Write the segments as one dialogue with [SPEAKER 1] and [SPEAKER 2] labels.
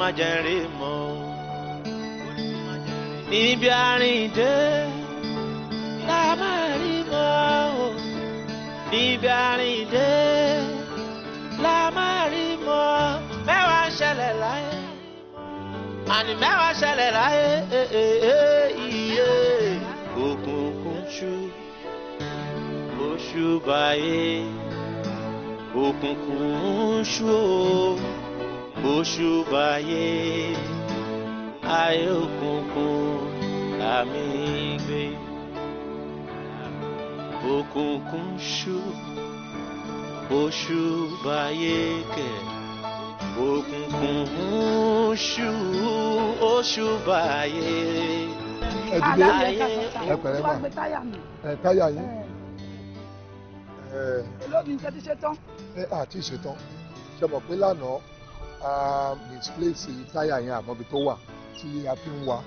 [SPEAKER 1] má jẹ́ rí mọ́ níbi àríndé la má rí mọ́ níbi àríndé la má rí mọ́ mẹ́wàá ń ṣẹlẹ̀ láyé àní mẹ́wàá ṣẹlẹ̀ láyé iye òkùnkùn ṣú oṣù báyé òkùnkùn ṣú o òṣùbà yé ayé òkùnkùn àmì gbé òkùnkùn ṣú òṣùbà yé kẹ òkùnkùn ṣú òṣùbà yé. ẹ dìde ẹ pẹ̀lẹ́ ma ẹ táyà yín.
[SPEAKER 2] èló ni nǹkan ti ṣe tán. ẹ àti ṣe tán ṣe mọ̀ pé lánàá misplace táyà yẹn àmọ́bi tó wà tí a fi ń wa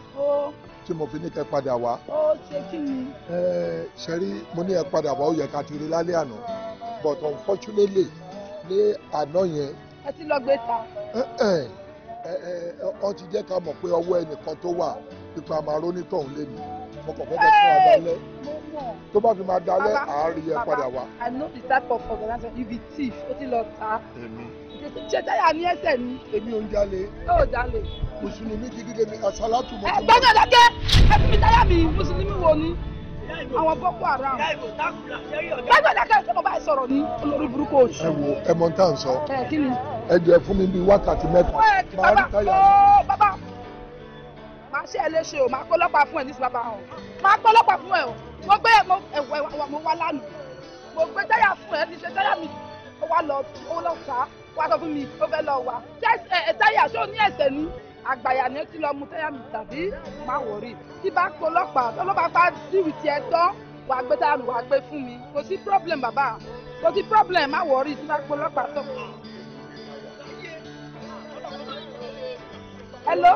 [SPEAKER 2] tí mo fi ní kẹ́ padà wá. ó ṣe kí ni. ẹ ṣe rí mo ní ẹ padà wá ó yẹ ká ti rí lálẹ́ àná but unfortunately ní àná yẹn. ẹ ti lọ gbé ta. ẹ ẹ ọ ti jẹ́ ká mọ̀ pé ọwọ́ ẹnìkan tó wà pípa máa róní tọ̀hún lé mi mo kàn fẹ́ kẹ́ fún adalẹ́ tó bá fi máa dalẹ́ àárí ẹ padà wá. I know the type of organization you be thief ó ti lọ ta. èmi ṣe táyà ní ẹsẹ̀ èmi ò ń jalè. ó jalè. mùsùlùmí gidi lèmi àṣàlátù mọ́tò. ẹ gbọ́dọ̀ dákẹ́ ẹ mi táyà mi mùsùlùmí wo ni àwọn boko haram. gbọ́dọ̀ dákẹ́ ṣé mo bá sọ̀rọ̀ ní olórí burúkú oṣù. ẹ wo ẹ mọ tá à sọ. ẹ kí ni. ẹ jẹ fún mi bíi wákàtí mẹ́ta. ẹ ti bàbá ó bàbá máa ṣe ẹlẹ́ṣẹ̀ o máa kọ́lọ́pàá fún ẹ ní sábà o máa kọ́lọ́pàá fún ẹ o mo gbé mo ẹ̀wọ̀ lánàá mo gbé táyà fún ẹ ní ṣe táyà mi ó wá lọ ó lọ sá wá sọ fún mi ó fẹ́ lọ wá táyà ṣó ní ẹ̀sẹ̀ ní àgbàyà ni ó ti lọ mu táyà mi tàbí má wọrí tí bá pe ọlọ́pàá ọlọ́pàá bá dìrì tiẹ̀ tán wà á gbé táyà mi wà gbé fún mi kò sí problem bàbá kò sí problem má wọrí tí bá pe ọlọ́pàá tán. hello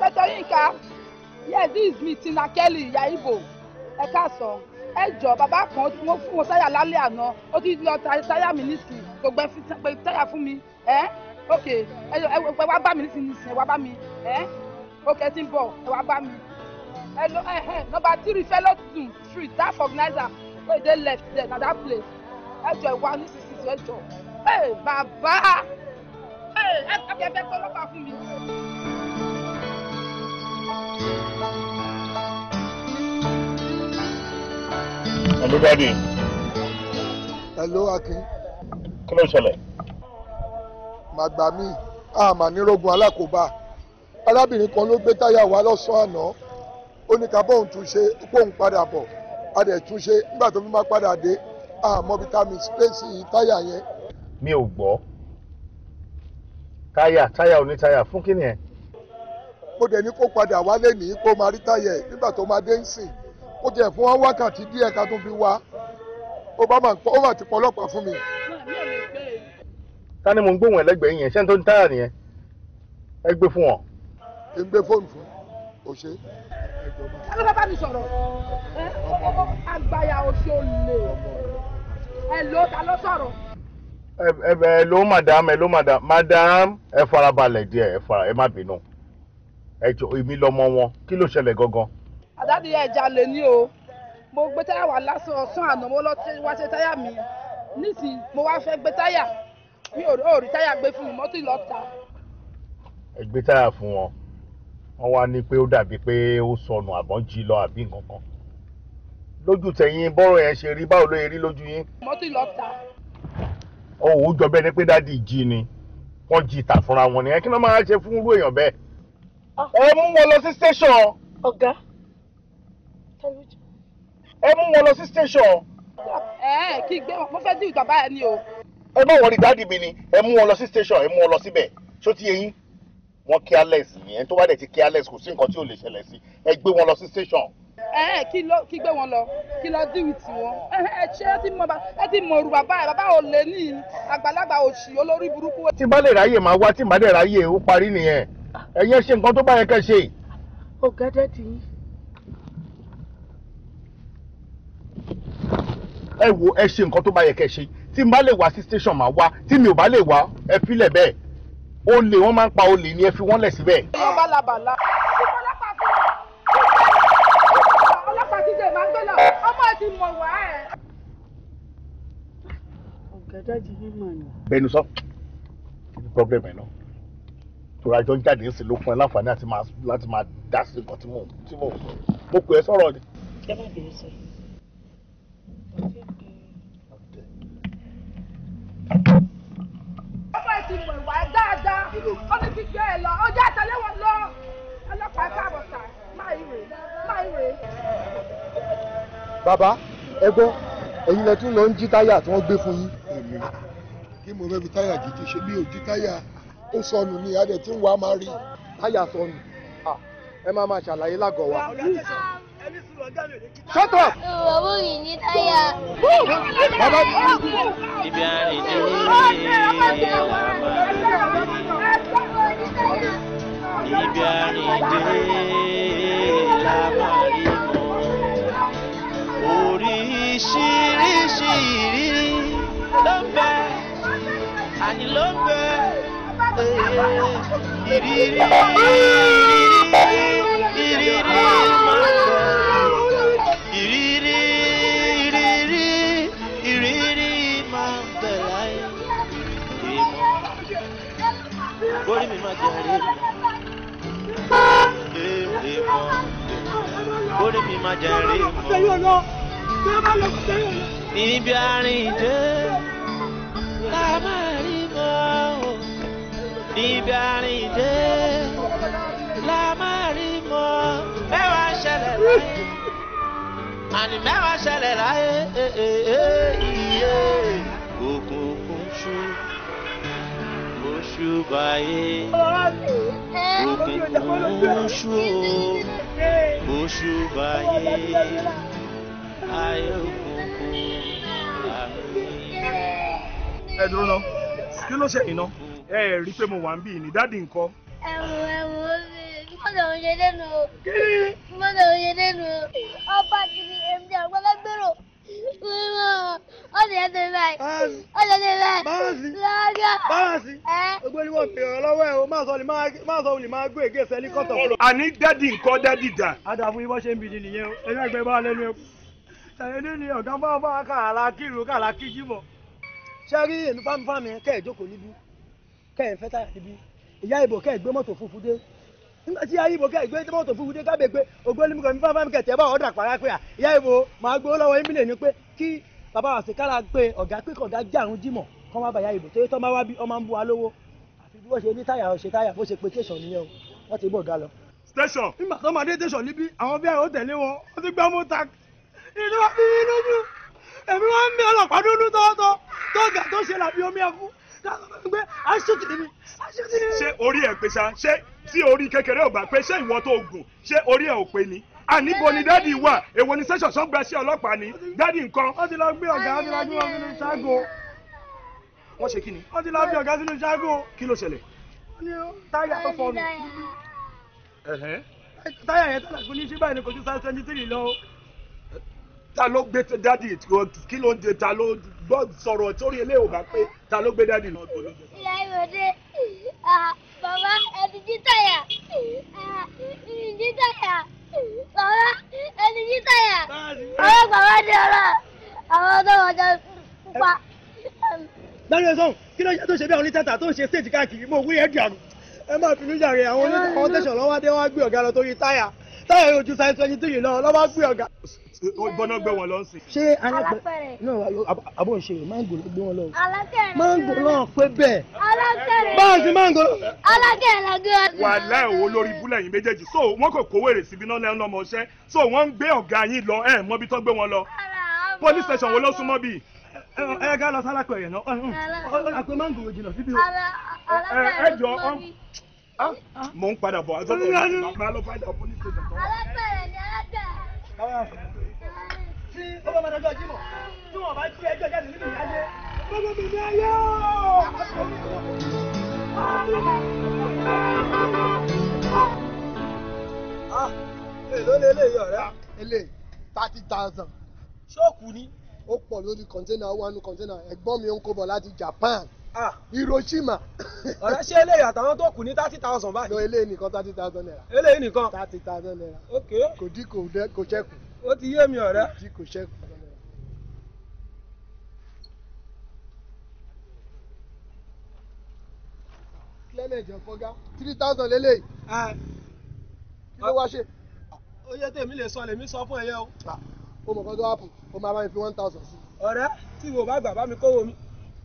[SPEAKER 2] Peter Yinka yes this is me Tina Kelly Yaibo ẹ káàsán ẹ jọ bàbá kan tí mo fún wọn táyà lálẹ́ àná ó ti lọ táyà mi nísìnyí gbogbo ẹ fi pé táyà fún mi ẹ ok ẹ ẹ wá bá mi nísìnyí nísìnyí ẹ wá bá mi ẹ ok ẹ ti ń bọ̀ ẹ wá bá mi ẹ lọ ẹ ẹ nọ́mbà three Fellow street that organizer wey dey left there na that place ẹ jọ ìwà nísinsìnyí ẹ jọ ẹ bàbá ẹ ẹ ẹ bẹ pé ọlọ́pàá fún mi. thank you Hello, Daddy. Hello, Akin. Kí ló ṣẹlẹ̀? Màgbà mi, àmà nírògùn alákòóbá. Arábìnrin kan ló gbé táyà wá lọ́sàn-án àná. Ó ní ká bóun tún ṣe, bóun padà bọ̀. A dẹ̀ tún ṣe nígbà tó fi máa padà dé. Àmọ́ bí ká mi space táyà yẹn. Mi ò gbọ́. Táyà táyà onítáyà fún kí ni ẹ? Mo dẹ̀ ní kó padà wálé nìyí kó máa rí táyà ẹ̀ nígbà tó máa dé ń sìn ó tiẹ̀ fún wa wákàtí díẹ̀ ká tó fi wá ó bá mà ó mà ti pọ̀ ọlọ́pàá fún mi. ta ni mo ń gbóhùn ẹlẹgbẹ̀ẹ́ yẹn ṣé n tó ń táyà nìyẹn ẹ gbé fún wọn. ẹ gbé fóònù fún o ṣe. ká ló bá bá mi sọ̀rọ̀ àgbàyà oṣù lè ẹ ló ta ló sọ̀rọ̀. ẹ ẹ ló madam ẹ ló madam madam ẹ farabalẹ̀ díẹ̀ ẹ fara ẹ má bínú ẹ jọ èmi lọmọ wọn kí ló ṣẹlẹ̀ gangan àdádì ẹja lè ní o mo gbé táyà wá lásán ọ̀sán àná mo lọ wá ṣe táyà mi nísìnyí mo wá fẹ́ gbé táyà mi ò rí táyà gbé fún mi mọ́tò ìlọ́ta. ẹ gbé táyà fún wọn wọ́n wá ní pé ó dàbí pé ó sọnù àbọ̀ ń jí lọ àbí nǹkan kan lójú tẹ̀yìn bọ́rọ̀ yẹn ṣe rí báwo ló yẹ rí lójú yín. mọ́tò ìlọ́ta. òwò jọ bẹ́ẹ̀ ni pé dádì jí ni wọ́n jí ìta fúnra wọn nìyẹn kí ló máa ṣe fún irú èèyàn bẹ́ẹ̀. Ah. ẹ mú wọn lọ sí tẹ̀sán. ọ̀gá. Okay ẹ mú wọn lọ sí station. ẹ kí gbé wọn mo fẹ́ dín ìtàn báyẹn ni o. ẹ má wọrí dáàdì mi ni ẹ mú wọn lọ sí station ẹ mú wọn lọ síbẹ̀ ṣó ti yé wọn careless nìyẹn tó bá dẹ̀ ti careless kò sí nǹkan tí ò lè ṣẹlẹ̀ sí ẹ gbé wọn lọ sí station. ẹ kí ló kí gbé wọn lọ kí lọ dín ìtì wọn ẹ ṣé ẹ ti mọ ẹ ti mọ òrùba báyìí bàbá ò lè ní àgbàlagbà òṣì olórí burúkú. tí bá lè ráyè máa wá tí màá lè ráyè ó parí nìyẹn ẹ̀yin ẹ ṣe nǹkan tó bá yẹ ṣe. ọ̀gá dẹ́tì yín ẹ wo ẹ ṣe nǹkan tó bá yẹ kẹ́ ṣe tí n bá lè wá sí station máa wá tí mi ò bá lè wá ẹ filẹ̀ bẹ́ẹ̀ olè wọ́n máa ń pa olè ni ẹ fi wọ́n lẹ̀ síbẹ̀. bẹ́ẹ̀ni sọ problem ẹ náà tora jọ ń jáde sí ló fún ẹ láǹfààní láti máa dá sí nǹkan tí mò ń sọ mo pè é sọ̀rọ̀ ni. ẹ má bèrè sọ yìí. Baba,
[SPEAKER 3] ẹ
[SPEAKER 2] ti mọ ìwà ẹ dáadáa ó ní ti gbé ẹ lọ ọjọ́ àtàlẹ́ wọn lọ ọlọ́pàá káàbọ̀ sà máa ìwé máa ìwé. bàbá ẹ gbọ́ ẹ̀yin lẹ lọ ń jí táyà tí wọ́n gbé fún yín. kí mo fẹ́ fi táyà gidi ṣe bí òjì táyà ó sọnù ni adẹ tí ń wàá máa rí. táyà sọnù ẹ máa máa ṣàlàyé lágọ̀ọ́ wa. Shut
[SPEAKER 1] up!
[SPEAKER 3] Oh, yìí ní táyà. Bàbá mi ní kú. Ibi
[SPEAKER 1] àárín ní ilé ọmọ. Ibi àárín dé lámàrí mọ́. Oríṣiríṣi ìrírí ló ń bẹ, àní ló ń bẹ, ìrírí ìrírí ma jẹrè mọ. Níbi àárín dé, ká má rí mọ́. Níbi àárín dé máa rí mọ́ mẹ́wàá ṣẹlẹ̀ láyé àní mẹ́wàá ṣẹlẹ̀ láyé eh, eh, eh, iye òkùnkùn ṣú oṣù báyé òkùnkùn ṣú oṣù báyé ayé
[SPEAKER 3] òkùnkùn
[SPEAKER 1] ẹ
[SPEAKER 2] dúró lọ kí ló ṣe yìí ná ẹ rí i pé mo wà ń bí ní dádì nǹkan.
[SPEAKER 3] ẹ̀wọ̀n ẹ̀wọ̀n mi mọ̀nà òye lẹ́nu o
[SPEAKER 2] àní dádì nǹkan dádì dà. adàfú ibà ṣe ń bìdì nìyẹn o ẹ̀yìn àgbẹ̀ bá lẹ́nu ẹ̀kú. ṣàyẹ̀dẹ̀ ni ọ̀gá bá bá kàrà kírun kàrà kíjì mọ̀. ṣé rí èmi fámifámi kẹ́ ẹ̀ jókòó níbí kẹ́ ẹ̀ fẹ́ tà níbí ìyá ìbò kẹ́ ẹ̀ gbé mọ́tò funfun dé nígbà tí ayé kẹ ìgbé tí mọ́tò fúnfún dé kábẹ́ pé ògbóni mi kàn mí fáfámi kẹ̀tẹ́ bá ọ̀dà pàrà pé à ìyá ibo màá gbowó lọ́wọ́ yín mílíọ̀nù pé kí bàbá wa kára pé ọ̀gá pé kọ̀ọ̀gá jàrún jímọ̀ kọ́ má bàyá ibo tó má wá bí ọmọ ń bu wa lówó àfi bí wọ́n ṣe ní táyà ọ̀ṣẹ̀ táyà bó ṣe pé tẹ̀sán nìyẹn o wọ́n ti bọ̀ ọ̀gá lọ. tẹ̀sán nígbà tó máa dé tẹ̀sán níbí àwọn bí àwọn tẹ̀lé wọn wọ́n ti gbá ṣé orí ẹ̀ pé sa ṣé tí orí kékeré ò bá pé ṣé ìwọ tó gùn ṣé orí ẹ̀ ò pé ni àníbo ni dádì wà èwo ni sẹ́sọ̀ sọ́gbà sí ọlọ́pàá ni dádì nǹkan. ó ti lọ gbé ọ̀gá ó ti lọ gbé wọn sínú ṣáàgó. wọ́n ṣe kí ni. ó ti lọ gbé ọ̀gá sínú ṣáàgó. kí ló ṣẹlẹ̀. ó ní táyà tó fọnù. táyà yẹn tọ́lá kò ní ṣí báyìí ni kò ju sáà sẹ́ńtítìrì lọ ta ló gbé dádì kí ló ń jẹ ta ló gbọ́ sọ̀rọ̀ sórí eléyìí ò bá pé ta ló gbé dádì lọ.
[SPEAKER 3] ìyá ìròdé bàbá ẹni jí táyà ẹni jí táyà bàbá ẹni jí táyà àwọn bàbá ni ọ̀rọ̀ àwọn ọ̀dọ́ wọn jẹ pupa.
[SPEAKER 2] lẹ́yìn kí ló ń tó ṣe bí àwọn onítẹ̀tà tó ń ṣe stage káàkiri mo wí ẹ̀ dì ẹ má bínú jàre àwọn tẹ̀sán lọ́wọ́ adé wá gbé ọ̀gá lọ torí táyà táyà ojú sáyé twenty three lọ lọ́wọ́ gbé ọ̀gá. gbọ́dọ̀ gbé wọn lọ sí. ṣé alápẹ̀rẹ̀ náà àbọ̀ ń ṣe ló gbé wọn lọ.
[SPEAKER 3] alákẹ̀rẹ̀ máńgò náà pé bẹ́ẹ̀. alákẹ̀rẹ̀ báàsì máńgò. alákẹ̀rẹ̀ la gbé ọ̀gá. wà láì wo
[SPEAKER 2] lórí búlẹ̀ yín méjèèjì so wọn kò kówó èrè síbi náà lẹ́nu ọmọ ọṣẹ́ so wọ́n ń gbé ọ̀gá yín lọ ẹ̀ mọ́bi tó gbé wọn lọ. police station wo ló súnmọ́ bíi ẹ ká lọ sálápẹ̀rẹ̀ náà Ah, mò ń padà bọ̀ àjọ tó ń bá lọ padà bọ̀ ní ṣèjọ
[SPEAKER 3] tó. alágbèrè ni alágbèrè.
[SPEAKER 2] tí ó bá máa dájọ́ jímọ̀ tí wọ́n bá jí ẹjọ́ jáde nínú ìyá yé. bọ́lá mi ní ayé o.
[SPEAKER 3] Ah, èló lè lè yọ rẹ.
[SPEAKER 2] èlé thirty thousand. ṣọ́ọ̀kù ni. ó pọ̀ lórí kọ̀ńténà ó wà nù kọ̀ńténà ẹ̀gbọ́n mi ń kó bọ̀ láti Japan. Ah. Hiroshima. ọ̀rẹ́ ṣé eléyìí àtàwọn tó kù ní thirty thousand báyìí. lọ eléyìí nìkan thirty thousand naira. eléyìí nìkan. thirty thousand naira. ok. kò dí kò dẹ kò ṣẹ́kù. ó ti yé mi ọ̀rẹ́. kò dí kò ṣẹ́kù. clement ọ̀fọ́gá three thousand eléyìí. Ah. kí ló wá ṣe. ó yẹ tèmi lè sọ lèmi sọ fún ẹ yẹ o. Ah, ó mọ̀ kọ́ tó wá pù ó máa bá mi fi one thousand sí. ọ̀rẹ́ tí ìwọ bá gbà bá mi kówó mi.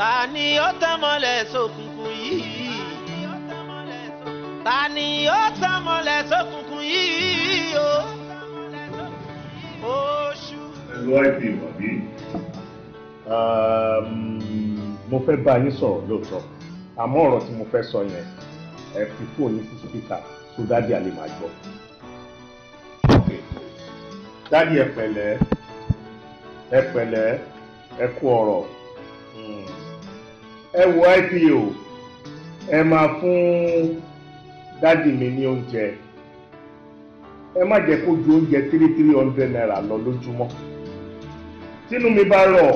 [SPEAKER 1] ta ni ó tàn mọ́lẹ̀ sókùnkùn yìí ta ni ó tàn mọ́lẹ̀ sókùnkùn yìí
[SPEAKER 3] oṣù. ẹlú àìpé wàbí
[SPEAKER 2] mo fẹ́ bá yín sọ̀rọ̀ lóòótọ́ àmọ́ ọ̀rọ̀ tí mo fẹ́ sọ yẹn ẹ fi fóònù sí spíkà tó dádì àlè máa gbọ́. dádì ẹ pẹ̀lẹ́ ẹ ọ̀rọ̀ ẹ wo ipo ẹ máa fún dádì mi ní oúnjẹ ẹ má jẹ́ kó ju oúnjẹ three three hundred naira lọ lójúmọ́ tínú mi bá rọ̀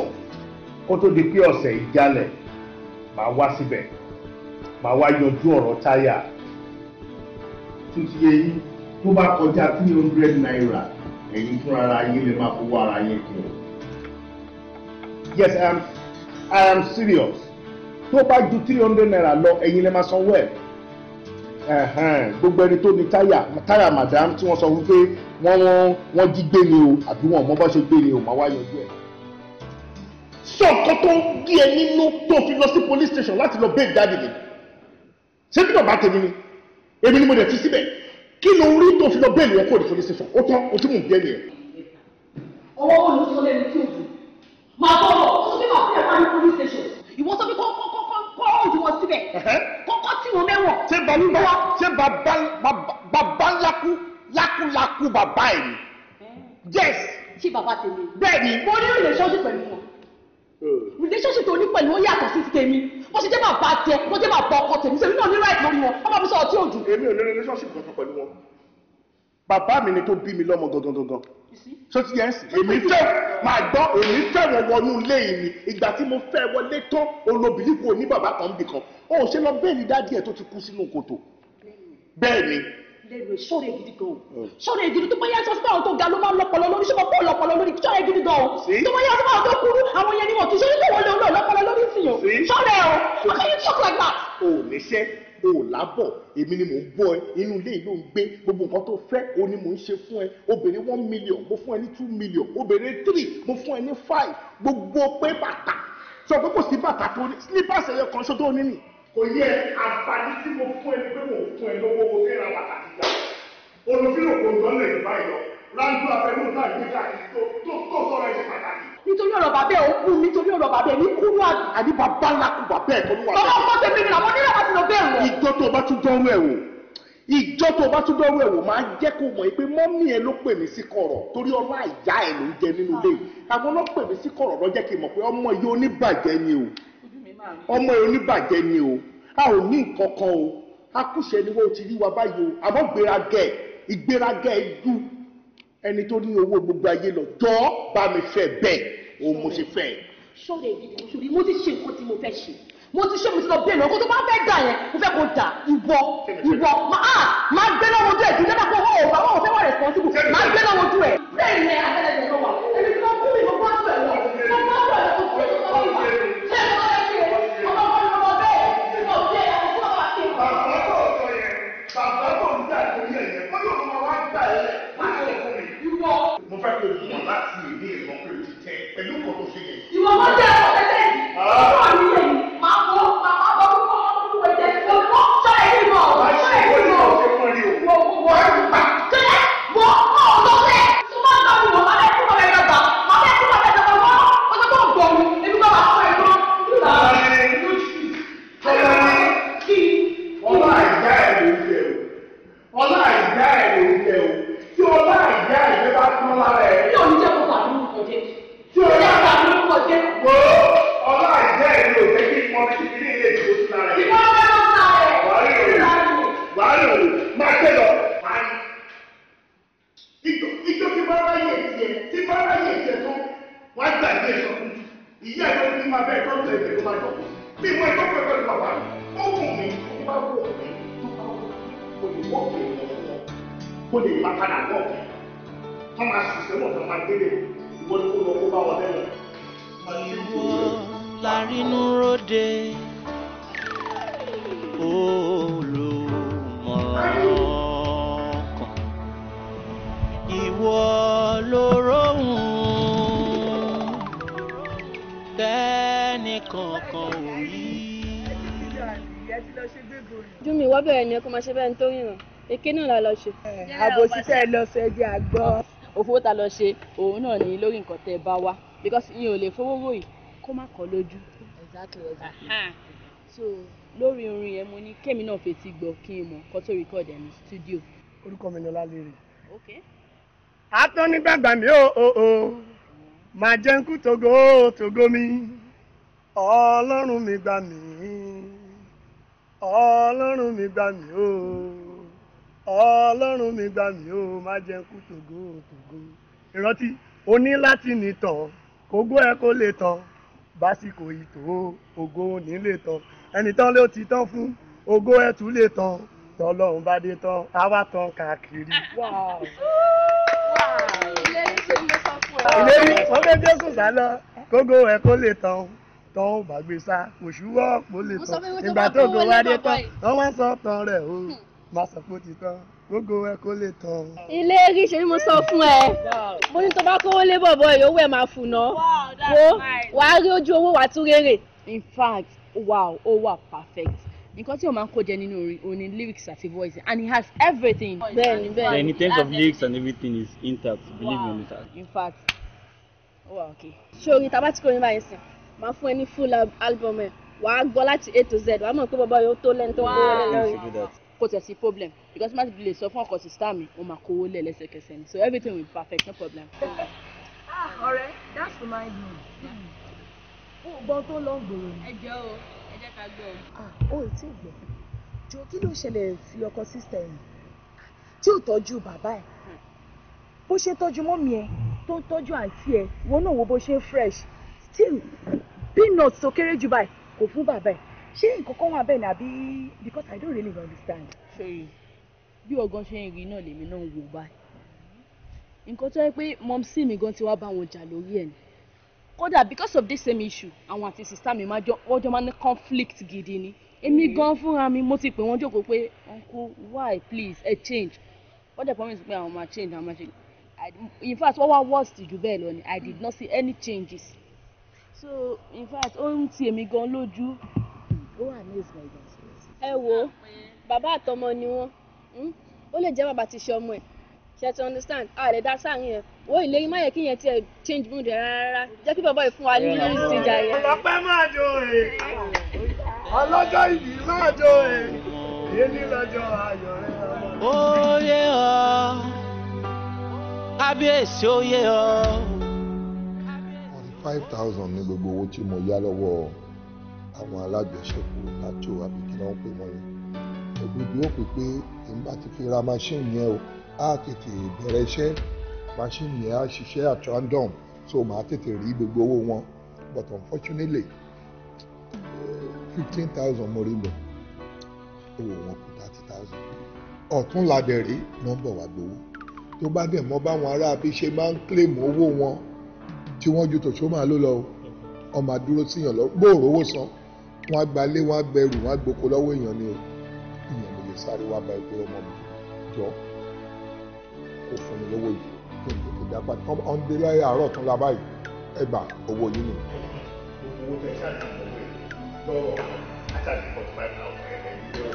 [SPEAKER 2] kó tó di pé ọ̀sẹ̀ yìí jálẹ̀ màá wá síbẹ̀ màá wá yanjú ọ̀rọ̀ táyà tuntun yẹ tó bá kọjá three hundred naira ẹ̀yin fúnra ara yín lè máa fowó ara yín kiri. yes i am i am serious tó bá ju three hundred naira lọ ẹ̀yin lè máa sanwó ẹ̀ gbogbo ẹni tó ní táyà táyà madam tí wọ́n sọ wípé wọ́n wọ́n wọ́n jí gbé ni o àbí wọ́n mọ́ bá ṣe gbé ni o máa wá yanjú ẹ̀. sọ nǹkan tó ń gé ẹ nínú tó fi lọ sí police station láti lọ bẹ́ẹ̀ dáàdì mi ṣé bí bàbá tèmi ni èmi ni mo dẹ̀ fi síbẹ̀ kí ló rí tó fi lọ bẹ́ẹ̀ lọ́kọ̀ ní police station ó tán ojú mò ń bẹ́ẹ̀ nìyẹn. ọwọ́ olùsọ lẹ́nu tí o dùn máa bọ̀ ọ́ sọ fí kọ́ òjò wọn síbẹ̀ kọ́kọ́ tí wọn mẹ́wọ̀n. ṣé bàbá ṣé bàbá lákú lákúlákú bàbá ẹ̀ ni. yes. ṣé bàbá tèmi. bẹ́ẹ̀ ni. mo ní relationship pẹ̀lú wọn relationship tó ní pẹ̀lú ó yàtọ̀ sí ti tèmi bó ṣe jẹ́ bàbá tẹ bó ṣe jẹ́ bàbá ọkọ tèmi ṣèlú náà ní right lórí wọn ọmọ mi sọ ọtí òjò. èmi ò ní relationship kankan pẹ̀lú wọn bàbá mi ni tó bí mi lọ́mọ gangan gangan so ti yẹn sì èmi fẹ́ máa gbọ́ èmi fẹ́ wọn wọnú ilé yìí ni ìgbà tí mo fẹ́ wọlé tán olóbìnrin kò ní bàbá kan bì kan ó ṣe lọ bẹ́ẹ̀ ni dádì ẹ̀ tó ti kú sínú kòtò bẹ́ẹ̀ ni lẹ́nu sọ̀rọ̀ ègidì gan o sọ̀rọ̀ hmm. ègidì tó bá yá sọ́sọ́ àwọn tó ga ló máa ń lọ́pọlọ lórí ṣé mo pọ̀ lọ́pọlọ lórí sọ̀rọ̀ ègidì gan o tó bá yá sọ́sọ́ àwọn tó kúrú àwọn yẹn ni wọn kì í ṣe nílò wọlé olóòlọ́pọlọ lórí sí o sọ̀rọ̀ ẹ̀ o how can you talk like that. o ò ní ṣe o ò lábọ̀ èmi ni mò ń bọ́ ẹ inú ilé yìí ló ń gbé gbogbo nǹkan tó fẹ́ o ni mò ń ṣe fún ẹ o one million mo fún ẹ ní two million o béèrè three mo fún ẹ ní five gbogbo pé bàtà sọ pé kò sí bàtà tó ní slippers ẹ̀yọ kan ṣó tó ní nì. kò yẹ àǹfààní tí mo fún ẹ ni pé mo fún ẹ lọ́wọ́ o fẹ́ ra bàtà gíga olùfíìlò kò ń dán lẹ́yìn báyìí lọ ráńdú abẹ́mú náà gbé káàkiri tó tó sọ̀rọ̀ ẹ̀ bàbá ẹ̀ ó kú mi torí ọ̀rọ̀ bàbá ẹ̀ ní kúrú àbí bàbá ńlá kú bàbá ẹ̀ tó ní wà. bàbá ọkọ tẹ̀lé mi làwọn nílẹ̀ láti lọ bẹ́ẹ̀ wọ̀. ìjọ tó o bá tún dọ́rú ẹ̀ wò ìjọ tó o bá tún dọ́rú ẹ̀ wò máa jẹ́ kó mọ̀ pé mọ́mí ẹ ló pè mí sí kọ̀rọ̀ torí ọlá ìyá ẹ ló ń jẹ nínú ilé àwọn ló pè mí sí kọ̀rọ̀ ló jẹ́ kí n mọ̀ pé ọmọ yìí oníbàjẹ́ ni o ọmọ yìí oníbàjẹ́ ni o a ò ní nǹkan kan o akúṣe ni wọ́n ti rí wa báyìí o àmọ́ gbéragẹ́ ìgbéragẹ́ ju ẹni tó ní owó gbogbo ayé lọ jọ́ bá mi fẹ́ bẹ́ẹ̀ òun mo ṣe fẹ́ ẹ. ṣọ́ọ̀rẹ́ ìdílé mo ṣòbí mo ti ṣe nǹkan tí mo fẹ́ ṣe mo ti ṣe mo ti lọ bẹ́ẹ̀ lọ kó tó bá fẹ́ dà yẹn mo fẹ́ kó dà ìwọ ìwọ máa máa gbé lọ́wọ́ ojú ẹ̀ jù lẹ́dàá pé owó ò bá wọn ò fẹ́ wà responsible máa gbé lọ́wọ́ ojú ẹ̀. bẹ́ẹ̀ ni àgbẹ̀lẹ̀ wọ́ bẹ̀rẹ̀ ẹ kó máa ṣe bẹ́ẹ̀ nítorí ràn èké náà la lọ ṣe. àbòsí tẹ́ ẹ lọ sọ ẹ jẹ́ àgbọ̀. òfò tá lọ ṣe òun náà ní lórí nǹkan tẹ́ bá wá because yín ò lè fowó ròyìn kó má kọ́ lójú. exactly so lórí orin yẹn mo ní kémi náà fetí gbọ́ kí n mọ̀ kó tó record ẹ̀ ní studio. orúkọ mi ni ọlálérè. ok. atọ́nigbàgbà mi ò ò ò máa jẹ́ ń kú togo togo mi ọlọ́run mi gbà mí ọlọ́run mi gbà mí o ọlọ́run mi gbà mí o má jẹ́ kú tògo tògo ìrántí o ní láti nìtọ̀ kógó ẹ kó lè tọ̀ básìkò ìtò ògo òní lè tọ̀ ẹnìtàn ló ti tán fún ògo ẹ tún lè tọ̀ tọlọ́run bá dé tán á wá tán káàkiri. ìlérí wọ́n fẹ́ jésù sálọ kógó ẹ kó lè tọ̀ tán ò bá gbé sá òṣù wọ́ọ̀pù lè tán ìgbà tó gbé wáyé tán wọ́n wá sọ tán rẹ̀ o máa hmm. sọ pé ó ti tán gbogbo ẹ kó lè tán. ilé rí ṣe ni mo sọ fún ẹ mo ní tó bá kówó lé bọ̀bọ̀ ẹ̀ owó ẹ̀ máa fùnà
[SPEAKER 3] wo wàá rí ojú
[SPEAKER 2] owó wàá tún rèrè. in fact wow ó oh, wà wow, perfect nǹkan tí o máa ń kó jẹ nínú orin o ní lyrics àti voice and he has everything. bẹ́ẹ̀ni bẹ́ẹ̀ni and in terms of lyrics and everything is intact believe me on that. in fact ó oh, wà okay. ṣé orin tabati báyìí sìn máa fún ẹ ní full album ẹ wàá gbọ́ láti a to z wàá mọ̀ pé bàbá yóò tó lẹ́nu tó gbé lẹ́nu kò tẹ̀ sí problem because máa ti lè sọ fún ọkọ̀ sísá mi mo máa kówó lẹ̀ lẹ́sẹ̀kẹsẹ̀ ni so everything will be perfect no problem. Ah, ọ̀rẹ́ that's remind me ó gbọ́ tó lọ gbòòrò ni. ẹ jẹ́ o ẹ jẹ́ ká gbọ́ o. Ah, ó ì tí ì gbọ́ jọ kí ló ṣẹlẹ̀ sí ọkọ sísá yìí tí ò tọ́jú bàbá ẹ̀ bó ṣe tọ́jú mọ́mí ẹ̀ tó ń tọ́jú àǹtí ẹ̀ wọn náà bó ṣe fresh still peanut tó kéré jù báyìí kò fún bàbá ẹ̀ ṣé nǹkan kan wà be ni àbí because i don't really understand. ṣòye bí ọgán ṣe ń rí náà lèmi náà ń wò báyìí nǹkan tó yẹ pé mọ́mísì mi gan ti wá bá wọn jà lórí ẹ̀ ni kódà because of this same issue àwọn àti sista mi máa jọ wọ́n jọ máa ní conflict gidi ni èmi mm-hmm. gan fúnra mi mo ti pè wọ́n jókòó pé uncle why please ẹ change wọ́n dẹ̀ promise pé àwọn máa change àwọn máa change in fact wọ́n wá worst jù bẹ́ẹ̀ lọ ni i did mm. not see any changes so in fact ó ń ti èmi gan lójú. ó wà ní ìsìn ẹ̀gbọ́n ẹ wo bàbá àtọmọ ni wọn hmm? ó lè jẹ́ bàbá ti ṣe ọmọ ẹ̀ ṣe to understand a lè dá sáàrin yẹn wo ìlérí má yẹ kí yẹn tiẹ̀ change mood rẹ̀ rárá jẹ́ kí bàbá yìí fún wa ní ìsìnjà yẹn. ọlọ́pẹ́ máa jó e ọlọ́jọ́ ìbí máa jó e èyí ní lọ́jọ́ ayọ̀ rẹ̀.
[SPEAKER 1] ó ọ kábíyèsí ó ọ
[SPEAKER 2] five thousand ní gbogbo owó tí mo yá lọ́wọ́ àwọn alájọṣepọ̀ láti ò àbí kí wọ́n pè wọ́n yẹn òbíbi ó pè pé ìgbà tí fi ra machine yẹn o á tètè bẹ̀rẹ̀ iṣẹ́ machine yẹn á ṣiṣẹ́ at random so màá tètè rí gbogbo owó wọn but unfortunately fifteen thousand mo rí lọ owó wọn kù thirty thousand ọ̀tún ladẹ̀ rí nọ́mbà wà gbowó tó bá dẹ̀ mọ́ báwọn ará abí ṣe máa ń claim owó wọn tí wọ́n ju tòṣó máa ló lọ o ọmọ àdúró síyàn lọ gbòòrò owó san wọn á gbalé wọn á gbẹrù wọn á gboko lọ́wọ́ èèyàn ni o èèyàn ló lè sáré wá báyìí pé ọmọ mi jọ kò fún mi lówó yìí kí n tètè dá padà ọ̀n dé láyé àárọ̀ tún la báyìí ẹ gbà owó yìí nìyẹn. owó tẹ ṣáà ti mọ̀ pé lọ́wọ́ àtàkì forty five thousand ẹ̀ẹ́dẹ́gbẹ̀rún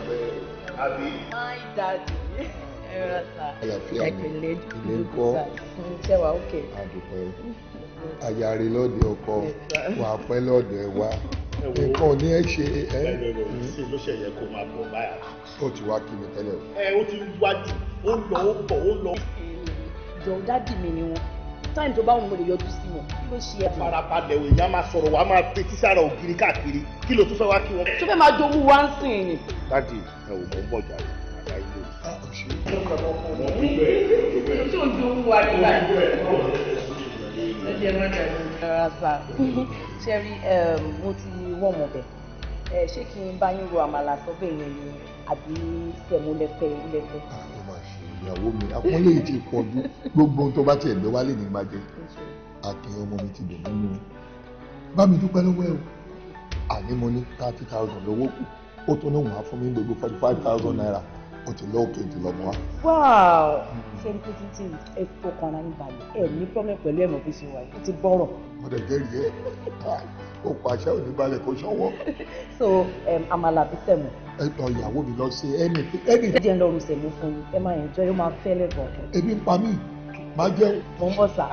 [SPEAKER 2] ẹgbẹ̀rún àbí. my daddy ẹ̀rọ sá ẹ̀pẹ̀lẹ́ dúdú sá ṣẹ́wàá òkè. àdùpẹ́ àyàrí lọ́dẹ ọkọ wà pẹ́ lọ́dọ̀ ẹ wá nǹkan ò ní ẹ ṣe ẹ. sí ló ṣe kó máa bọ̀ báyà. ó ti wá kí mi tẹ́lẹ̀ ẹ ó ti wájú ó lọ ó bọ̀ ó lọ. jọ dádì mi ni wọn táìmù tó bá wọn mo lè yọjú sí wọn kí ló ṣe ẹ. farabalẹ̀ o èèyàn máa sọ̀rọ̀ wàá máa pe tísára ògiri káàkiri kí ló tún fẹ́ wá kí wọn. tó fẹ́ máa jogún wá ń sìn ni. dádì ẹ ò mọ̀ ń bọ̀ jáde àgbà ilé. ṣé o jogún wa nígbà yìí ti ẹ má dàgbé. rárá sá ṣe rí um, mo ti wọ́n mọ̀ bẹ̀ ẹ ṣé kí n bá yín ro àmàlà sọ́bẹ̀ yẹn ni àbí sẹ̀mú lẹ́fẹ̀ lẹ́fẹ̀. ìyàwó mi àpọ́nlé yìí ti pọ̀ ju gbogbo ohun tó bá tiẹ̀ gbé wálé ní gbàjẹ́ àkìn ọmọ mi ti dùn nínú bá mi dúpẹ́ lọ́wọ́ ẹ̀ o àní mo ní thirty thousand lówó kù ó tún ní wọ́n á fún mi gbogbo forty five thousand naira ó ti lọ òkè jùlọ mọ́ wa. wáá ṣe ní kókó tí ẹ fọkàn ara yín balẹ̀ ẹ ní pọ́nmẹ́ pẹ̀lú ẹ̀mọ́ fi ṣe wà yìí ó ti bọ̀rọ̀. mo dẹ̀ jẹ́rìí ẹ ó ah, pàṣẹ oníbalẹ̀ kó ṣọwọ́. so àmàlà àbí sẹ̀mù. ẹ tọ ìyàwó mi lọ sí ẹnì. ẹ jẹ́ ń lọ́rùn sẹ̀mù fún mi ẹ máa ń jọ yóò máa fẹ́ lẹ́bọ̀ọ́. ebi ń pa mí máa jẹ́. mo ń bọ̀ sá.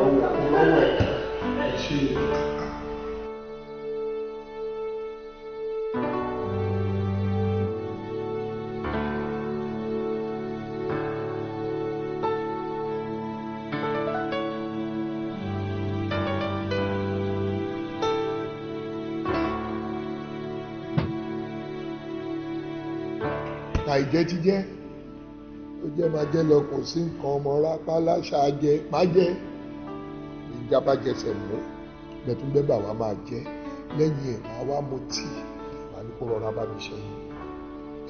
[SPEAKER 2] ọ̀rọ̀ ẹ̀
[SPEAKER 3] ṣe
[SPEAKER 2] nǹkan àìjẹ́ ti jẹ́ ó jẹ́ máa jẹ́ lọ kò sí nǹkan ọmọ rápá láṣà jẹ má jẹ́ ìjábá jẹsẹ̀ mú bẹ̀túnbẹ́ bà wá máa jẹ́ lẹ́yìn ẹ̀ máa wá mu tíì màá ní kó rọra bá mi ṣe yìí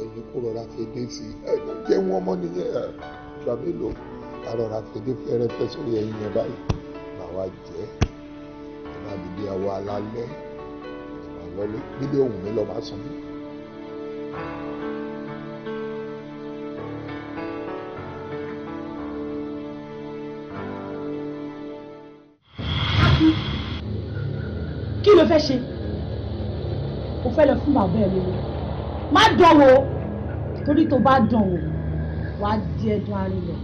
[SPEAKER 2] ẹ̀yìn kó rọra fèdè sí i ẹ̀ ló jẹ́ wọn ọmọ nìyẹn ẹ̀ ìgbà mélòó ká rọra fèdè fẹ́rẹ́fẹ́ sórí ẹ̀yìn yẹn báyìí màá wá jẹ́ ẹ̀ máa dìde àwọ̀ alálẹ́ ẹ̀ máa lọ́lé nílé òun mi lọ́ máa sùn mí. fẹ́ ṣe o fẹ́ lọ fún bàbá ẹ lórí má dán wò torí tó bá dán wò wàá di ẹdun arinlẹ̀.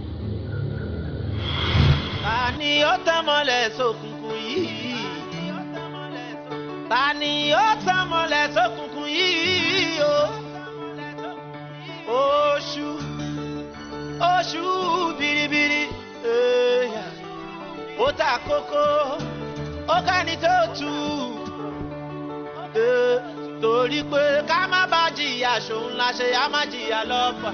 [SPEAKER 1] ta ni ó tẹ́mọ̀lẹ̀ sókùnkùn yìí ta ni ó tẹ́mọ̀lẹ̀ sókùnkùn yìí o oṣù oṣù biribiri ó ta kókó ó ká ní tó tù ú torí pé ká má bá jìyà ṣòun la ṣe á má jìyà lọ́pàá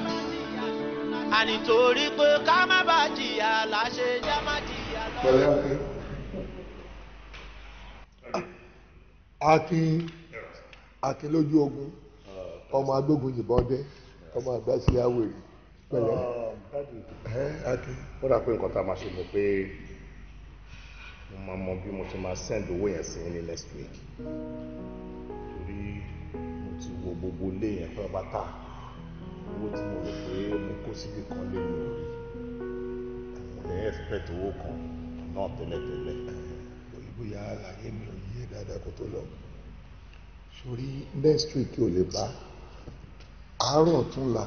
[SPEAKER 1] àní torí pé ká má bá jìyà la ṣe já má jìyà lọ́pàá.
[SPEAKER 2] akin akin lójú ogun ọmọ agbógun yìnbọn dé ọmọ àgbà sí awèrè pẹ̀lẹ́ akin. ó dà nǹkan tá a máa ṣe mọ̀ pé mo máa mọ bí mo ṣe máa send owó yẹn sí ní next week ti wo gbogbo ilé yẹn fún pátá owó tí mo rò pé mo kó síbi kan lè mi ò rí àwọn ní expect owó kan náà tẹ́lẹ̀tẹ́lẹ̀ òyìnbóyá àlàyé mi ò yé dáadáa kó tó lọ sórí next week ò lè bá àárọ̀ tún la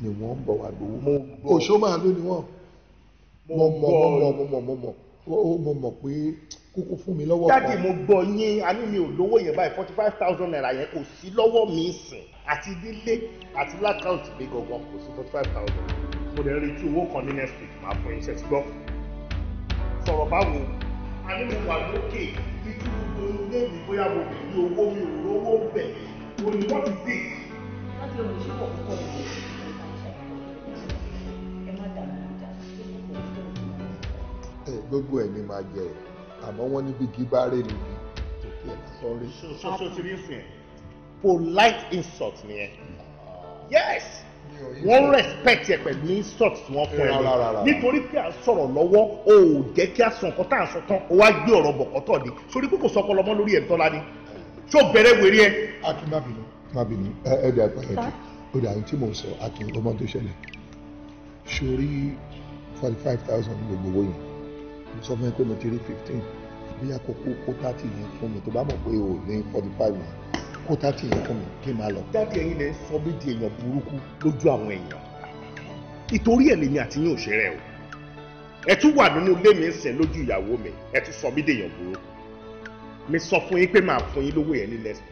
[SPEAKER 2] ni wọ́n ń bọ̀ wá gbowó òṣó màálù ni wọ́n mo mọ̀ mo mọ̀ mo mọ̀ mo mọ̀ pé kúkú fún mi lọ́wọ́ kan. dáàdì mo gbọ́ yín àní mi ò lówó yẹn báyìí forty five thousand naira yẹn kò sí lọ́wọ́ mi sìn àti nílé àti lákàntì mi gangan kò sí forty five thousand mo dẹ̀ retí owó kan ní next week máa fún iṣẹ́ ti gbọ́. sọ̀rọ̀ báwo àní mo wà lókè títí gbogbo ilé mi bóyá mo lè ní owó mi ò lówó bẹ̀ mo ní wọ́n ti dé.
[SPEAKER 3] láti lè ṣe pọ̀ púpọ̀ nìyẹn ẹ má dàgbà
[SPEAKER 2] gbogbo ẹ ní máa jẹ o àmọ́ wọ́n níbi gígbá rẹ̀ ni òkè ẹ̀ lásán rí. so so ti rí fún ẹ polite insult nìyẹn hmm. yes wọ́n respect ẹ pẹ̀lú insult tí wọ́n fún ẹ lọ eh, nítorí pé à ń sọ̀rọ̀ lọ́wọ́ o ò jẹ́ kí a sọ nǹkan tá à ń sọ tán o wá gbé ọ̀rọ̀ bọ̀kọ́tọ̀ ni sórí kókò sọpọ lọmọ lórí ẹ̀ tọ́lá ni ṣó bẹ̀rẹ̀ wèrè ẹ. akin má bínú má bínú ẹ ẹ dẹ àgbà yẹn ó dà ohun tí mò ń sọ akin ọmọ tó ṣẹlẹ̀ sórí forty five thousand gbogbo wọ̀nyí mo sọ fún ẹ pé mo ti rí fifteen bí àkókò kó thirty yẹn fún mi tó bá mọ̀ pé o ní forty five yẹn kó thirty yẹn fún mi kí n máa lọ. dáàdi ẹ̀yin lè sọ mí di èèyàn burúkú lójú àwọn èèyàn ìtorí ẹ̀ lèmi àti yín ò o ẹ tún wà nínú ilé mi ń sìn lójú ìyàwó mi ẹ tún sọ mí di èèyàn burúkú mi sọ fún yín pé màá fún yín lówó yẹn ní next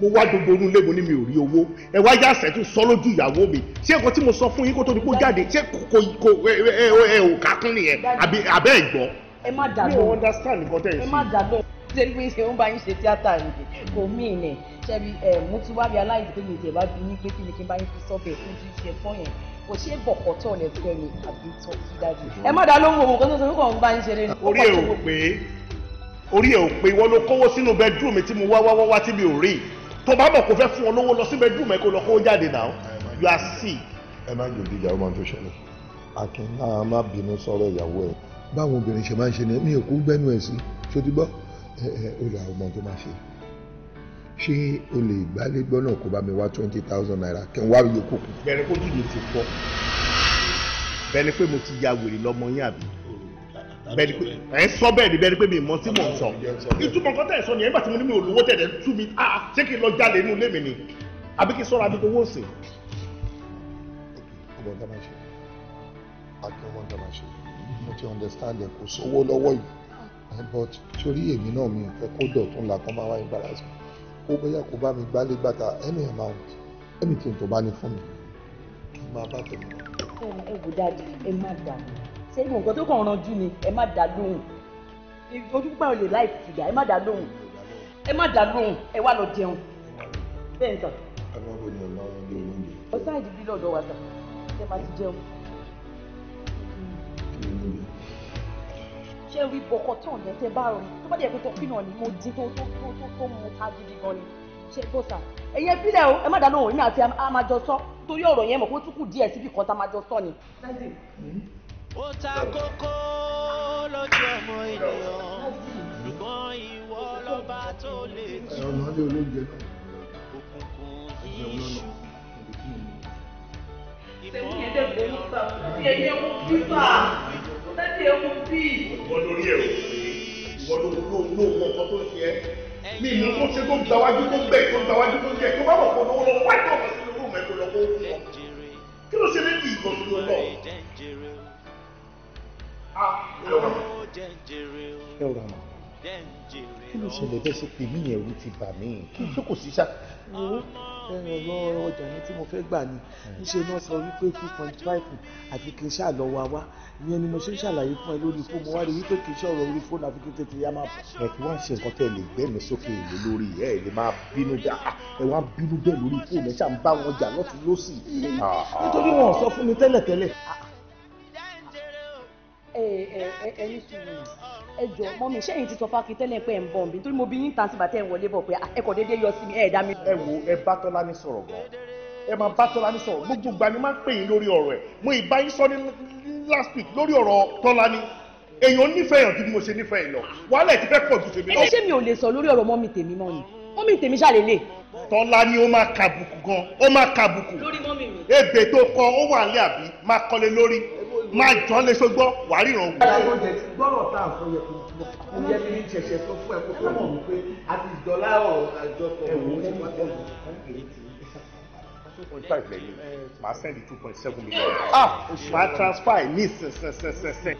[SPEAKER 2] mo wá gbogbo orun lé mo ní mi ò rí owó ẹ wá yá àṣẹ sọ lójú ìyàwó mi ṣé nǹkan tí mo sọ fún yín kó tó di kó jáde ṣé kò kò ẹ ò ká nìyẹn àbí abẹ́ ẹ̀ gbọ́. ẹ má dàgbọ́ mi ò understand nǹkan tẹ̀ ẹ sí. ẹ má dàgbọ́ ṣé bí ṣe ń bá yín ṣe tíátà nìyẹn kò mí ìnẹ̀ ṣebí ẹ mo ti wá realize pé mi ìtẹ̀ bá bí yín pé kí ni kí n bá yín fi sọ́bẹ̀ fún jíjẹ fọ́ yẹn kò ṣe é bọ̀kọ̀ tó lè fẹ́ mi àbí tó ti dájú. ẹ má dá lóhùn òun kan tó sọ fún kàn bá ń ṣe orí ẹ ò pé orí ẹ ò pé wọn ló kówó sínú bẹẹdúró mi tí mo wá wá wá wá tí mi ò rí tó bá mọ̀ kó fẹ́ fún ọ lówó lọ sí bedroom ẹ̀ kó lọ kó jáde náà you are sick. ẹ má jòdì ìyàwó máa tó ṣẹlẹ̀ akin náà má bínú sọ̀rọ̀ ìyàwó ẹ̀ báwọn obìnrin ṣe máa ń ṣe ni mi ò kú gbẹ́nu ẹ̀ sí ṣojú gbọ́ ẹ ẹ ó lọ àwọn ọmọ tó máa ṣe ṣé o lè gbálé gbọ́ náà kó bá mi wá twenty thousand naira kí n wá yòókù. bẹ̀rẹ̀ kó jù mí ti fọ́ bẹ̀rẹ̀ pé mo ti ya wèrè lọ́mọ yín àbí bẹ́ẹ̀ni pé ẹ ń sọ bẹ́ẹ̀ ni bẹ́ẹ̀ni pé mi mọ sí mò ń sọ ìtumọ̀ nǹkan tẹ̀ ẹ sọ nìyẹn nígbà tí mo ní mi ò lówó tẹ̀lé tú mi ah ṣé kí n lọ jalè inú ilé mi ni àbí kí n sọ̀rọ̀ àbí owó sè. ọmọ ọ̀dà máa ṣe àti ọmọ ọ̀dà máa ṣe mo ti understand ẹ kò sówó lọ́wọ́ yìí eh, but torí èmi náà mi ò fẹ́ kó dọ̀tún làkàn máa wá embarrass ó bóyá kó bá mi gbálé gbàtà any amount anything tó bá ní fún mi máa bá tẹ̀lé. ẹ wò dáàdi ẹ má gbà ṣé ìmọ̀ nǹkan tó kàn ranjú ni ẹ má dá lóhùn ojú pípa olè láì sìgá ẹ má dá lóhùn ẹ má dá lóhùn ẹ wá lọ jẹun bẹ́ẹ̀ ni sà. àwọn ọmọ lọ́dọ̀ wa sà ṣé máa ti jẹun. ṣé rí bọ̀kọ̀tàn yẹn tẹ bá rọ tó bá dẹ̀ pé tọ́kì náà ni mo dín tó tó tó tó mu ta gidi gan ni ṣe gbọ́ sà ẹ̀yẹ bílẹ̀ o ẹ má dáná òun ní àti àmàjọ sọ torí ọ̀rọ̀ yẹn mọ̀ kó tún kù díẹ̀ síbi kan tá a máa jọ sọ ni ó ta kókó lójú ọmọ
[SPEAKER 1] ènìyàn ṣùgbọ́n ìwọ lọ́ba tó lè tú òkùnkùn yìí Sẹ́yìn ẹ̀dẹ̀gbẹ̀ ń sà, sí ẹyẹ
[SPEAKER 2] sẹ́yìn ẹ̀ mú bí. Ìwọ lórí ẹ̀ o, ìwọ ló ló ló mọ nǹkan tó ń ṣe ẹ́. Ní ìmú tó ṣe tó ń gbawájú tó ń bẹ̀ tó ẹ ọ̀rọ̀ àmọ́ kí ló ṣẹlẹ̀ bẹ́ẹ̀ ṣe pè mí yẹn ẹ̀rù ti bà mí kí ṣé kò sí ṣá. owó ẹ̀rọ ọjà yẹn tí mo fẹ́ gbà ni níṣẹ́ náà sọ wípé two point five àfi kí n ṣáà lọ wa wá ìyẹn ni mo ṣe ń ṣàlàyé fún ẹ lórí fóònù mo wá rí wípé kì í ṣọ̀rọ̀ orí fóònù àfi kí n tètè yá máa bọ̀. ẹ kí wá ṣe nǹkan tẹ lè gbẹ sókè èlé lórí ẹ lè máa bínú já ẹ wá bínú bẹ́ẹ̀ lórí fóònù ẹ ṣáà ń bá wọn jà lọ́tún lọ́sì. Ah, ah. nítorí wọn ò sọ fún mi tẹ́lẹ̀tẹ́lẹ̀ ẹyin sùúrù ẹ jọ mọ́mì ṣé ẹ̀yin ti sọ fákin tẹ́lẹ̀ pé ẹ̀ ń bọ̀ mí nítorí mo bí yín tàn sí bàtẹ́ ẹ̀ wọlé bọ̀ pé ẹ kò déédéé yọ sí mi ẹ̀ dá mi. ẹ wo ẹ bá tọ́lá ní sọ̀rọ̀ gan ẹ máa bá tọ́lá ní sọ̀rọ̀ gbogbo ìgbà ni máa ń pè yín lórí ọ̀rọ̀ ẹ̀ mo ì bá yín sọ ní last week lórí ọ̀rọ̀ tọ́lá ní èèyàn nífẹ̀ẹ́ yàn ju bí mo ṣe nífẹ̀ẹ́ lọ wàhálà ẹ̀ ti fẹ́ pọ̀ ju tèmi lọ. ẹ ṣé mi ò lè sọ lórí ọ̀rọ̀ mọ́mì tèmi náà ni mọ́mì tèmi ṣàlélẹ̀. tọ́lá ni ó máa kàbùkù gan ó máa kàbùkù. lórí mọ́mì mi. ebè tó kọ ó wà ní àbí máa kọ́lé lórí máa jọ lè ṣogbọ́ wàá ríran wò. ẹ̀rọ jẹ ti gbọ́rọ̀ tá à ń sọ yẹ kó kó yẹ kí n ṣẹ̀ṣẹ̀ sọ fún ẹ kó tó mọ̀ wípé a ti dọ́là àjọpọ̀ òun ti wá tẹ̀lé. Màá sẹ́ndì two point seven million. Ah! Màá transfer ní sẹ̀sẹ̀sẹ̀sẹ̀.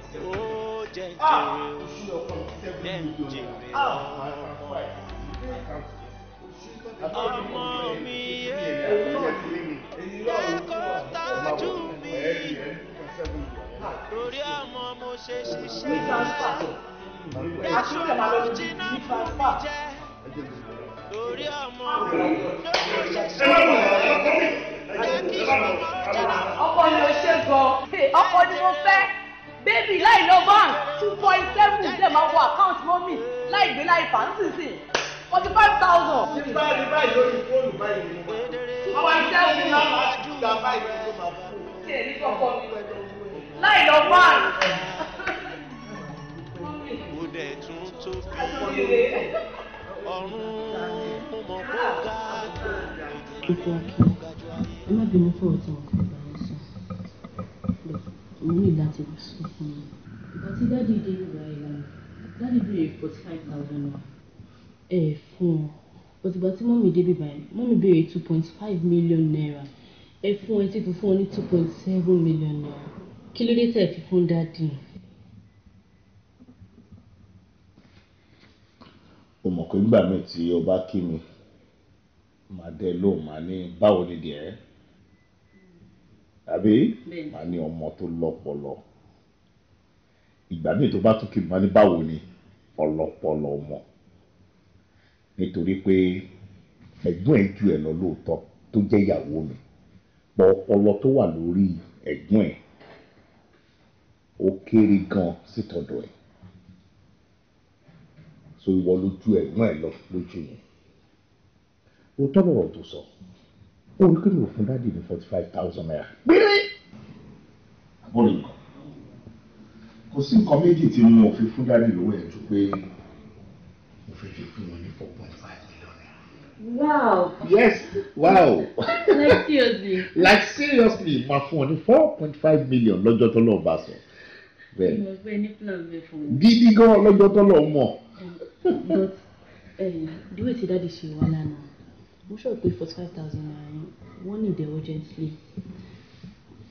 [SPEAKER 2] Ah! Ah!
[SPEAKER 3] ọmọ mi yé kókó tájú mi torí ọmọ mo ṣe ṣiṣẹ́ dáṣọ mo jiná fún jẹ́ torí ọmọ mo ṣe ṣiṣẹ́ jẹ́ kí ọmọ
[SPEAKER 2] jiná ọkọ ni mo ṣe gan ọkọ ni mo fẹ́ bébì láì lọ bank two point seven dẹ̀ máa wọ àkáǹtì mọ́mì láì gbé láì fà ń sìn sìn forty five thousand. ti báyìí báyìí lórí fóònù báyìí ni mo bá. two point seven máa dùn. ìgbà báyìí ni máa fún un. kí ẹ̀ ní kọ̀ọ̀kan mi wẹ̀ láì lọ fáàlì. mo dẹ̀ tún tóbi
[SPEAKER 3] ọ̀run mo mọ̀ kó ga jù. kíkẹ́
[SPEAKER 2] akẹ́ ẹ má bínú fún ọ̀tún ọ̀kan ìbára sọ mo ní láti sọ fún mi.
[SPEAKER 3] ìgbà tí dáàdi dé ìgbà ìlà dáàdi béèrè forty five thousand
[SPEAKER 2] naira. ẹ fún ọ but ìgbà tí mọ́mí débi báyìí mọ́mí béèrè two point five million naira ẹ fún ẹ tí kò fún ọ ní two point seven million naira kí ló dé tẹ̀ fi fún dáàdì yẹn. mọ̀ pé nígbà míì tí o kí mi màá dẹ lóhùn màá ní báwo ni dìẹ́ àbí màá ní ọmọ tó lọ́pọlọ ìgbà míì tó bá tún kí mi màá ní báwo ni ọlọ́pọlọ ọmọ nítorí pé ẹ̀gbọ́n ẹ̀ ju ẹ̀ lọ lóòótọ́ tó jẹ́ ìyàwó mi pọ̀ ọpọlọ tó wà lórí ẹ̀gbọ́n ẹ̀ ó kéré gan sítọ̀dọ̀ ẹ̀ so ìwọ lójú ẹ̀gbọ́n ẹ̀ lọ lójú yẹn o tọ́bọ̀ ọ̀rọ̀ tó sọ ó rí pé mi ò fún dáàdì ní forty five thousand naira gbére àbúrò nǹkan kò sí nǹkan méjì tí mo fi fún dáàdì lówó ẹ̀ ju pé mo fẹ́ fi fún wọn ní four point five million naira. wow yes wow like seriously like seriously máa fún ọ ní four point five million lọ́jọ́ tó lọ́ọ́ bá sọ bẹ́ẹ̀ gidi gan lọ́jọ́ tó lọ mọ̀. but eh, the way ti dáàdi ṣe wà lánàá mo sọ pé forty five thousand naira yẹn wọ́n ní ìdẹ̀ urgently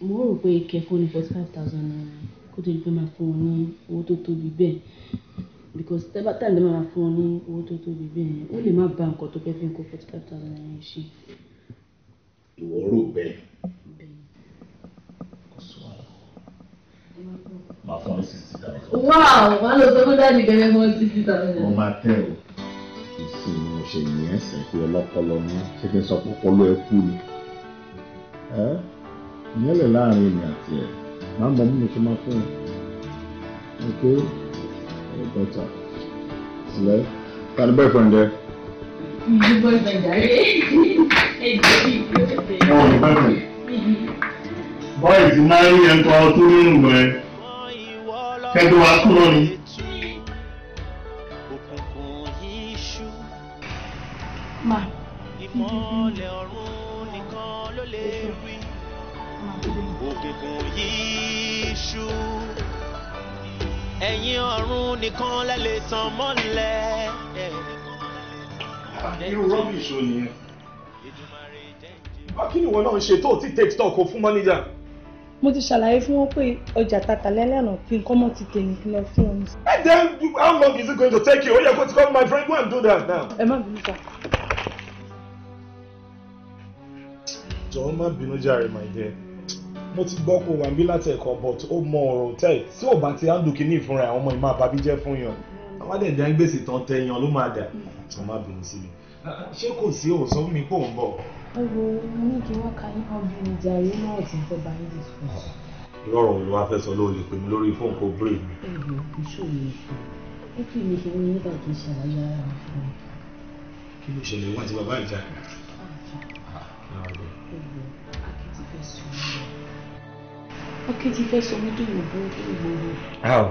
[SPEAKER 2] mo rò pé kẹ́kọ̀ọ́ ní forty five thousand naira kó tó di pé máa fún wọn ní owó tó tóbi bẹ́ẹ̀ because tẹ́bà tá à lè máa fún ọ ní owó tó tóbi bẹ́ẹ̀ ó lè má ba nǹkan tó fẹ́ fi kó forty five thousand naira yẹn ṣe. ìwọ rò bẹ́ẹ̀. máa fún ọ sixty thousand. wow wàá lọ sọ fún dáàdì gẹ́gẹ́ fún sixty thousand. mo máa tẹ o ìsinmi ọ̀sẹ̀ yìí ẹ̀sìn pé ọlọ́pọlọ ní ṣé kí n sọ pé ọpọlọ ẹ kú ni ìyẹn lè láàrin èmi àti ẹ máa mọ mímu tó máa fún ẹ ok ẹ bọ́tà sílẹ̀ ta ni boyfriend ẹ.
[SPEAKER 3] ìdí boyfriend jàre èdè ìgbésẹ̀. ọ̀ ní boyfriend
[SPEAKER 2] bọ́ọ̀lù ti máa rí ẹ̀ńkọ́ tó nínú rẹ̀ kẹ́gbẹ́ wa kúrò ni.
[SPEAKER 1] Ma. Ìmọ̀lẹ̀ ọ̀run nìkan ló lè tàn mọ́lẹ̀. Irú rọ́bìṣì ò nìyẹn.
[SPEAKER 2] Bá kí ni ìwọ náà ń ṣe tó ti take stock fún mọ́níjà?
[SPEAKER 1] mo ti ṣàlàyé fún wọn pé ọjà
[SPEAKER 2] tata lẹ́lẹ́nà kí n kọ́mọ́ ti tèmi kí lọ fún wọn. and then how long is it going to take you? ó yẹ kó ti kọ́ my friend go and do that now. ẹ má bínú sá. jọ̀wọ́ má bínú jàre my dear mo ti gbọ́ kó wà ń bí láti ẹ̀kọ́ but ó mọ ọ̀rọ̀ tẹ́ẹ̀ tí ò bá ti handle kínní ìfúnra àwọn ọmọ ìmọ̀ àbábíjẹ́ fún yàn wọ́n á dẹ̀ jẹ́ gbèsè tán tẹ̀yàn ló máa dà wọ́n mm. má bínú sí mi ṣé kò sí òun sọ fún mi pé òun bọ̀. ọ̀rọ̀ mo ní kí wọ́n ka yín ọbẹ̀ ìjà ìlú náà ti fẹ́ bá yín dìsọ́. Ah. lọ́rọ̀ òun ló wá fẹ́ sọ ló lè pè mí lórí fóònù kó bírè mi. ẹ̀rọ ìṣòro ẹ kì í lè ṣe wọ́n nígbà kí ìṣàlàyé ara mi fún mi. kí ló ṣẹlẹ̀ wọ́n ti bàbá ìjà. akéjì fẹ́ sọ mí dùn ní burúkú ìgboro. Ah,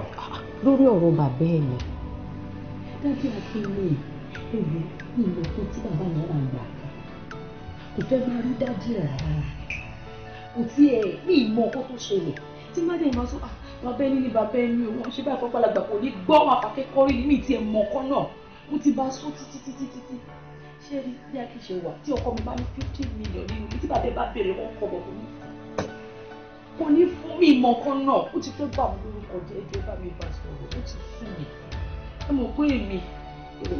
[SPEAKER 2] lórí ọ̀rọ̀ bàbá ẹ̀ ni owó tí a fi lè ewu ní ìlòkó tí bàbá yẹn rà gbà kò fẹ́ máa rí dájú ẹ̀ rárá kò tí ẹ̀ ní ìmọ̀ ọkọ tó ṣẹlẹ̀ tí má dẹ̀ máa sọ ah bàbá ẹni ni bàbá ẹni o wọn ṣe báyìí fọ́pá làgbà kò ní gbọ́ àwọn akẹ́kọ̀ọ́ rí mi tí ẹ̀ mọ̀ ọkọ náà mo ti bá a sọ títí títí títí ṣé rí bí a kì í ṣe wà tí ọkọ mi bá ní fifteen million nínú tí bàbá ẹ bá béèrè wọn kọ bọ̀ fún mi kò ní fún mi ìmọ̀ ọkọ náà ó ti fẹ́ bá àwọn olórúkọ jẹ́ ẹjọ́ bá mi bá sọ̀rọ̀ ó ti sùn mí ẹ mọ̀ pé èmi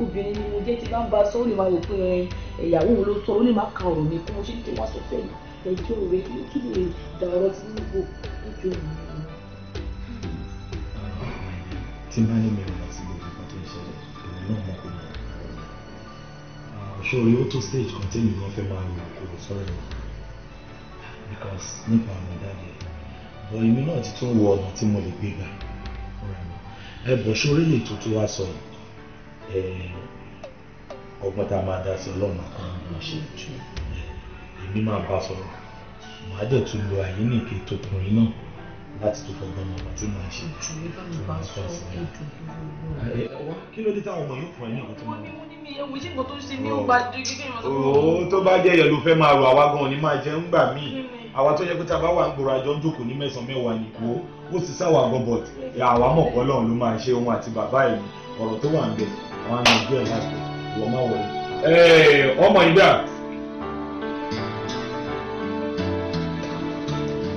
[SPEAKER 2] obìnrin ni mo jẹ́ tí bá ń ba sọ ó lè máa rò pé ìyàwó wo ló sọ ó lè má ka ọ̀rọ̀ mi kó mo ṣe ń tó wá sọ fẹ́ yìí ẹjọ́ rẹ kí lè dàrọ́ sí níbo ẹjọ́ mi. tí máa ní mi ò lọ sí tó ń ṣẹlẹ̀ èmi náà mọ̀ kó mọ̀ ṣòro yóò tó stage kan tí èmi náà fẹ́ máa rò kó sọ̀rọ̀ mi because nípa àwọn ìdájẹ́ bọ̀ èmi náà ti tún wọ ọ̀nà tí mo lè gbé gbà ẹbùn sórí lè tuntun wá sọ ọgbọ́n tá a máa dá sí ọlọ́run àkọ́rọ́ bí wọ́n ṣe jù èmi máa bá sọ̀rọ̀ màá dẹ̀ tún lo àyè nìke tọkùnrin náà láti tó fọgbọ́n mọ̀ tí màá ṣe jù màá sọ sí i. kí ló dé táwọn ọmọ yóò fún ẹ ní ìwé tó
[SPEAKER 3] ewu tí nǹkan tó ń ṣe ní ó bá jẹ gẹ́gẹ́ ìmọ̀ tó
[SPEAKER 2] bá jẹ́ yẹn fẹ́ máa rò àwa gan-an ni máa jẹ́ ń gbà míì àwa tó yẹ pé tá a bá wà ń gbòòrò àjọ ń jókòó ní mẹ́sàn-án mẹ́wàá ní kó ó sì sáwà gọbọt àwa mọ̀ pọ́ lọ́run ló máa ṣe òun àti bàbá ẹ̀ ní ọ̀rọ̀ tó wà ń bẹ̀ àwọn àmì ìgbẹ́ láti wọ́n má wọlé. ọmọ ìgbà.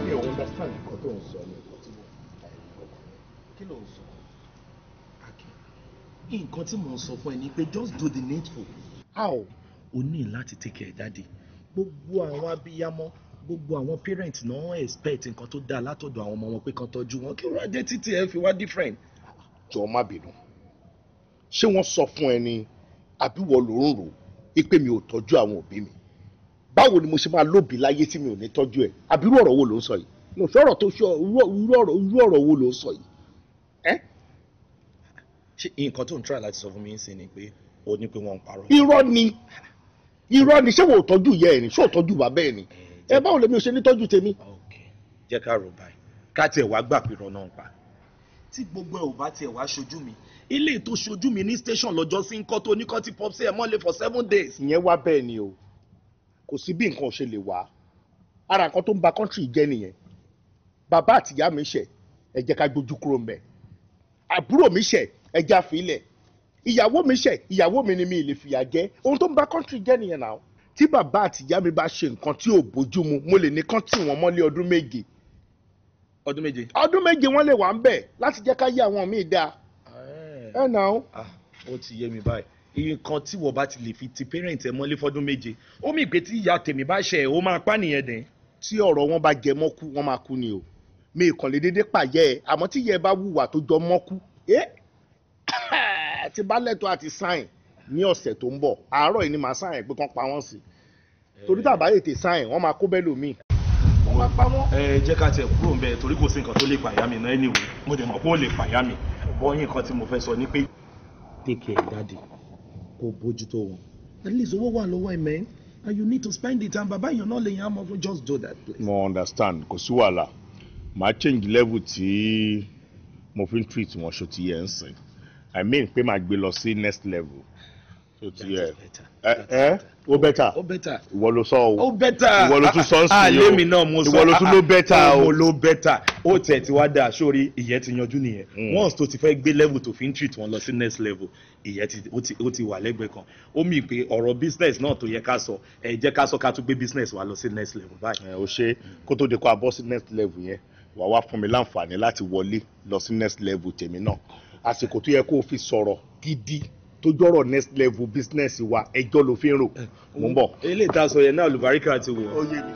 [SPEAKER 2] mi ò understand nǹkan tó ń sọ ní nǹkan tí mo kí ló ń sọ fún ẹ ni pé just do the needful. a ò o ní láti take care jáde gbogbo àwọn abiyamọ gbogbo àwọn parent náà expect nǹkan tó dáa látọ̀dọ̀ àwọn ọmọ wọn pé kan tọ́jú wọn kí wọ́n dé títí ẹ fi wá different. jọ má bínú ṣé wọ́n sọ fún ẹ ni ló ń rò pé mi ò tọ́jú àwọn òbí mi báwo ni mo ṣe máa lóbi láyé tí mi ò ní tọ́jú ẹ àbí ọ̀rọ̀ wo ló ń sọ yìí no sọ̀rọ̀ tó ṣe irú ọ̀rọ̀ wo ló ń sọ yìí ẹ́. ṣé nǹkan tó ń try láti sọ fún mi ń ni pé o ní pé wọ́n ń parọ́. irọ́ ni irọ́ ni ṣé wò ó tọ́jú ìyá ẹ̀ ni ṣé ò tọ́jú bàbá ẹ̀ ni. Eh, ẹ báwo lèmi ò ṣe ní tọ́jú tèmi. jẹ́ ká rò báyìí ká tiẹ̀ wá gbà pé rọ́nà ń pa. tí gbogbo ẹ̀ ò bá tiẹ̀ wá ṣojú mi ilé ètò ṣojú mi ní station lọ́jọ́ sí ń kọ́ tó oníkọ́ tí pọ́pṣẹ́ ẹ̀ mọ́lẹ̀ for seven days. ìyẹn wá bẹ́ẹ̀ ni o kò sí bí nǹkan ò ṣe lè wá ara nǹkan tó ń ba country jẹ́ nìyẹn bàbá àtìyá mi ṣẹ̀ ẹ jẹ́ ká gbójú kúrò mbẹ̀ àbúrò mi ṣẹ̀ ẹ jẹ́ àfilẹ̀ ìyàwó mi ṣẹ̀ ìyàwó mi ni mi ì lè fìyà jẹ ohun tó ń ba country jẹ́ nìyẹn náà tí bàbá àti ìyá mi bá ṣe nǹkan tí ò bójú mu mo lè ní kán tì wọ́n mọ́lé ọdún méje. ọdún méje. ọdún méje wọ́n lè wà ń bẹ̀ láti jẹ́ ká yé àwọn míì dáa. ẹ nà ó. Ah, ó ti yé mi báyìí nǹkan tí wọ́n bá ti lè fi ti parent ẹ mọ́lé fọ́dún méje ó mì tí ìyá tèmi bá ṣe ó máa pa nìyẹn dẹ̀. tí ọ̀rọ̀ wọn bá jẹ mọ́kú wọ́n máa kú ni o mi ìkànlé déédéé pàyẹ́ ẹ àmọ́ tí ìyá ẹ bá wùwà tó jọ mọ́kú ẹ ti bá lẹ́tọ̀ọ́ àti sáìn ní ọ̀sẹ̀ tó ń bọ̀ àárọ̀ yìí ni màá sáyẹn pé kán pa wọ́n sí eh. torí tàbá ètè sáyẹn wọ́n máa kó bẹ́ẹ̀ lómi. ẹ eh, jẹ́ ká tiẹ̀ kúrò ń bẹ torí kò sí nǹkan tó lè pàyà mi náà anyway mo dẹ̀ mọ̀ pé ó lè pàyà mi bọ́yìn nǹkan tí mo fẹ́ sọ ni pé. take care daddy kò bójútó wọn at least owó wà lọ́wọ́ ẹ̀ mẹ́rin and you need to spend the time, baba yan náà lè yan amọ̀ just do that please. mo understand kò sí wàhálà màá change level tí mo fi ń treat wọn ṣó ti yẹ ń sìn i mean pé màá gbé lọ sí next level o ti yẹ ẹ ẹ o bẹta ìwọ ló sọ o ìwọ ló tún sọ sí ah, ah, ah, o ìwọ ló tún ló bẹta o ìwọ ló bẹta o tẹ ti wá da sórí ìyẹn ti yanjú nìyẹn hmm. once tó ti fẹ́ gbé level tó fi ń treat wọn lọ sí next level ìyẹn ti o ti wà lẹ́gbẹ̀ẹ́ kan ó mì pé ọ̀rọ̀ business náà tó yẹ ká sọ ẹ jẹ́ ká sọ ká tún gbé business wa lọ sí next level báyìí. ẹ o ṣe kó tó de kó a bọ́ sí next level yẹn wà wá fún mi láǹfààní láti wọlé lọ sí next level tèmi náà àsìkò tó yẹ kó o fi sọ̀rọ̀ gidi tó jọ̀rọ̀ next level business wa ẹjọ́ ló fi ń rò eh, mò ń bọ̀. eléyìí tá a sọ yẹn náà lùbáríkà ti wò. ó yé mi.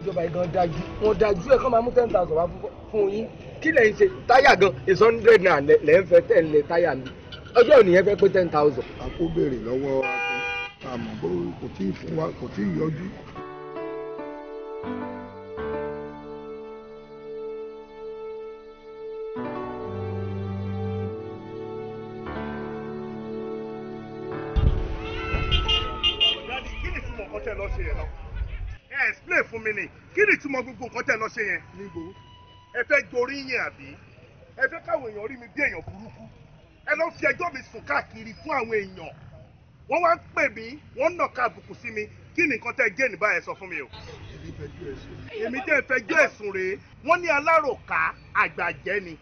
[SPEAKER 2] ìjọba ìdán dájú wọn dájú ẹ kọ́ máa mú ten thousand wá fún yín kí lẹ̀ ń ṣe táyà gan is hundred naira lẹ̀ ń fẹ́ tẹ̀ ń táyà mi ọjọ́ òní yẹn pé ten thousand. a kò béèrè lọ́wọ́ àmọ́ kò tí ì fún wa kò tí ì yọjú. thank you fún mi nì kí ni ìtumọ̀ gbogbo nǹkan tẹ̀ lọ ṣe yẹn. níbo ẹ fẹ́ gorí yẹn àbí ẹ fẹ́ káwọn èèyàn rí mi bí èèyàn burúkú ẹ lọ fi ẹjọ́ mi sùn káàkiri fún àwọn èèyàn wọ́n wá ń pè mí wọ́n ń nàka àbùkù sí mi kí ni nǹkan tẹ́ gé ní báyẹn sọ fún mi o. èmi tẹ́ fẹjọ́ ẹ̀sùn rèé wọ́n ní aláròká àgbàjẹ́ ni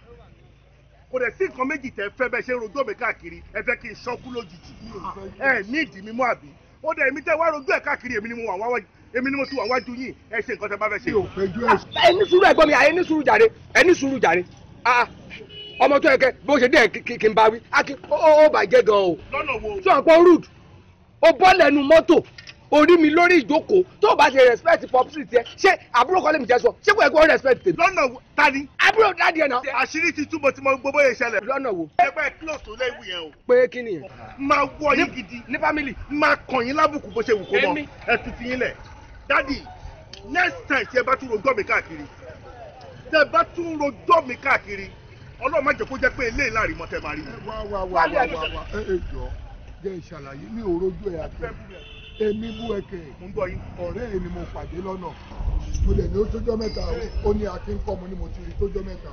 [SPEAKER 2] kò dẹ̀ sí nǹkan méjì tẹ́ fẹ́ bẹ́ẹ̀ ṣe rojọ́ mi káàkiri ẹ fẹ́ kí n ṣọ́kú lójijì ẹ ní ìdí mímú àbí ó dẹ̀ èmi tẹ́ wá rojọ́ ẹ̀ káàkiri èmi ni mo wà wá èmi ni mo ti wà wájú yín ẹ ṣe nǹkan tẹ́ bá fẹ́ ṣe. ẹ ní sùúrù ẹ̀gbọ́n mi ẹ ní sùúrù jàre ẹ ní sùúrù jàre ah, ah, ọmọ tó yẹ kẹ bó ṣe dẹ kí n bá wí ó bàjẹ́ gan o. lọ́nà wo. sọ àpọ̀ rude o bọ́ lẹ́nu mọ́tò orí mi lórí ìjókòó tó o bá ṣe respect popsi tiẹ ṣé àbúrò kọ́lé mi tẹ sọ ṣé kò yẹ kó respect tèmi. lọ́nà wo ta ni. àbúrò dáàdi ẹ̀ náà. àṣírí ti túbọ̀ tí mo gbọ́ bóyá ìṣẹ̀lẹ̀. lọ́nà wo. ẹgbẹ́ close tó léwu yẹn o. pé kí ni. máa wọ yín gidi. ní family máa kàn yín lábùkù bó ṣe wù kó mọ ẹ tutù yín lẹ̀ dádì next time tí ẹ bá tún rojọ́ mi káàkiri tí ẹ bá tún rojọ́ mi káàkiri ọlọ́run má jẹ́ kó jẹ́ pé eléyìí láàrin mọ́tẹ́ máa rí mi. Eh, wá wá wá wá wá ẹ ẹ jọ jẹ́ ìṣàlàyé mi ò rojú ẹ àti èmi bú ẹkẹ ọ̀rẹ́ ẹ ni mo pàdé lọ́nà mo lè ní ó tójọ́ mẹ́ta eh. ó ní akin kọ́ mo ní mo ti rí tójọ́ mẹ́ta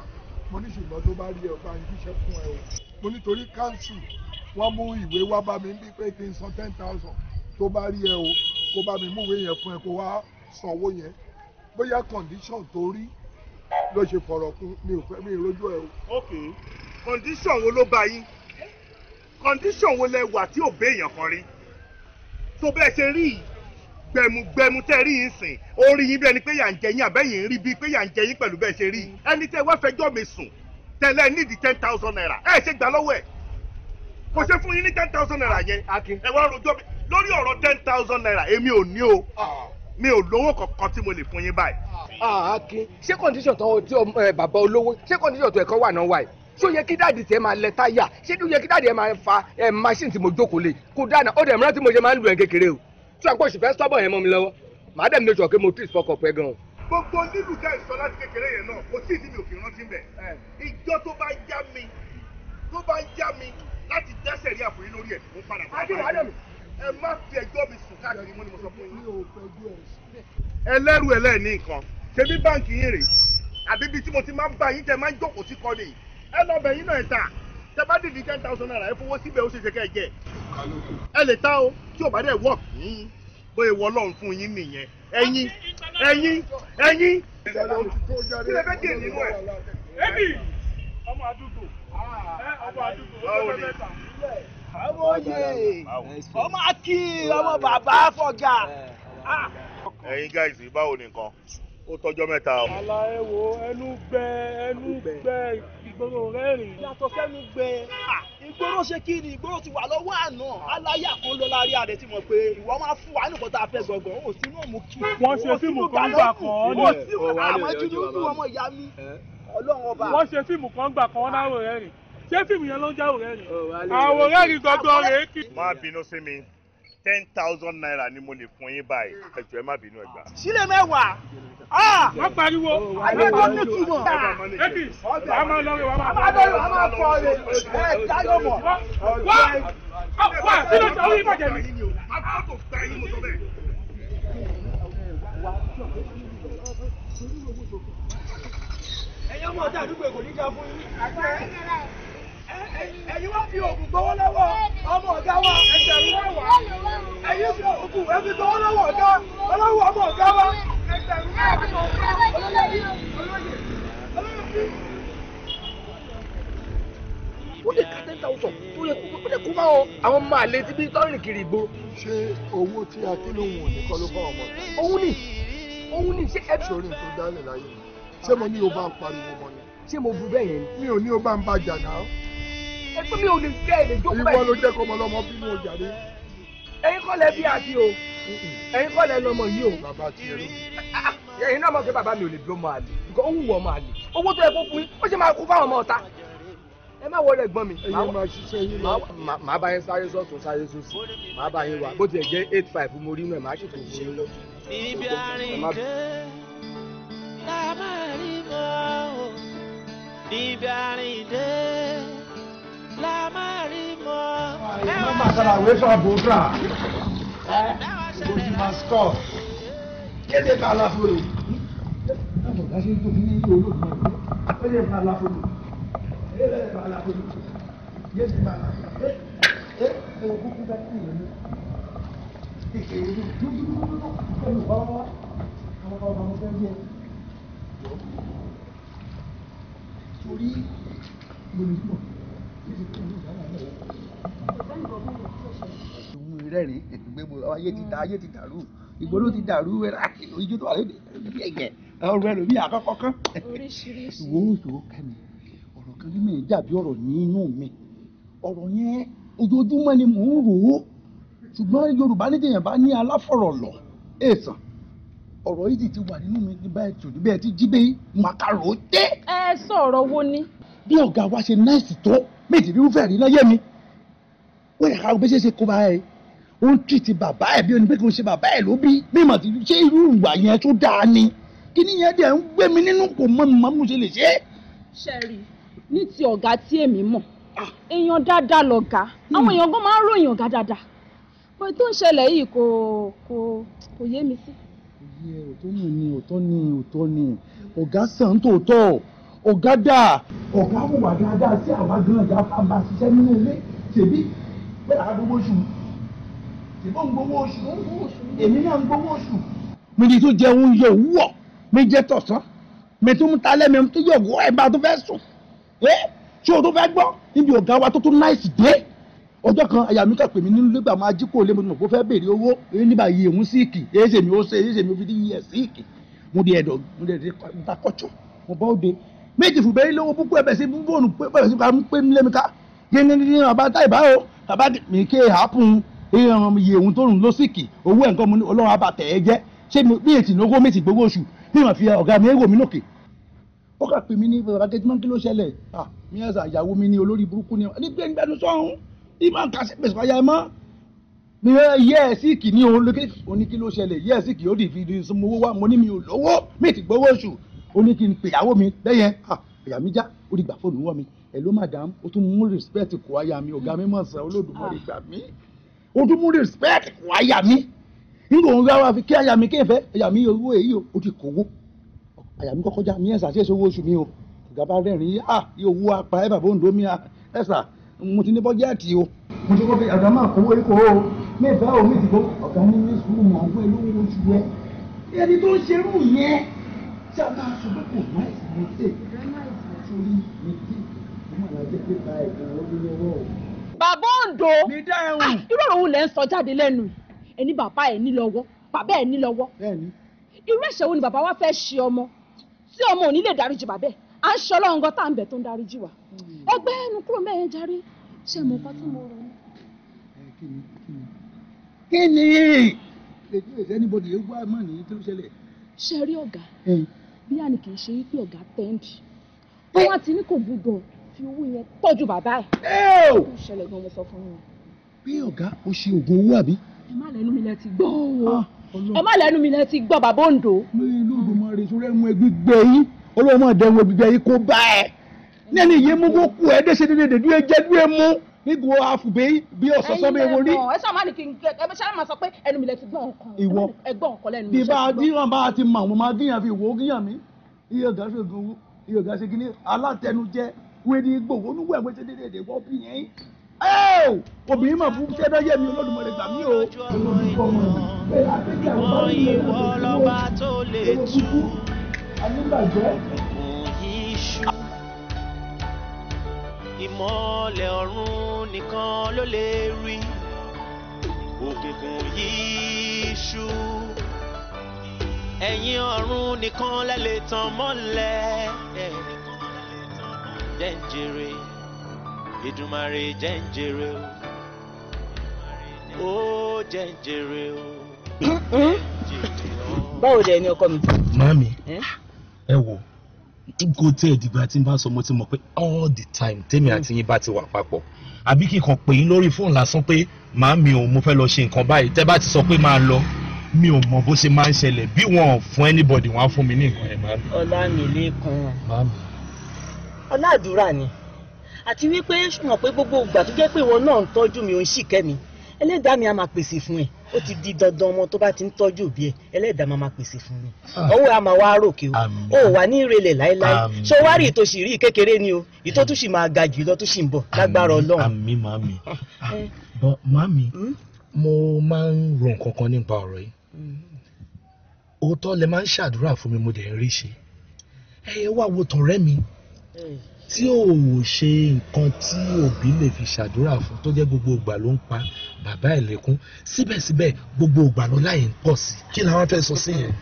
[SPEAKER 2] mo ní ṣùgbọ́n tó bá rí ẹ ọba ń jíṣẹ́ fún ẹ o mo nítorí káńsù wọ́n mú ìwé wá bá mi bí pé kí n san ten thousand tó bá rí ẹ o kó bá mi múwèé yẹn fún ẹ kó wá san owó yẹn bóyá condition tó rí ló ṣe fọ̀rọ̀ kún mi ò fẹ́ mi ìrójú ẹ o. ok condition wo ló bá yín condition wo lẹ wà tí ò bẹ èèyàn kan rí tó bẹ́ẹ̀ ṣe rí yìí gbẹmugbẹmu tẹ rí yín sìn orí yín bí ẹni pé yà ń jẹ yín àbẹ́yìn rí bíi pé yà ń jẹ yín pẹ̀lú bẹ́ẹ̀ ṣe rí ẹni tẹ wá fẹjọ́ mi sùn tẹ́lẹ̀ nídi ten thousand naira ẹ ṣe gbà lọ́wọ́ ẹ kò ṣe fún yín ní ten thousand naira yẹn ẹ wá rojọ́ mi lórí ọ̀rọ̀ ten thousand naira èmi ò ní o ah. mi ò lówó kankan tí mo lè fún yín báyìí. Akin ah, ah, ṣé condition tó ti eh, bàbá olówó ṣé kọ́ndíṣọ̀n tó ẹ̀kọ́ wà náà wáyé ṣó yẹ kí dáàdì tiẹ̀ máa lẹ táyà ṣé ló yẹ kí dáàdì ẹ̀ máa fa eh, machine tí mo jókòó lé kó dáná ó dẹ̀ mìíràn tí mo ṣe máa ń lu ẹ̀ kékeré o tí àpò ìṣùfẹ́ sọ́bọ̀ yẹn mọ́ mi lọ́wọ́ màá dẹ̀ mi sọ pé mo tí ì fọkọ̀ pẹ́ gan-an. gbogbo lílù jẹ́ ìsọ láti kékeré yẹn náà kò tí ì ní mi ò kì í rántí bẹ̀. Eh. ìjọ tó bá já mi tó bá já mi láti dẹ́sẹ̀ rí àpòyí lórí ẹ̀ mo padà bá a. ẹ má fi ni mo ẹlẹ́rù ẹlẹ́ẹ̀ni nǹkan ṣebí báǹkì yín rèé àbí ibi tí mo ti máa ń bá yín jẹ máa ń jókòó sí kọ́ ẹ lọ bẹ̀ yín náà ẹ̀ ta tẹ bá dìdí ten thousand naira ẹ fowó síbẹ̀ ó ṣe ṣe kẹ́ẹ̀jẹ́ ẹ lè ta o tí ò bá dẹ̀ wọ̀ yín bóyá ìwọ ọlọ́run fún yín nìyẹn kí lè fẹ́ nínú ẹbí ọmọ àdúgbò ah. ọmọ àdúgbò ó fẹ́ ọmọye ọmọ akí ọmọ bàbá fọgà. Ah. ẹ̀yin guys báwo ni ó tọ́jọ́ mẹ́ta o. àlàyé wo ẹnu gbẹ ẹnu gbẹ ìgboro rẹ́rìn. yàtọ̀ sẹ́nu gbẹ ah, ìgboro ṣe kí ni ìgboro ti wà lọ́wọ́ àná aláyé àkọlọ lárí àdé tí mo pe ìwọ máa fún wa nìkan tá a fẹ́ gangan ó sínú òmù kí. wọ́n ṣe fíìmù kan gbà kan ọ́ ní. ó sì wà àmọ́jú ní kú ọmọ ìyá ọlọ́run ọba. wọ́n ṣe fíìmù kan gbà kan ọ́ náà rò rẹ́rìn ṣé fíìmù yẹn ló ń jáwò rẹ yìí àwòrán yìí gbọgbọ rẹ kì. má bínú sí mi ten thousand naira ni mo lè fún yín báyìí ẹ ẹ má bínú ẹ gbà. sílẹ̀ mẹ́wàá wọ́n ah! pariwo ayé oh, tó ní túmọ̀ ẹbí wàá máa lọ rẹ wàá máa lọ rẹ máa fọ rẹ ẹ jáyọ̀ mọ̀. wá wá sílẹ̀ tó rí ìbàjẹ́ mi. ẹ̀yọ́ mọ̀ ọ́ta àdúgbò èkó níjà fún yín ẹ̀yin wá fi oògùn gbowó lọ́wọ́
[SPEAKER 3] ọmọ ọ̀gá wa ẹgbẹ̀rún mẹ́wàá ẹ̀yin fi oògùn ẹ̀fi gbowó lọ́wọ́ ọ̀gá ọlọ́wọ́ ọmọ ọ̀gá wa ẹgbẹ̀rún mẹ́wàá olóyè
[SPEAKER 2] olóyè olóyè. ó lè ka ten thousand ó lè kó ó lè kó máa àwọn máa lé tí bí tọ́rìn kiri igbó. ṣé owó tí akínúhùn ò ní kọ́ ló fọ́ ọmọ rẹ̀. òun ni òun ni ṣé ẹ. sori nǹkan dálẹ̀ láyé mi ṣé mo ní o bá ń pariwo mọ́ ni. ṣé mo bu bẹ́ẹ̀ yẹn ni. mi ò ní o bá ń bá jà náà ẹgbẹ́ mi ò lè jẹ́ èdè jókòó bẹ́ẹ̀. ìwọ ló jẹ́ kọ́mọ lọ́mọ bínú ọjà dé. ẹ̀yin kọ́ bí àti o ẹ̀yin kọ́ lẹ yìí o. bàbá ti ẹrú. ẹ̀yin náà mọ̀ pé bàbá mi ò lè dúró máa lè nǹkan ó wùwọ̀ máa lè owó tó yẹ kó fún yín ó sì máa kú fáwọn ọmọ ọ̀tá. ẹ má wọlé ẹ̀gbọ́n mi. ẹ̀yin máa ṣiṣẹ́ yín lọ. màá bá yín sáré sọ́tún sáré sósì màá bá yín wá bó tiẹ̀ jẹ́ eight five mo rí náà màá ṣètò ìṣe lọ.
[SPEAKER 1] ibi àrìndé la máa rí mọ́. ẹ má sara àwọn efa
[SPEAKER 3] bòbra
[SPEAKER 2] ẹ ojú ma sọ kéde ká láforo. láti ọ̀gá ṣe ń tó ní iye olóògbé náà kéde ká láforo kéde ká láforo kéde ká láforo ẹ ẹ kúkú bá kí ìyẹn ní kékeré dúdúdúdú ẹnu bá wá àwọn ọmọ ọmọ fẹ́ bí ẹ torí lórí mọ̀ rẹ́rìn gbogbo ayé ti dà ayé ti dàrú ìgboro ti dàrú ẹ̀rá ojú tó wà lóde ẹ̀gẹ̀ ọ̀rọ̀ ẹlòmí àkọ́kọ́ kán wo ìṣòro kẹ́mi ọ̀rọ̀ kan bí mi ń jà bí ọ̀rọ̀ nínú mi ọ̀rọ̀ yẹn ojoojúmọ́ ni mò ń rò ó ṣùgbọ́n Yorùbá ní tèèyàn bá ní aláfọ̀rọ̀ lọ èèsàn ọ̀rọ̀ yìí sì ti wà nínú mi ní báyìí tòdí ti jí bẹ́ẹ̀ màkàrò dé. ẹ sọ ọ̀rọ̀ wo ni. bí ọ̀gá mi ti rí irúfẹ́ rí láyé mi wọ́n yà ká gbé ṣe ṣe kó bá ẹ ó ń tì ti bàbá ẹ bí onígbé kò ń ṣe bàbá ẹ ló bí bí mà ti ṣe irú ìwà yẹn tó dáa ni kí ni yẹn dẹ̀ ń gbé mi nínú kò mọ mi mọ mo ṣe lè ṣe. sẹ́ẹ̀rì ní ti ọ̀gá tí èmi mọ̀ èèyàn dáadáa lọ̀gá hmm. àwọn èèyàn gan máa ń ròyìn ọ̀gá dáadáa pé tó ń ṣẹlẹ̀ yìí kò kò kò yé mi sí. òye òótọ́ ni òótọ́ ni òótọ́ ni ọ̀gá sàn tòótọ́ ọ̀gá dà. ọ̀gá wò wá dáadáa sí àwa gan ọ̀gá fábà ṣiṣẹ́ nínú ilé tèmi bẹ́ẹ̀ àdúgbò oṣù tèmi ń gbowó oṣù èmi náà ń gbowó oṣù. mi ni tó jẹ oúnjẹ òwúwọ̀ mi jẹ tọ̀sán mi tún ta lẹ́mi tó yẹ òwò ẹ̀ bá tó fẹ́ sùn ẹ́ ṣé o tó fẹ́ gbọ́ níbi ọ̀gá wa tó tún náìsì dé ọjọ́ kan àyà mi kà pè mí nínú lẹ́gbàá máa jí kò lé mo mọ̀ kó fẹ́ béèrè owó èyí nígbà yìí èhún síìkì èyí ṣèmi ó ṣe èyí ṣèmi ó fi dín yíyẹ síìkì mo di ẹ̀dọ̀ mo di ẹ̀dọ̀ mo ta kọ́tsọ̀ mo bá òde méjì fùgbẹ́ ilé owó púpọ̀ ẹ̀bẹ̀ sí fóònù pẹ̀bẹ̀ sí ká pé nílé mi ká gẹ́gẹ́gẹ́ bàbá táì bá o bàbá mi ké àápùn ìrànwọ́ iye òun tó rùn lọ́sìkì owó ẹ̀ nǹkan ọlọ́run àbàtẹ̀ ẹ jẹ́ ṣé bí ètì lówó mi ti gbowó oṣù ìràn fi ọ̀gá mi wò mí lókè. ó kà pé mi ní bàbá kẹ́tìmọ́ kí ló ṣẹlẹ̀ mi ni ẹni gbé nígbà tó sọ̀hún ìmọ̀ nǹkan ṣe pèsè ọ̀yà mọ́ mi kí ló ṣẹlẹ̀ yẹ mi ó ní kí n pè ìyàwó mi lẹ́yìn àyà mi já ó di gbà fóònù wọ̀ mi ẹ̀ ló madam ó tún mú respect kó aya mi ọ̀gá mi mọ̀ sàn olódùmarè ah. gbà mí ó tún mú respect kó aya mi nígbà òun rárá fi kí aya mi kéfẹ́ aya mi owó èyí o ó ti kówó aya mi kọ́kọ́ já mi ẹ̀sà sí èso owó oṣù mi o ọ̀gá bá rẹ́rìn yí ah yóò wú apá ẹ̀ bàbá òǹdó mi ẹ̀sà mo ti ní bọ́jẹ́ẹ̀tì o. mo ti kọ́ fi àgbà máa kówó ikọ̀ o mẹ́fà omi ti bọ́ ọ̀gá ní mẹ́sùn mọ̀ ọ́n pẹ̀lú oṣù rẹ̀ ẹni tó ń ṣerú yẹn tí a bá sọ pé kò má ìsìn mistake nítorí mistake ó mà lájẹ́ pé
[SPEAKER 3] ba ẹ̀gbọ́n ó ní lọ́wọ́ o.
[SPEAKER 2] bàbá òǹdó irú òun lẹ́ ń sọ jáde lẹ́nu ẹni bàbá ẹ̀ ní lọ́wọ́ bàbá ẹ̀ ní lọ́wọ́ irú ẹ̀ṣẹ̀ wo ni bàbá wa fẹ́ ṣe ọmọ tí ọmọ ò ní lè dáríjì bàbá ẹ̀ à ń ṣe ọlọ́run gan tá à ń bẹ̀ tó ń dáríjì wa ẹgbẹ́ hmm. ẹnu kúrò mẹ́rin jarí ṣe mọ̀ nǹkan tí mo rọ ni. kí ni èdè ìṣẹ́nibodè ṣe rí ọ̀gá bí àní kì í ṣe wípé ọ̀gá tẹ́ǹdì tó wá ti ní kò gbúdọ̀ fi owó yẹn tọ́jú bàbá ẹ̀. ó ṣẹlẹ̀ gan mo sọ fún yín. bí ọ̀gá o ṣe oògùn owó àbí. ẹ má lẹ́nu mi lẹ ti gbọ́ o ah! ẹ má lẹ́nu mi lẹ ti gbọ́ bàbá òǹdó. mi lóògùn máa rè sórí ẹmu ẹgbẹ́ gbẹ yín olóòmọ̀ dẹ́mu ẹgbẹ́ yín kó bá ẹ. ní ẹni yẹn mú kó kú ẹ dẹ́sẹ̀ dédé dé dúró jẹ́ dúró mú nígbò àfùbẹ́ bí ọ̀sọ̀sọ́ mi wò rí. ẹ ṣáà má
[SPEAKER 1] ní kí n ẹ ṣáà má
[SPEAKER 2] sọ pé ẹnu mi lẹ ti gbọ́n ọkàn ìwọ ẹgbọ́n díran bá ti mọ àwọn máa gíyàn fi wò ó gíyàn mí iye ọ̀gá ṣe gbowó iye ọ̀gá ṣe kíní alátẹnujẹ wẹ́ẹ́dì gbòwó níwẹ̀wẹ́
[SPEAKER 1] ìmọ̀lẹ̀ ọ̀run òun nìkan ló lè rí òkùnkùn yìí ṣú ẹ̀yin ọ̀run nìkan lẹ lè tàn mọ́lẹ̀ jẹ́ǹjẹ̀rẹ̀ Èdùmàrè jẹ́ǹjẹ̀rẹ̀ o ó jẹ́ǹjẹ̀rẹ̀
[SPEAKER 2] hmm? hmm? o. báwo dẹ̀ ni ọkọ mi. màámi eh? ẹ wò kò tẹ ìdìgbà tí n bá sọ mo ti mọ̀ pé all the time tèmi àti yín bá ti wà papọ̀ àbí kí n kàn pè yín lórí fóònù lásán pé màá mi ò mo fẹ́ lọ ṣe nǹkan báyìí tẹ́ bá ti sọ pé máa lọ mi ò mọ̀ bó ṣe máa ń ṣẹlẹ̀ bí wọn fún anybody wọn á fún mi ní nǹkan ẹ̀ máa mi. ọlá mi lẹ́kàn. máa mi. ọlá àdúrà ni àti wípé mọ̀ pé gbogbo ìgbà tó jẹ́ pé ìwọ náà ń tọ́jú mi ò ń ṣìkẹ́ mi ẹlẹ́dàá mi a máa pèsè fún ẹ ó ti di dandan ọmọ tó bá ti ń tọ́jú òbí ẹ ẹlẹ́dàá máa máa pèsè fún mi ah. ọwọ́ a máa wá ròkè o ó wà ní ìrẹ̀lẹ̀ láéláé ṣé o wá rí ìtòsí rí kékeré ni o ìtòtúnṣì máa ga jù lọ tó sì ń bọ̀ lágbára ọlọ́run. àmín
[SPEAKER 1] màmí ah,
[SPEAKER 2] màmí hmm? mo máa ń ro nǹkan kan nípa ọ̀rọ̀ yìí hmm. òótọ́ lẹ máa ń ṣàdúrà fún mi mo dẹ̀ ń rí ṣe ẹ̀yẹ wá wo tọ̀rẹ́ mi tí ò ṣe nǹkan tí òbí lè fi ṣàdúrà fún tó jẹ́ gbogbo ìgbà ló ń pa bàbá ẹ̀ lẹ́kún síbẹ̀síbẹ̀ gbogbo ìgbà ló láyé ń pọ̀ sí kí ni àwọn fẹ́ sọ sí yẹn.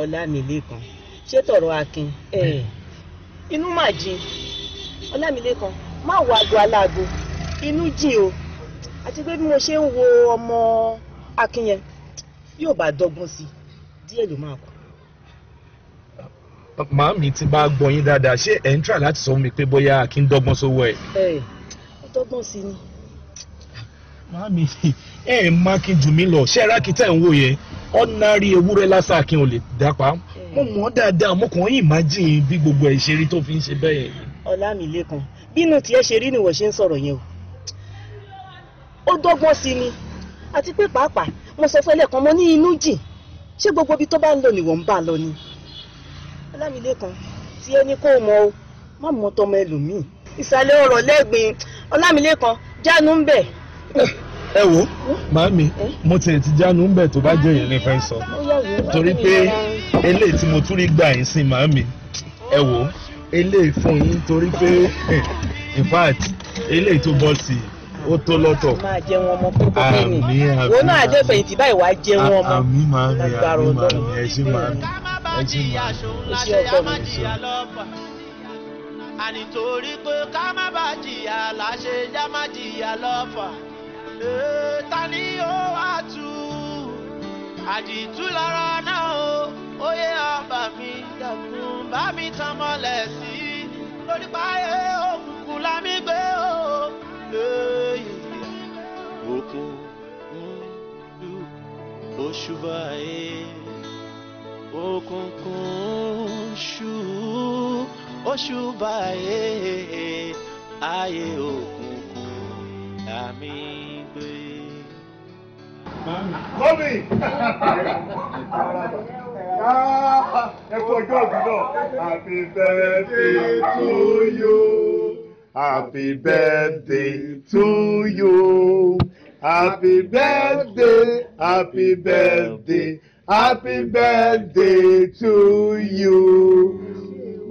[SPEAKER 1] ọlámilẹ́kan
[SPEAKER 2] ṣé tọrọ akin inú mà jìn ọlámilẹ́kan má wọ aago aláago inú jìn o àti pé bí mo ṣe ń wo ọmọ akin yẹn yóò bá dọ́gbọ́n sí díẹ̀ ló máa kú màámi ti bá gbọ́ yín dáadáa ṣé ẹ̀ ń try láti sọ fún mi pé bóyá kí n dọ́gbọ́n sówó ẹ̀. ẹ ẹ dọ́gbọ́n sí ni màámi ẹ ẹ má kí jù mí lọ ṣé rákì tẹ̀ ń wò yẹn ọ̀nàrí ewúrẹ́ lásán kí n ò lè dápa mo mọ̀ dáadáa mo kàn ń imagine bí gbogbo ẹ̀ ṣe rí tó fi ń ṣe bẹ́ẹ̀ yẹn. Ọlámilékan bínú tiẹ̀ ṣe rí ni wọ́n ṣe ń sọ̀rọ̀ yẹn o ó dọ́gbọ́n sí ni àti pé pàápàá mo sọ fún ẹlẹ́kan mo ní inú jìn ṣé gbogbo ibi tó bá ń lọ ni wọ́n ń bá lọ ni Ọlámilékan tí ẹni kó mọ o má mọ tọmọ ẹlòmíì ìsàlẹ̀ ọ̀rọ̀ lẹ́gbìn Ọlámilékan jánu ń bẹ̀ ẹ wo màámi mo tiẹ̀ ti jánu ń bẹ̀ tó bá jẹ́ yẹn ní fẹ́ sọ torí pé eléyìí tí mo tún rí gbà yín sí màámi ẹ wo eléyìí fún yín torí pé in fact eléyìí tó bọ́ sí i ó tó lọ́tọ̀.
[SPEAKER 1] máa jẹ wọn ọmọ
[SPEAKER 2] kókó kẹ́ni wọn náà jẹ fẹ̀yìntì báyìí
[SPEAKER 1] wàá jẹ wọn ọmọ. àmì máa àmì máa ẹ ṣe máa ẹ ṣe máa mi. iṣẹ́ ọkọ mi ṣe. àní torí pé ká má bàa jìyà láṣẹ já má jìyà lọ́fà ta ni o wá tu àdìtú lára náà o oyè àbá mi dàkún bá mi tan mọ́lẹ̀ sí i lórí páyé òkùnkùn lámì gbé o lóye òkun lù òṣùbà ẹ̀ e. òkùnkùn ṣù òṣùbà ẹ̀ e. ayé òkùnkùn lámì.
[SPEAKER 3] Mommy! Ẹ fojú òbí náà. Happy birthday to you.
[SPEAKER 2] Happy birthday to you. Happy birthday, happy birthday, happy birthday to you.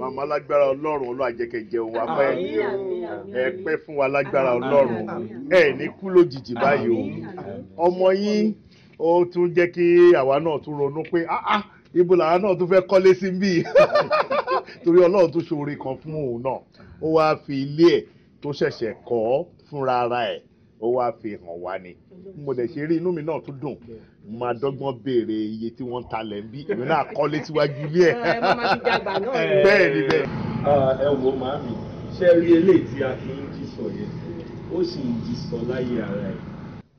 [SPEAKER 2] màmá lágbára ọlọ́run ọlọ́ àjẹkẹjẹ wa pẹ́ ẹ pẹ́ fún wa lágbára ọlọ́run ẹ ní kú lójijì báyìí o ọmọ yín ó tún jẹ́ kí àwa náà tún ronú pé ah, ah, ibo làwa náà tún fẹ́ kọ́lé sí bí torí ọlọ́run tún ṣoore kan fún òun náà ó wáá fi ilé ẹ̀ tó ṣẹ̀ṣẹ̀ kọ́ fúnra ara ẹ̀ ó wáá fi hàn wá ni mo dẹ̀ ṣe rí inú mi náà tún dùn máa dọ́gbọ́n béèrè iye tí wọ́n ń talẹ̀ ń bí èmi náà kọ́lé síwájú ilé ẹ̀. bẹ́ẹ̀ ni bẹ́ẹ̀. ẹ wo màámi ṣe rí eléyìí tí a fi ń jí sọ yẹn ó sì ń jí láyé ara ẹ̀.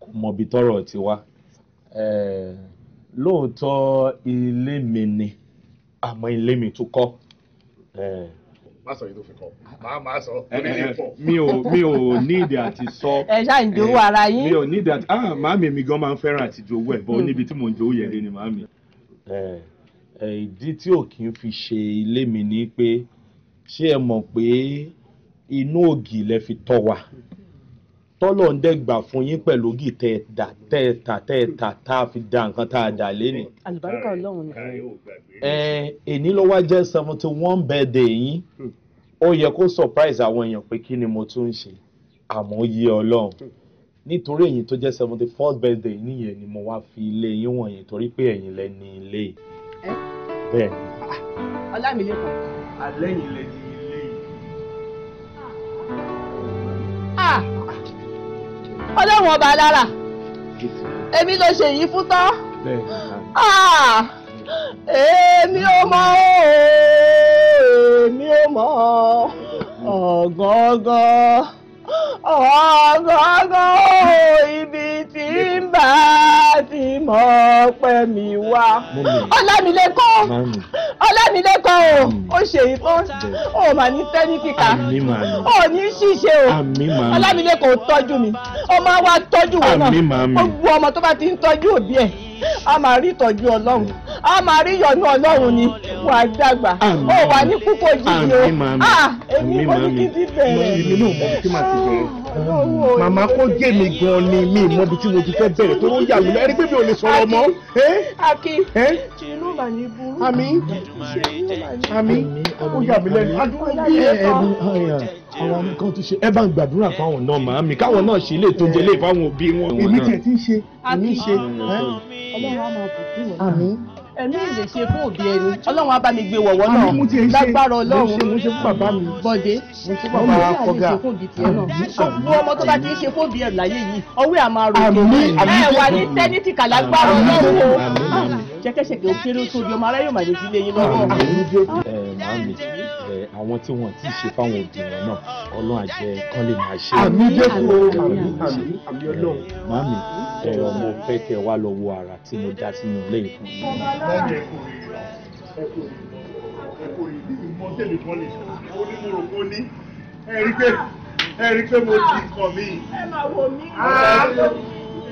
[SPEAKER 2] kò mọ̀bi tọrọ ti wá lóòótọ́ ilé mi ni àmọ́ ilé mi tún kọ́ má sọ yìí tó fi kọ máa ah. máa sọ lórí ilé pọ. mi ò mi ò ní ìdí àti sọ. ẹ ṣáà ń jowó eh, ara yín. mi ò ní ìdí àti ah màámi mi gan máa ń fẹ́ràn àti jowó ẹ̀ bọ́ hmm. níbi tí mò ń jowó yẹn rí ni màámi. Eh, eh, ìdí tí ò kí ń fi ṣe ilé mi ni pé ṣé ẹ mọ̀ pé inú ògì lẹ fi tọ́ wa tọ́lọ̀ ń dẹ́gbà fún yín pẹ̀lú ògì tẹ́ ẹ dà tá a fi da nǹkan tá a dà lẹ́nu. àlùbáríkà ọlọ́run ni. ẹ ẹni lọ́wọ́ jẹ́ seventy one birthday yín hmm. ó yẹ kó surprise àwọn èèyàn pé kí ni mo tún ń ṣe àmọ́ yé ọlọ́run hmm. nítorí èyí tó jẹ́ seventy fourth birthday nìyẹn ni mo wá fi ilé yín wọ̀nyí torí pé ẹ̀yin lẹ ní ilé. bẹ́ẹ̀ ni. Ah, ọlámilẹ́kọ̀ọ́. alẹ́ yìí lẹ ní ọlọ́run ọba lára èmi ló ṣe yìí fún tán ah, èmi ò mọ̀ èmi ò mọ̀ ọ̀gángan ọ̀gángan ibi bá ti mọ̀ pẹ́ mi wá. ọlámilẹ́kọ́ ọlámilẹ́kọ́ o ó ṣe ìfọ́n o mà ní tẹ́ni kíkà o ní ṣíṣe o ọlámilẹ́kọ́ ò tọ́jú mi ọmọ wa tọ́jú wọn náà O gbú ọmọ tó bá ti ń tọ́jú òbí ẹ̀ a máa rí ìtọ́jú ọlọ́run a máa rí ìyọ̀nú ọlọ́run ni wà á dàgbà ó wà ní púpọ̀ jíjẹ o ah, èmi mo ní kí n ti bẹ̀rẹ̀ màmá kó jẹ́ mi gan ni mi mọ ibi tí mo ti fẹ́ bẹ̀rẹ̀ tó ń yà mí lẹ́rìí pé mi ò lè sọ̀rọ̀ mọ́.
[SPEAKER 3] Akin ṣìnú mà ní burú. Àmì
[SPEAKER 2] àmì ó yà mí lẹ́nu. Adúlọ́ bí ẹ̀ẹ́dù ti ṣe ẹ bá ń gbàdúrà fáwọn náà màámi káwọn náà ṣe lè tó jẹ lé fáwọn òbí wọn. Èmi tẹ̀ ti ń ṣe èmi ń ṣe ọlọ́run á ìlè ṣe fún òbí ẹni ọlọ́run á wọ̀wọ́ náà lágbára ọlọ́run mo ṣe fún bàbá mi bọ́dé mo ṣe fún gbogbo ọmọ tó bá ti ń ṣe fún òbí ẹ̀ láyé yìí ọwọ́ ẹ̀ máa rògbò wà ní sẹ́nitì kàlágbára ọlọ́run o ṣẹkẹ́ṣẹkẹ́ òkèrè tóbi ọmọ aráyọ̀mọ̀ àdéjì lé yín lọ́wọ́ àwọn tí wọ́n ti ṣe fáwọn òbí náà ọlọ́run àjẹ́ kán lè máa ṣe. àmì jésù àmì àmì àmì ọlọ́run. màmí ẹ ọmọ fẹ́ kẹ wá lọ wo ara tí mo dá sínú ilé ìfún. ẹ rí pé ẹ rí pé mo ti kàn mí. ẹ máa wò mí.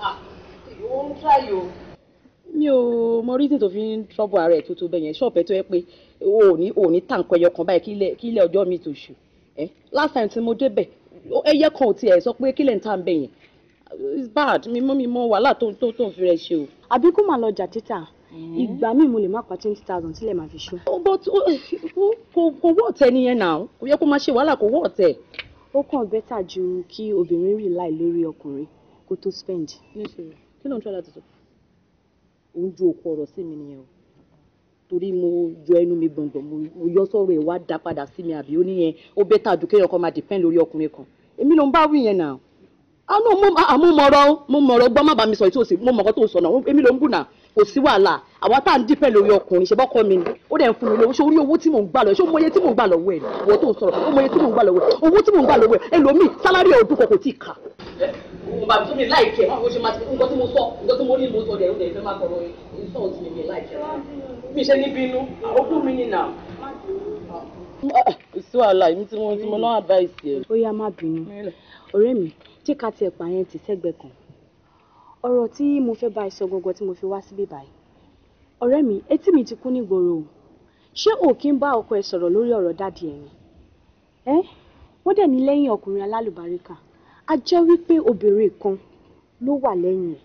[SPEAKER 2] ó ah, ń try o. mi ò mọ reason tó fi ń trouble ara ẹ̀ tó tó bẹ̀yẹn ṣọ́ọ̀bù ẹ̀ tó yẹ pé o ò ní o ò ní tàǹkọ ẹyọ kan báyìí kí ilé ọjọ́ mi tó ṣù ẹ́ last time tí mo débẹ̀ ẹyẹ kan ò tiẹ̀ sọ pé kílẹ̀ ń tà ń bẹ̀yẹn it's bad mi mọ́ mi mọ́ wàhálà tó tó tó fi rẹ̀ ṣe o. àbí kó máa lọ jà títà ìgbà míì mo lè má pa twenty thousand sílẹ̀ máa fi ṣú. kò wọ́ ọ̀tẹ̀ nìyẹn náà kò yẹ kó máa ṣe wàhálà kò wọ́ ọ̀tẹ̀. ó kàn bẹ́tà ju kí obìnrin rely lórí ọkùnrin kó tó spend. níṣòro kí ló ń tọ́ láti sọ. ó ń ju òkú ọ̀rọ̀ sí mi nìyẹn o torí mo yọ ẹnu mi gbọ̀ngbọ̀n mo yọ sọ̀rọ̀ ẹ̀ wá dá padà sí mi àbí ó níyẹn ó bẹ́tà ju kéèyàn kan máa depend lórí ọkùnrin kan èmi ló ń bá wí yẹn náà àánú mo mọ̀rọ̀ mo mọ̀rọ̀ gbọ́ má bàa mi sọ ètò òsì mo mọ̀rọ̀ tó sọ èmi ló ń gùn náà kò sí wàhálà àwa tá à ń dípẹ́ lórí ọkùnrin ṣe bọ́kọ mi ni ó dẹ̀ ń fún mi lówó ṣé orí owó tí mò ń gbà lọ ṣé omoye tí mò ń gbà lọ́wọ́ ẹ̀ wọ́n tó ń sọ̀rọ̀ omoye tí mò ń gbà lọ́wọ́ ẹ̀ owó tí mò ń gbà lọ́wọ́ ẹ̀ ẹlòmíì sálárì ọdún kan kò tí ì kà. ọba tó mi láìkẹ́ ọ̀hún ṣe máa ti nǹkan tí mo sọ nǹkan tí mo ní mo sọ dẹ̀ ẹ̀ fẹ́ máa kọ̀rọ̀ insult mi mi láìkẹ́ mi ṣe níbi èmi tí mo lọ́wọ́ advice yẹn. ó yá má bínú ọ̀rẹ́ mi jẹ́ ká tiẹ̀ pààyàn tì sẹ́gbẹ̀ẹ́ kan ọ̀rọ̀ tí mo fẹ́ bá ẹ sọ gangan tí mo fi wá síbí báyìí ọ̀rẹ́ mi etí mi ti kú nígboro o ṣé o kì í bá ọkọ ẹ sọ̀rọ̀ lórí ọ̀rọ̀ dáàdì ẹ̀ ni ẹ́ wọ́n dẹ̀ ní lẹ́yìn ọkùnrin alálùbáríkà a jẹ́ wípé obìnrin kan ló wà lẹ́yìn ẹ̀.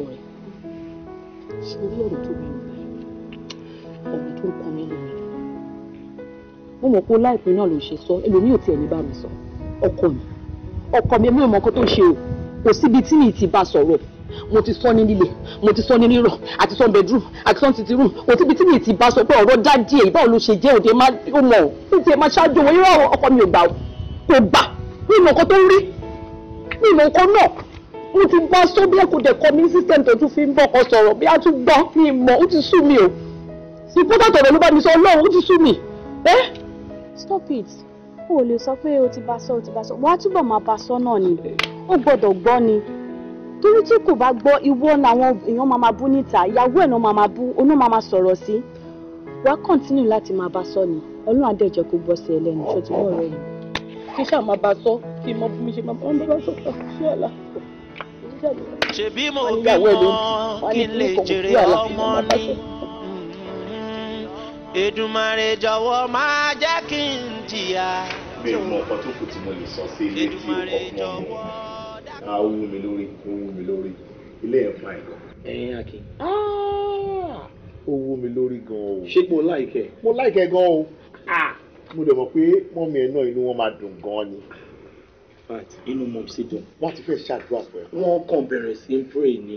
[SPEAKER 2] ọ̀rẹ́ ṣe orí ọ̀rọ̀ tó bẹ̀rù báyìí ọ̀rọ̀ tó ń kọ́ mi lómi mo mọ̀ pé láìpẹ́ náà ló ṣe sọ ẹlòmíì ò tiẹ̀ ní bá mi sọ ọkọ mi ọkọ mi mi ò mọ nǹkan tó ṣe o kò síbi tí mi ti bá sọ̀rọ̀ mo ti sọ ní líle mo ti sọ ní rírọ̀ àti sọ bedroom àti sọ titi room kò síbi tí mi ti bá sọ pé ọ̀rọ̀ dáàdì ẹ̀ báwo ló ṣe jẹ́ òde má ó mọ̀ ọ́ ó ti ẹ̀ máa ṣáájú owó irọ́ ọkọ mi ò gbà kò gbà ní ìmọ̀ nǹkan tó ń rí ní ìmọ̀ nǹkan náà mo ti bá sọ bí ẹkùn dẹ̀kọ́ mi system tó tún fi ń bọ̀kọ sọ̀rọ̀ bí a tún gbọ́ ní ìmọ̀ ó ti sú mi o important ọ̀rọ̀ ló bá mi sọ ọlọ́run ó ti sú mi ẹ́. stop it o ò lè sọ pé o ti bá sọ o ti bá sọ wàá túbọ̀ máa bá sọ náà ni ó gbọ́dọ̀ gbọ́ ni torí tí kò bá gbọ́ ìwọ làwọn èèyàn máa ma bú níta ìyàwó ẹ̀ náà máa ma bú onú máa ma sọ̀rọ̀ sí I á kọ́ntínú láti máa bá sọ ni ọlọ́run adẹ́jọ́ kò gbọ́ sí ẹlẹ́nu tó ti wọ́n rẹ̀ yìí. kí ṣáà máa bá sọ kí mo bí mi ṣe máa ń bá sọ
[SPEAKER 1] ṣé ọ̀la. ṣebí mo bí kí n lè jèrè ọmọ ni Èdùmàrè jọ̀wọ́ máa jẹ́ kí n jìyà. mi mọ ọkọ tó kù
[SPEAKER 2] tí mo lè sọ sí ilé tí ọkọ mọ awú mi lórí ó wú mi lórí ilé ẹ̀ fà ìgbọ̀n. ẹyin akin.
[SPEAKER 3] Ah!
[SPEAKER 2] ó wú mi lórí gan-an o. ṣé mo láìkẹ́. mo láìkẹ́ gan-an o ah! mo dẹ̀ mọ̀ pé mọ́mí ẹ̀ náà inú wọn máa dùn gan-an ni. inú mọ̀ sí dùn. wọ́n ti fẹ́ ṣàdúrà pẹ̀. wọ́n kàn bẹ̀rẹ̀ sí í pray ni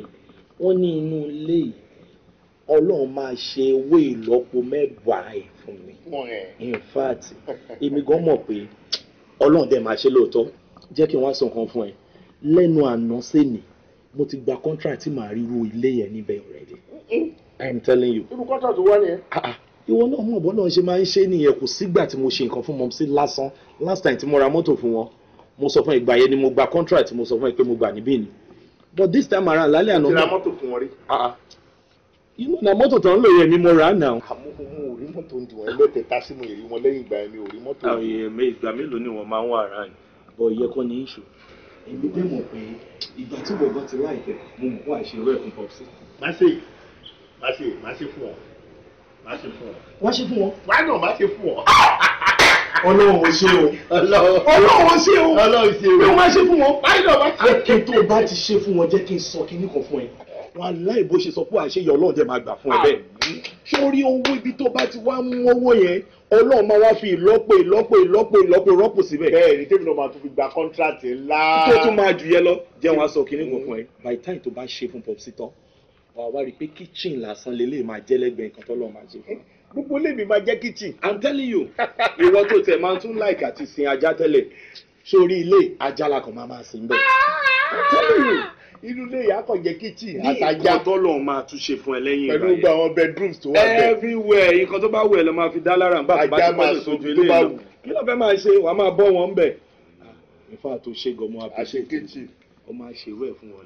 [SPEAKER 2] wọ́n ní inú ilé yìí ọlọ́run máa ṣe owó ìlọ́po mẹ́wàá ẹ̀ fún mi. in fact èmi gan mọ̀ pé ọlọ́run dẹ̀ máa ṣe lóòótọ́ jẹ́ kí wọ́n sọ nǹkan fún ẹ lẹ́nu àná sẹ́ni mo ti gba contract tí màá ríru ilé yẹn níbẹ̀ already i'm telling you. irú contract wá nìyẹn. Ah, ah. ìwọ náà mọ̀ bọ́ náà ṣe máa ń ṣe nìyẹn kò sígbà tí mo ṣe nǹkan fún mọ́mísí lásán last time tí mo ra mọ́tò fún wọn mo sọ fún ìgbà yẹn ni mo gba contract mo sọ fún ẹ pé mo gbà níbí ni but this time around lálẹ́ àná. mo mọ́tò fún wọn rí. Ah, you na mọ́tò tó ń lò yẹn ni mo rà á náà. àmọ́ ò rí mọ́tò ń dùn ẹ lẹ́tẹ̀ẹ́ta sí mo lè wọn lẹ́yìn ìgbà yẹn mi ò rí mọ́tò. àwọn èèyàn ìgbà mélòó ni wọ́n máa ń wà ara yìí bọ̀ ìyẹ́kọ́ ní ìṣòro èmi dẹ̀ mọ̀ pé ìgbà tí bọ̀bọ̀ ti láìpẹ́ mo mọ̀ fún àìṣe rẹ̀ fún pọ́psì. má ṣe má ṣe má ṣe fún ọ má ṣe fún ọ. wọ́n ṣe fún wọn. wàá náà má ṣe fún ọ. Ọlọ́run ò ṣe o Ọlọ́run ò ṣe o Ọlọ́run ṣe o bí wọ́n ṣe fún wọn. wàá náà má ṣe. kí n tó bá ti ṣe fún wọn jẹ́ kí n sọ kinní kan fún ẹ wàláhì bó ṣe sọ fún àṣeyọ ọlọ́run jẹ́ máa gbà fún ẹ bẹ́ẹ̀ sórí owó ibi tó bá ti wá mú owó yẹn ọlọ́run máa wá fi ìlọ́pọ̀ ìlọ́pọ̀ ìlọ́pọ̀ ìlọ́pọ̀ rọ́pò síbẹ̀. bẹ́ẹ̀ ni tèmi náà máa tún fi gba kọ́ńtrátì ńlá. tó tún máa jù yẹn lọ jẹ́ wọn aṣọ kìnnìkan mm. fún ẹ by time tó bá ṣe fún popsi tán wà wá rí i pé kitchen lásán lélẹ̀ máa jẹ́ lẹ́gbẹ̀ẹ́ nǹkan tọ́lọ́run máa ṣe fún eh, gbogbo lèmi máa jẹ́ kitchen. i'm telling you ìwọ tó tẹ máa tún láìka àti sin ajá tẹ́lẹ̀ sórí ilé ajá la kàn máa máa sin bẹ́ẹ̀. i'm telling you inú ilé yà á kàn jẹ́ kitchen àtàjà. ní ìkọ́ tọ́lọ̀ máa tún ṣe fún ẹ lẹ́yìn ìgbà yẹn. pẹ̀lú gbogbo àwọn bedrooms tó wà bẹ́ẹ̀. everywhere nǹkan tó bá wù ẹ lọ máa fi dá lára nígbà tó bá ti pàṣẹ sojú ilé yẹn kí ló fẹ́ máa ṣe wàá máa bọ́ wọn bẹ̀. Ah, ìfà tó ṣe gan mo appreciate kitchen ó máa ṣe ìwé ẹ̀ fún wọn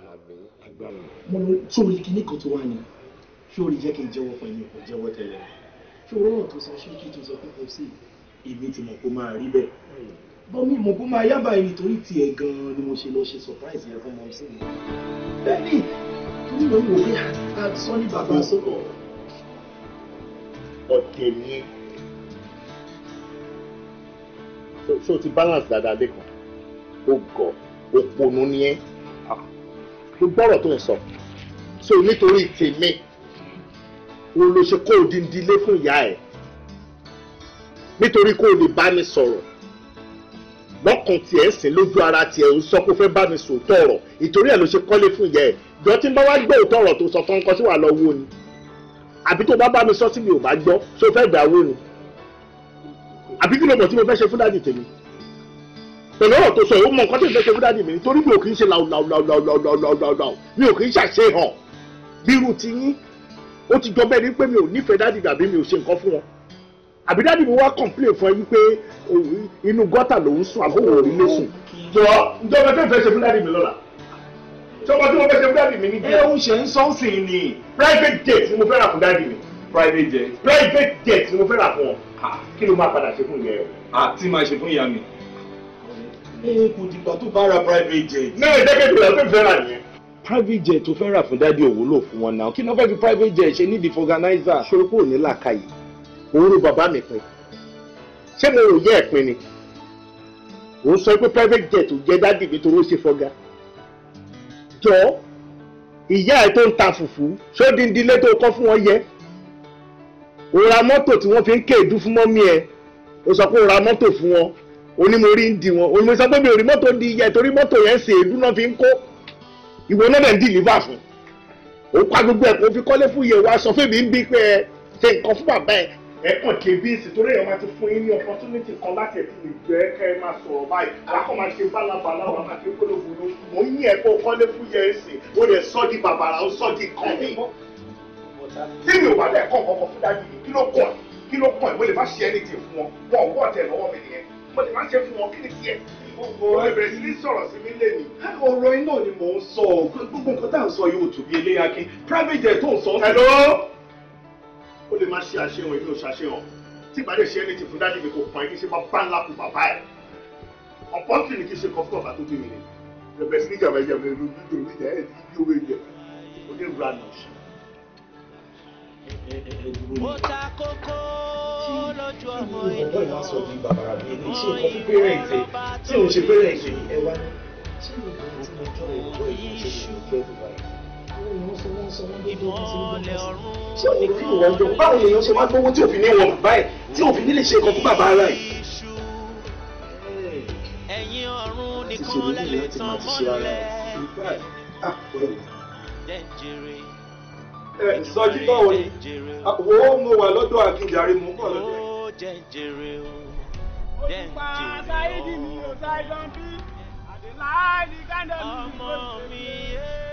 [SPEAKER 2] lágbára. mo lọ sórí kinní kan tó wà ní sórí jẹ́ kí n jẹ́wọ́ fún ẹ̀mí kò jẹ́wọ́ tẹ́lẹ̀ sórí ọ̀rọ̀ tó sọ ṣé kí n tó sọ pé kò sí èmi ti mọ̀ kó máa rí bẹ́ẹ̀ hmm bọ́mí mo kó máa yábà yìí nítorí tiẹ̀ gan-an ni mo ṣe lọ ṣe surprise yẹn fún mọ́ sí mi. bẹ́ẹ̀ni torí mo wò pé a sọ ní bàbá sọ̀rọ̀. ọ̀tẹ̀ ni ẹ́ so ti balance dáadáa lẹ́kàn ó gọ̀ ó ponú ni ẹ́ ló ah, gbọ́rọ̀ tó ń sọ so nítorí tèmi òun ló ṣe kó o di ń dilé fún ìyá ẹ̀ nítorí kó o lè bá mi sọ̀rọ̀ lọ́kàn tiẹ̀ ń sìn lójú ara tiẹ̀ ń sọ pé ó fẹ́ bá mi sọ òótọ́ ọ̀rọ̀ ìtorí ẹ̀ ló ṣe kọ́lé fún ìyá ẹ̀ jọ tí n bá wá gbọ́ òótọ́ ọ̀rọ̀ tó sọ fún ọkọ sí wà lọ wo ni àbí tó bá bá mi sọ sí mi ò bá gbọ́ tó fẹ́ gbà wo ni àbí kí ló mọ̀ tí mo fẹ́ ṣe fún dáàdì tèmi pẹ̀lú ọ̀rọ̀ tó sọ yìí ó mọ nǹkan tó fẹ́ ṣe fún dáàdì mi nítorí mi ò kì í ṣe làwùlàwùlàwùlàwùlàwù mi ò kì í ṣàṣe hàn bí irú ti yín ó ti jọ bẹ́ẹ̀ àbí dáàdì mi wá complain fún ẹ wípé inú gọ́tà lòún sùn àbúrò rí lé sùn. jọ ǹjọba tó fẹ́ ṣe fún dáàdì mi lọ́la ṣọba tí mo fẹ́ ṣe fún dáàdì mi ní. ẹ ń ṣe ń sọ́nsìn ni. private jet ni mo fẹ́ rà fún dáàdì mi. private jet. private jet ni mo fẹ́ rà fún ọ. kí ló máa padà ṣe fún ìyẹn o. àti máa ṣe fún ìyá mi. ẹ kò dìgbà tó bá ra private jet. náà ìdẹ́gbẹ̀dẹ̀ ló fẹ́ fẹ́ rà nìyẹn private jet tó fẹ́ rà fún dáàdì òwúlò fún wọn náà kí ni wọ́n fẹ́ fi private jet ṣe nídìí fọganáísà ṣorúkú ò ní làákàyè òun ro bàbá mi pin ṣé mo rò yẹ ẹ̀pin ni òun sọ pé private jet ò jẹ́ dádì mi torí ó ṣe fọ́gá jọ ìyá ẹ̀ tó ń ta fùfú ṣódìndínlé tó kọ́ fún wọn yẹ o ra mọ́tò tí wọ́n fi ń kéèdú fún mọ́mí ẹ̀ o sọ pé o ra mọ́tò fún wọn onímọ̀rí ń di wọn onímọ̀ sọ pé mi ò rí mọ́tò di ìyá ẹ̀ torí mọ́tò yẹn ṣe èlú náà fi ń kó ìwọ náà ń dìlíbà fún o pa gbogbo ẹ̀ kó fi kọ́lé fún ìyẹ̀wò aṣọ fèmí ń bí pé ṣe nǹkan fún bàbá ẹ̀ ẹ kàn dé bí ìsìn torí èèyàn máa ti fún yín ní opportunity kan láti ẹ̀tí lè jẹ́ kẹ́ ẹ máa sọ̀rọ̀ báyìí lákàn máa ṣe bálabàlà wà máa fi gbólógbòló mò ń yín ẹ̀kọ́ kọ́lé fún yẹn ìsìn ó lè sọ di bàbàrà ó sọ di kan mi. tí mi ò bá bẹ́ẹ̀ kọ́ ọkọ̀ fún dájú yìí kí ló kàn kí ló kàn mo lè má ṣe anything fún wọn wọn ò wọ́ọ̀tẹ̀ lọ́wọ́ mi nìyẹn mo lè má ṣe fún wọn kí ni tiẹ̀ gbogbo ẹbẹ̀rẹ̀ sí ní sọ̀rọ̀ sí mi lẹ́nu. ọ̀rọ̀ iná ni mò ń sọ gbogbo nǹkan tá à ń sọ yóò tù bí eléyàkín private jet tó ń sọ. hello ó lè má ṣe àṣehàn èmi ò ṣàṣehàn tí ìbádẹ́ ṣe ẹni tí fún dájú mi kò pọ́n kí ṣe bá bá ńlá kù bàbá ẹ̀ ọ̀pọ̀ tì ní kí ṣe kọ́fọ́ bàtó bí mi ni ẹ̀bẹ̀ sí nígbà bẹ́ẹ̀ jẹun ẹ̀rọ dídò ní ìjà ẹ̀ tí yóò wé jẹ ó dé ra nà ṣe. ó
[SPEAKER 1] ta kókó lójú ọmọ ènìyàn tí ìwọ ìwà sọ ní bàbá rẹ ní ṣe nǹkan fún pérèǹtì tí òun ṣe pérèǹtì ẹ wá ní ṣé ìwà tí mo jọ ìwọ ìwà ṣe ní ìfẹ́ bàbá rẹ àwọn èèyàn ṣe wọ́n ṣe wọ́n bí ibi ìdí sílẹ̀ jọ́sìn.
[SPEAKER 2] ṣé òní kí ìwọ ọjọ́ báwo èèyàn ṣe wá gbówó tí òfin ní wọn bàbá ẹ̀ tí òfin ní lè ṣe nǹkan fún bàbá ara ẹ̀. ẹ̀yin ọ̀run nìkan lẹ́lẹ́ tán mọ́lẹ̀. ẹ sọjí báwo ni wo mo wà lọ́dọ̀ àkíjàre
[SPEAKER 1] mo kọ̀ lọ́dọ̀ ẹ̀. ó ti
[SPEAKER 2] pa sáyidi ni o sáyidán bí àdéláì ní kándẹ́lì. ọmọ mi yé.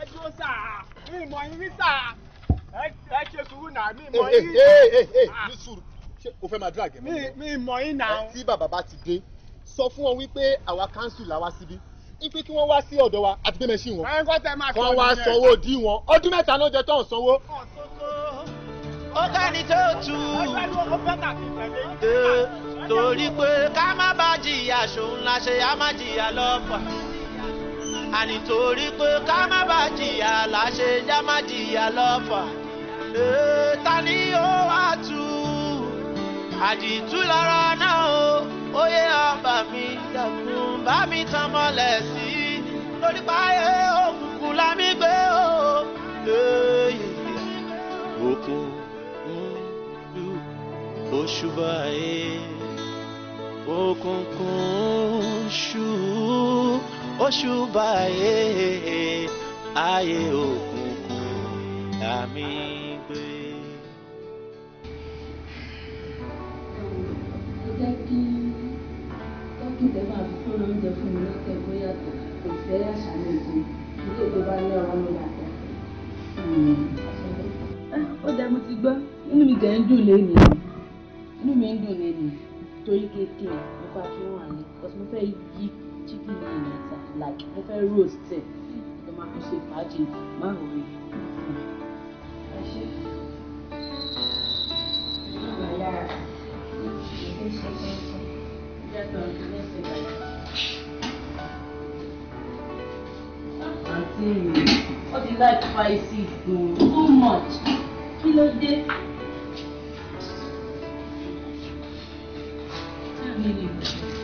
[SPEAKER 2] ẹ dúró sáà mi ìmọ̀ yín rí sáà ẹ ṣe sùúrù náà mi ìmọ̀ yín rí náà. ní sùúrù ṣé o fẹ́ máa drag ẹ̀ mọ́. mi ìmọ̀ yín náà. tí bàbá bá ti dé sọ fún wọn wípé àwa council la wá síbí ipe kí wọ́n wá sí ọ̀dọ̀ wa àti pé mẹ́sìn wọn. ẹ̀ńkọ́ tẹ máa fi ọdún yẹn. wọ́n wá sanwó dí wọn ọdún mẹ́ta ló jẹ tó ń sanwó.
[SPEAKER 1] ó kẹ́ni tó tù ú torí pé ká má bá jìyà ṣòun la ṣe á má jìyà lọ́pàá àní torí pé ká má bà jìyà láṣẹ já má jìyà lọ́fà ta ni ó wá tu àdìtú lára náà o ó yẹ ọba mi dàkún bá mi tan mọ́lẹ̀ sí i lórí páyé òkùnkùn lámì gbé o lóye òkun lù òṣùbà yìí òkùnkùn ṣùgbọ́n oṣù báyé ayé òkùnkùn àmì gbé.
[SPEAKER 3] jẹ́ kí tọ́kì máa fi kóró oúnjẹ fún mi lọ́tẹ̀ bóyá kò fẹ́ àṣàlẹ̀ ìgbín ilé tó bá lé ọ̀rọ̀ mi làtẹ̀. ó dẹ́ mo ti
[SPEAKER 2] gbọ́ inú mi jẹ́ ń dùn lénìí inú mi ń dùn lénìí torí kéékèé nípa kí wọ́n àlè kọ́sí mo yí chicken yìí nìyẹn like mo fẹ́ roast ẹ̀ ló máa fi ṣe fàájì márùn ún àǹtí mi ó ti like spicy gan too much
[SPEAKER 3] kí ló dé. Thank you.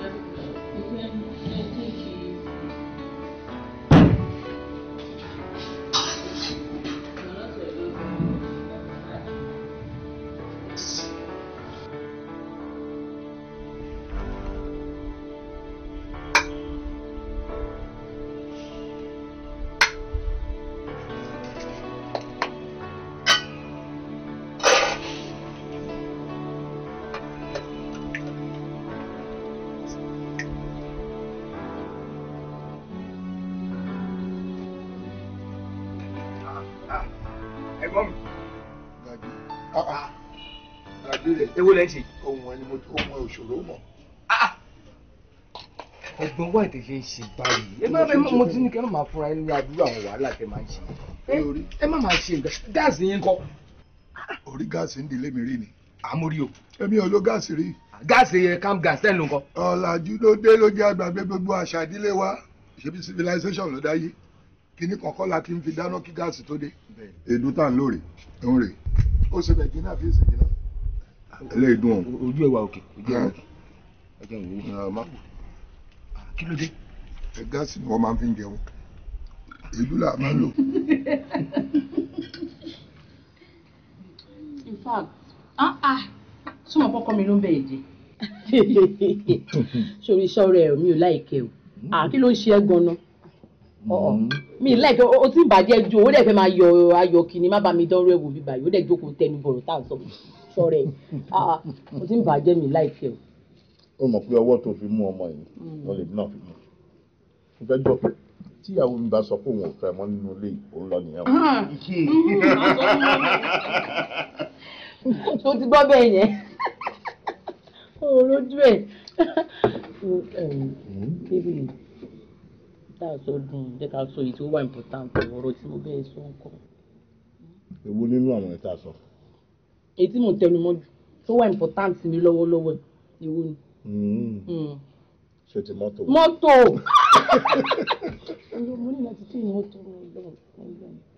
[SPEAKER 2] ewo lẹ ṣe. ohun ẹni mo ohun òṣòro mọ. Ah, ah. ẹ̀gbọ́n wà tẹ̀lé ń ṣe báyìí. ẹ má bẹ mo ti ní kí ẹ má máa fúnra ẹni àdúrà àwọn wàhálà tẹ máa ń ṣe. ẹ má máa ṣe nǹkan gáàsì yín kọ. orí gáàsì ń dilé mi rí ni. àmórí o. èmi ò lo gáàsì rí. gáàsì yẹn camp gas ten ló ń kọ. ọ̀làjú ló dé ló jẹ́ àgbàgbé gbogbo àṣà ìdílé wa ṣebí civilization ló dá yé kíní kọ̀ọ̀kan la ti ń fi dáná kí gáàsì tó dé. èdú tá à ń lò rè ń ó ṣe bẹ̀ jìnnà fi ń ṣe jìnnà eléyìí dùn o. ojú ẹ wà òkè ojú ẹ wà òkè ọjọ́ ìwé. Ah, kí ló dé. ẹ gáàsì ni wọ́n máa fi ń jẹun ìlú là máa ń lò. in fact ah ah súnmọ́ pọ́kọ́ mi ló ń bẹ̀yẹ̀ jẹ. sori sọ̀rọ̀ ẹ̀ mi ò láìkẹ́ o àkí mm. ah, ló ń ṣe ẹ́ gan-an mm. mi láìpẹ́ o ti ń bàjẹ́ ju owó dẹ̀ fẹ́ máa yọ ayọ̀ kìíní má bá mi dánrọ́ ẹ̀wò bíbá yìí ó dẹ̀ jókòó tẹnu bọ̀rọ̀ tá à sọ sọ̀rọ̀ ẹ̀ ah, mo ti ń bàjẹ́ mi láìpẹ́ o. ó mọ̀ pé ọwọ́ tó fi mú ọmọ yìí ló lè náà fi mú un fẹ́ gbọ́ pé tíyàwó mi bá sọ pé òun ò fẹ́ mọ́ nínú ilé òun lọ nìyẹn. o ti gbọ́ bẹ́ẹ̀ yẹn o lójú ẹ̀ bébì tá a sọ dùn jẹ́ ká sọ èyí tí wà important ọ̀rọ̀ tí mo bẹ́ẹ̀ sọ ń kọ́. èwo nínú àwọn ẹ̀ tá a sọ èyí tí mò ń tẹnu mọ́ jù tó wà important sí mi lọ́wọ́lọ́wọ́ ìwọ ni. Hmm. Hmm. ṣé ti mọ́tò. mọ́tò mo ní láti tí ìyẹn tó ń lọ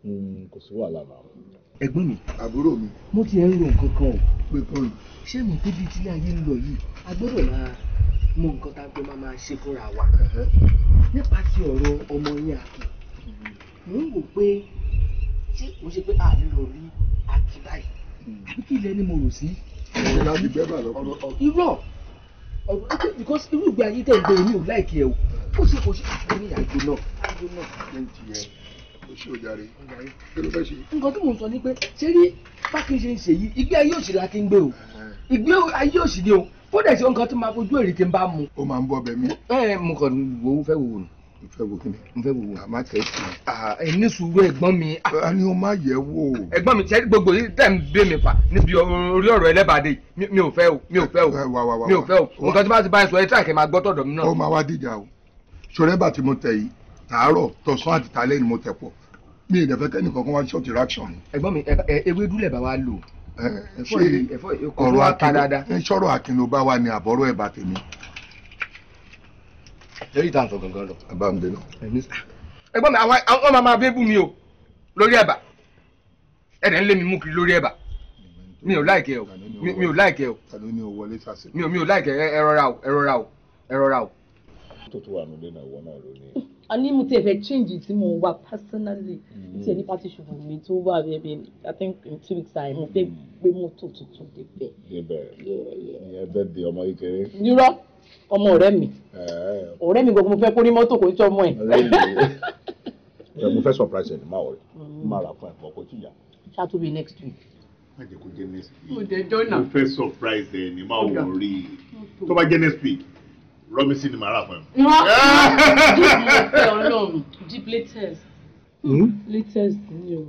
[SPEAKER 2] hmm, kò sí wàhálà náà. ẹ̀gbọ́n mi. àbúrò mi. mo ti ẹ̀ ń ro nǹkan kan o. pé kan. ṣé mo débi ìdílé ayé ń lọ yìí a gbọ́dọ̀ máa mọ nǹkan tá a gbọ́ máa máa ṣe fúnra wa. Uh-huh. nípasẹ̀ ọ̀rọ̀ ọmọ yín Akin mo ń wò pé ṣé mo ṣe pé àlè lọ rí Akin báyìí àbí kí ilẹ̀ ni mo rò sí. ọ̀rọ̀ láti gbẹ́ bà lọ́kọ̀. irọ́ because irú ìgbé ayé tẹ̀ ń gbé mi ò láìkí ẹ o kó ṣe kó ṣe kó ní àjò náà àjò náà. ṣé ń tiẹ̀ o ṣe òjàre kí ló fẹ́ ṣe. nǹkan tí mò ń sọ ni pé ṣé rí pákí ṣe ń ṣe yìí ìgbé ayé òṣèlú la ti ń gbé o ìgbé ayé òṣèlú o kódà ṣe nǹkan tí máa fojú èrè ti ń bá mu. ó máa ń bọ́ bẹ̀ mí. ẹ ẹ mo kàn wò ó fẹ́ wò ó nù mo fẹ́ wo kíni. mo fẹ́ wo wo. àmà tẹ̀ sí. ẹ ní sùúrù ẹ̀gbọ́n mi. a ní o má yẹ̀ wò. ẹ̀gbọ́n mi tiẹ̀ gbogbo yìí tẹ̀ ń bè mí fà níbi orí ọ̀rọ̀ ẹlẹ́bàdé mi ò fẹ́ o mi ò fẹ́ o mi ò fẹ́ o nǹkan tí bá ti bá ẹ sọ ẹ tí àkẹ́ máa gbọ́ tọ̀dọ̀ mi náà. ó máa wá dìjà o ṣọlẹ́ bá ti mo tẹ̀ yìí tàárọ̀ tọ̀sán àti talẹ́ ni mo tẹ̀ pọ̀ mi ì dẹ̀fẹ́ kẹ́ni kankan wá short reaction. ẹ̀gbọ́n mi ewédú lẹ̀ bá wa lò. ṣé ọ̀rọ̀ àkìlọ̀ bá wa ni àbọ̀rọ̀ ẹ̀ bá tèmi lórí ìtàn sọ gangan lọ. ẹ bá ń bínú. ẹ̀gbọ́n mi àwọn àwọn máa máa bébù mi o lórí ẹ̀bà ẹ̀rẹ̀ ń lé mi mú kiri lórí ẹ̀bà mi ò láìkẹ́ o mi ò láìkẹ́ o mi ò mi ò láìkẹ́ ẹ rọra o ẹ rọra o ẹ rọra o. tó tó wà nílé náà ìwọ náà ló ní. a ní mo ti ẹ̀fẹ̀ change tí mo wà personally ti ẹni pati ṣubú mi tó wà bẹ́ẹ̀ bẹ́ẹ̀ i think in two weeks time mo fẹ́ mm. gbé mọ́tò tuntun débẹ̀. débẹ̀ ẹ bẹ́ẹ̀ di ọmọ kékeré. nírọ́ ọmọ eh. ọ̀rẹ́ mi ọ̀rẹ́ mi gbogbo mo fẹ́ kó ní mọ́tò kò ní tọ́ ọmọ ẹ̀. mo fẹ́ surprise ẹ̀ ní máa wọlé mm. máa rà fún ẹ̀fọ́ kó tì yá. ṣàtúbí next week. má jẹ́ kó jẹ́ next week. mo fẹ́ surprise ẹ̀ ní máa wọ̀ tó bá jẹ́ next week rọ́bísì ni màá rà fún ẹ. Eh. ọlọ́run deep latest hmm? latest ni o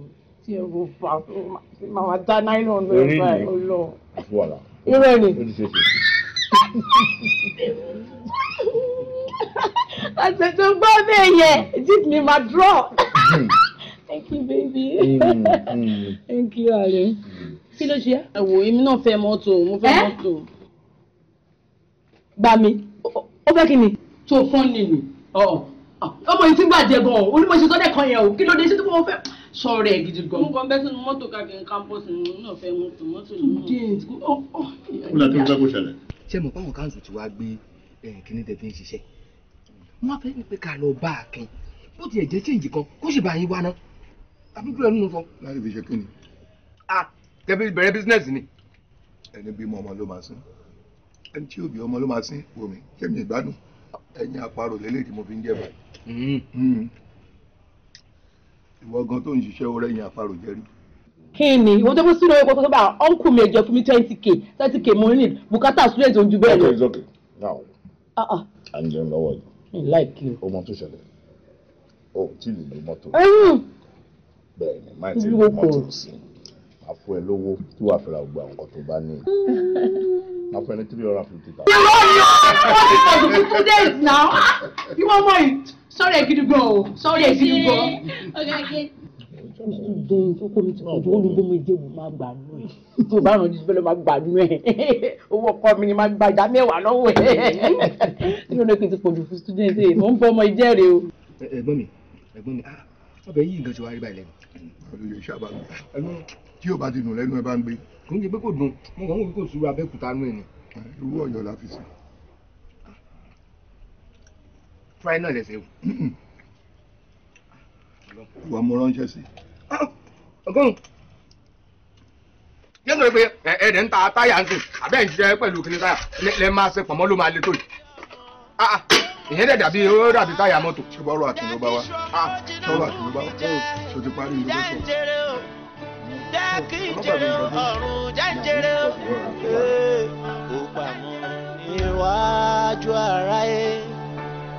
[SPEAKER 2] tí ẹ wo fà máa dá nylon lọ́wọ́ ẹ ọlọ́run. irú ẹ ni ọ̀sẹ̀ tó gbọ́ bẹ́ẹ̀ yẹn this me my draw mm-hmm. thank you baby
[SPEAKER 3] mm-hmm.
[SPEAKER 2] thank you ale mm-hmm. kí ló ṣe ẹ wò èmi náà fẹ́ mọ́tò mo fẹ́ mọ́tò. gbà mí ó fẹ́ kí ni. tó fún ni ni ọmọ yìí ti gbàjẹ gan o onímọ̀ ìṣẹ́ sọ́dẹ̀ kan yẹn o kí ló dé sí tí mo fẹ́ sọ̀rọ̀ ẹ̀ gidi gan. mo kàn bẹ́ sínú mọ́tò káàkiri campus ni mo náà fẹ́ mọ́tò mọ́tò ni mo. kúlà tó ń gbàgbọ́ ṣẹlẹ̀ ṣé mo báwọn káńsù ti wá gbé kíní tẹ fi ń ṣiṣẹ́ wọ́n fẹ́ pé ká lọ bá Akin bó tiẹ̀ jẹ́ chíǹjì kan kó sì bá yín wá náà àbí kúrẹ́ nínú sọ. láti fi ṣe kí ni. a tẹbi bẹ̀rẹ̀ bísínẹ́sì ni. ẹni bímọ ọmọ ló máa sín ẹni tí òbí ọmọ ló máa sín omi jẹ́mi ìgbádùn ẹ̀yin àparò lélẹ́yìí mo fi ń jẹ̀bà. Hmm. Hmm. ìwọ gan tó ń ṣiṣẹ́ ó àparò jẹ́rìí kí ni tó fún sínú owó kọ́kọ́ bá mi ẹ̀jọ̀ fún mi twenty k thirty k mo ní bùkátà student ojú bẹ́ẹ̀ lọ. okay okay now ah, ah. à ń jẹun lọ́wọ́ yìí. like you. o mọ tó ṣẹlẹ̀ o tí ì lè mọ́tò. bẹ́ẹ̀ ni máa ti lè mọ́tò sí i a fún ẹ lówó tí wàá fẹ́ra gbogbo àwọn nǹkan tó bá ní. máa fún ẹ ní three hundred and fifty thousand. ìwọ ni wọ́n ti pàṣẹ fún two days now ìwọ mọ̀ ẹ̀ sọ́ọ̀rẹ̀ gidi gan o sọ́ọ̀rẹ̀ gidi
[SPEAKER 3] gan
[SPEAKER 2] jẹun tó kó mi ti kojú olùgbòmọ ìjẹun máa gbà nù ẹ tí o bá ràn jíjẹ lọ́ọ́ máa gbà nù ẹ owó ọkọ mi ni máa gba ìdá mẹ́wàá lọ́wọ́ ẹ ní ọ̀nà kí n ti pọ̀jù fún student ẹ mò ń bọ́ ọmọ ìjẹ́rìí o. ẹ̀gbọ́n mi ẹ̀gbọ́n mi ah ọbẹ̀ yìí nǹkan ti wá rí báyìí lẹ́nu. olùyẹ sábà ẹnu tí o bá ti dùn lẹ́nu ẹ bá ń gbé. kò ń ṣe pé kò dùn mo kàn ń wò pé kò sùúrù abẹ́kúta nù ẹ̀ mo ránṣẹ́ sí i ọgọ́rùn nítorí pé ẹ̀ẹ́dẹ̀ ń ta táyà ń sìn àbẹ́ ń ṣiṣẹ́ pẹ̀lú kìnìún táyà lẹ́ẹ̀ máa ṣe pọ̀mọ́ ló máa le tó yìí ah, ah, ìyẹn dẹ̀ dàbí ó dàbí táyà mọ́tò. ṣé bọ́ọ̀rọ̀
[SPEAKER 1] àtúnlọ́gbà wa ah, bọ́ọ̀rọ̀ àtúnlọ́gbà wa ó ti parí ìlú lọ́sọ̀ọ́ dákìjẹrẹ ọrùn jájẹrẹ ó pamọ́ níwájú aráyé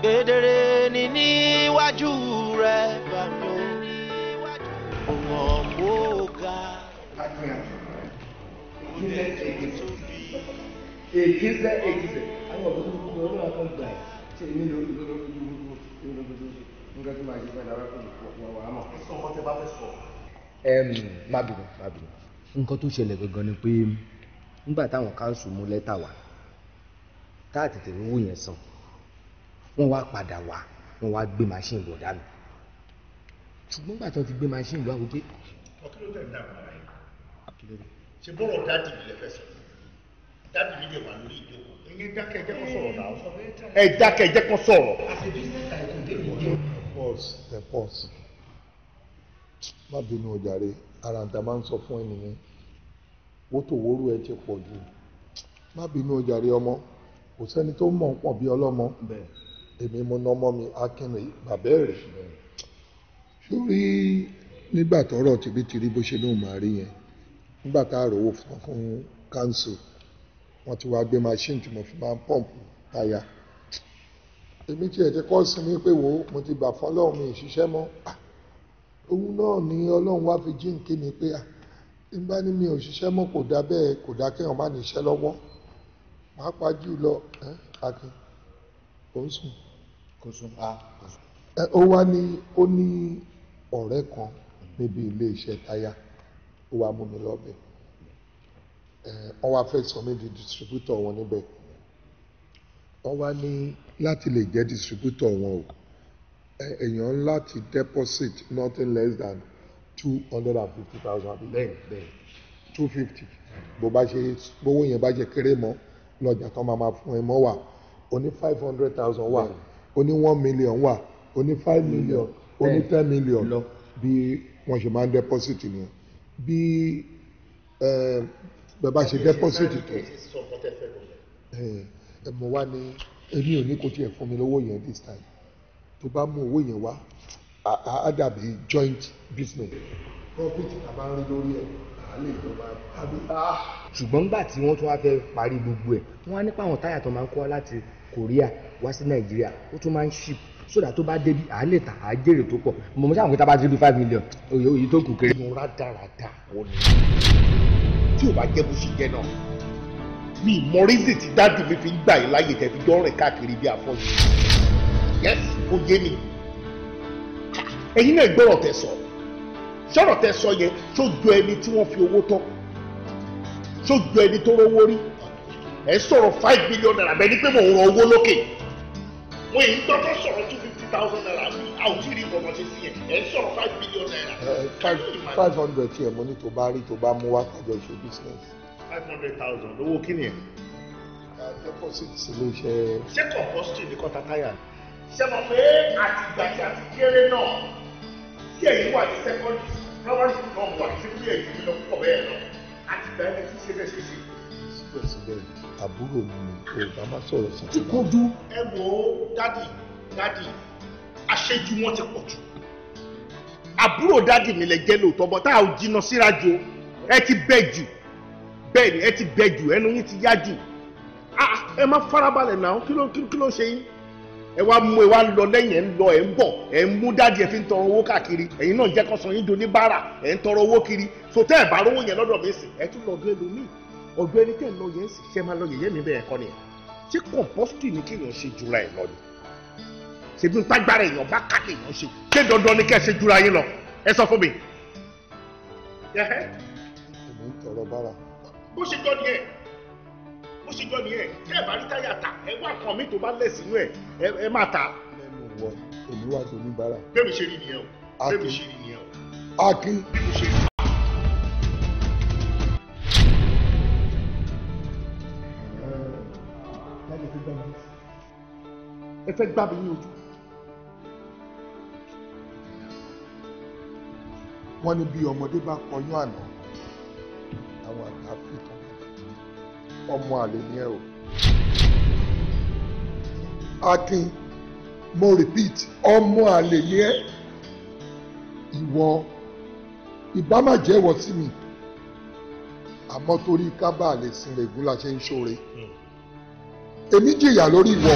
[SPEAKER 1] kedere ni níwájú rẹ wọ́n mú ga ilẹ̀ tóbi. èkìsẹ́
[SPEAKER 2] èkìsẹ́ àwọn ọ̀dọ́ tó kúkú ọlọ́run àkọ́ gbà ẹ̀ tí èmi ló ń lọ́dọ́ ṣẹlẹ̀ gangan ni pé nígbà táwọn káńsù mú lẹ́tà wá tá tètè rówó yẹn san wọ́n wá padà wá wọ́n wá gbé màṣíìnì bọ̀dá mi ṣùgbọ́n gbàtọ́ ti gbé machine lọ àwọn pé. ọkìlọ́ tẹ̀ ń dà mọ́ ara yìí ṣe bọ́rọ̀ dáàdì mi lẹ́fẹ̀ẹ́ sọ dáàdì mi lè wà lórí ìjókòó ẹ̀yin dákẹ́ ẹ̀jẹ̀ kan sọ̀rọ̀ náà ẹ̀ dákẹ́ ẹ̀jẹ̀ kan sọ̀rọ̀. pause the má bínú o jàre ara ń ta máa ń sọ fún ẹni yẹn wótòwórú ẹ ti pọ̀ jù má bínú o jàre ọmọ kò sẹ́ni tó mọ̀ ń pọ̀ bí ọlọ́mọ èmi mo nà ọmọ mi akínrin bàbá rẹ̀ sórí nígbà tọ́rọ̀ tìbí ti rí bó ṣe lóun máa rí yẹn nígbà tá a rówó fún fún kánsù wọ́n ti wá gbé machine tí mo fi máa ń pọ́ǹpù táyà èmi tiẹ̀ ti kọ́ sí mi pé wo mo ti bà fún ọlọ́run mi ìṣiṣẹ́ mọ́ òun náà ni ọlọ́run wá fi jí nǹkan mi pé nígbà ní mi ò ṣiṣẹ́ mọ́ kò dá bẹ́ẹ̀ kò dá kéèyàn má ní iṣẹ́ lọ́wọ́ pàápàá jù lọ akin kò ń sùn kò sùn ó wá ní ó ní ọ̀rẹ́ kan níbi ilé iṣẹ́ táyà ó wàá mú mi lọ́bẹ̀ wọ́n wá fẹ́ sọ mí di distributor wọn níbẹ̀ wọ́n wá ní láti lè jẹ́ distributor wọn o èèyàn láti deposit nothing less than two hundred and fifty thousand bẹ́ẹ̀ bẹ́ẹ̀ two fifty bó bá ṣe gbówó yẹn bá jẹ kéré mọ́ lọ́jà kan máa ma fún ẹ mọ́ wà ó five hundred thousand wa, ó one million wa, ó five million. Mm -hmm ó ní ten million bí wọ́n ṣe máa ń deposit nìyẹn bí bàbá ṣe deposit tó ẹ mọ̀ wá ní èmi ò ní kó tiẹ̀ fún mi lówó yẹn this time tó bá mú owó yẹn wá á dàbí joint business profit tàbá ń rí lórí ẹ̀ àlè ìjọba àbí. ṣùgbọ́n nígbà tí wọ́n tún wá fẹ́ parí gbogbo ẹ̀ wọ́n á nípa àwọn táyà tó máa ń kó láti Korea wá sí Nàìjíríà ó tún máa ń ship sódà tó bá débi à lè tà á jèrè tó pọ̀ mo mọ̀ sáà pé tá a bá ti lu five million òye òye tó kù kéré. mo rá dáradá o ní tí o bá jẹ́ bó ṣe jẹ́ náà mi mọ rízì tí dáàdì mi fi ń gbà yín láyè tẹ́ fi dọ́rẹ̀ káàkiri bí afọ́jú yes kò yé mi ẹ̀yin náà gbọ́rọ̀ tẹ́ sọ sọ̀rọ̀ tẹ́ sọ yẹn sójú ẹni tí wọ́n fi owó tọ́ sójú ẹni tó rówó rí ẹ̀ sọ̀rọ̀ five million naira bẹ́ẹ̀ ni pé mo rọ owó lókè mo èyí gbọ́dọ̀ sọ̀rọ̀ two fifty thousand naira mi a ò tí ì rí nǹkan ṣe sí yẹn ẹ̀ ń sọ̀rọ̀ five billion naira. five hundred tiẹ̀ mo ní tó bá rí tó bá mú wá kájọ ṣe business. five hundred thousand owó kí ni ẹ̀. deposit sí ló ṣe. ṣé kọ̀ǹpọ́sítì ní kọ́ta táyà ni. ṣé mo pé àtìgbà tí a ti kéré náà tí ẹ̀yin wà ní secondary primary school náà wà ní sẹ́kúrì ẹ̀yìn lọ́pọ̀ bẹ́ẹ̀ lọ àtìgbà ẹ̀ ti ṣe bẹ́ẹ̀ ṣe ṣe àbúrò mi ò bá má sọ̀rọ̀ sí ti kó dún. ẹ wo dádì dádì aṣẹ́jú wọn ti pọ̀ jù àbúrò dádì mi lè jẹ́ lóòótọ́ bọ́ tá a ò jìnnà síra jù ẹ ti bẹ́ jù bẹ́ẹ̀ ni ẹ ti bẹ́ jù ẹnu yín ti yá jù ah, ẹ má farabalẹ̀ náà kí ló kí ló ṣe yín ẹ wá mú ẹ wá lọ lẹ́yìn ẹ ń lọ ẹ ń bọ̀ ẹ ń mú dádì ẹ fi ń tọrọ owó káàkiri ẹ̀yin náà jẹ́ kọ́sán yín do ní bára ẹ ń tọrọ owó kiri sọtẹ́ ẹ̀ bá rówó yẹn lọ́dọ̀ mi sìn ẹ tún lọ dún ẹlòmíì ọ̀dọ̀ ẹni tẹ́ ń lọ yẹn sì ṣe máa lọ yẹ̀yẹ́ mi bẹ́ẹ̀ kọ́ ni ṣé kọ̀ǹpọ́sítì ni kéèyàn ṣe jura ẹ̀ lọ ni ṣèbí ntágbára èèyàn bá ká lèèyàn ṣe ṣé dandan ni kẹ́ ẹ ṣe jura yín lọ ẹ sọ fún mi.
[SPEAKER 1] èmi
[SPEAKER 2] ń tọrọ bára. bó ṣe jọ nìyẹn bó ṣe jọ nìyẹn tẹ́ ẹ bá rí táyà tà ẹ wá nǹkan mi tó bá lẹ̀ sínú ẹ ẹ máa ta. lẹ́nu wọ èmi wá sí bẹ́ẹ̀ mi ṣe rí nìyẹn o bẹ́ẹ̀ mi ṣe rí nìyẹn o. akin. bẹ́ẹ̀ mi ṣe rí nìyẹn o. ẹ fẹ́ gbá mi ní ojú. wọ́n ní bí ọmọdé bá kọyún àná àwọn àgbà fi tán ọmọ àlè ni ẹ o. akin mo repeat ọmọ àlè ni ẹ ìwọ ìbá má jẹ́wọ́ sí mi àmọ́ torí ká bá lè sin lè gún la ṣe ń ṣoore hmm. èmi jìyà lórí ìwọ.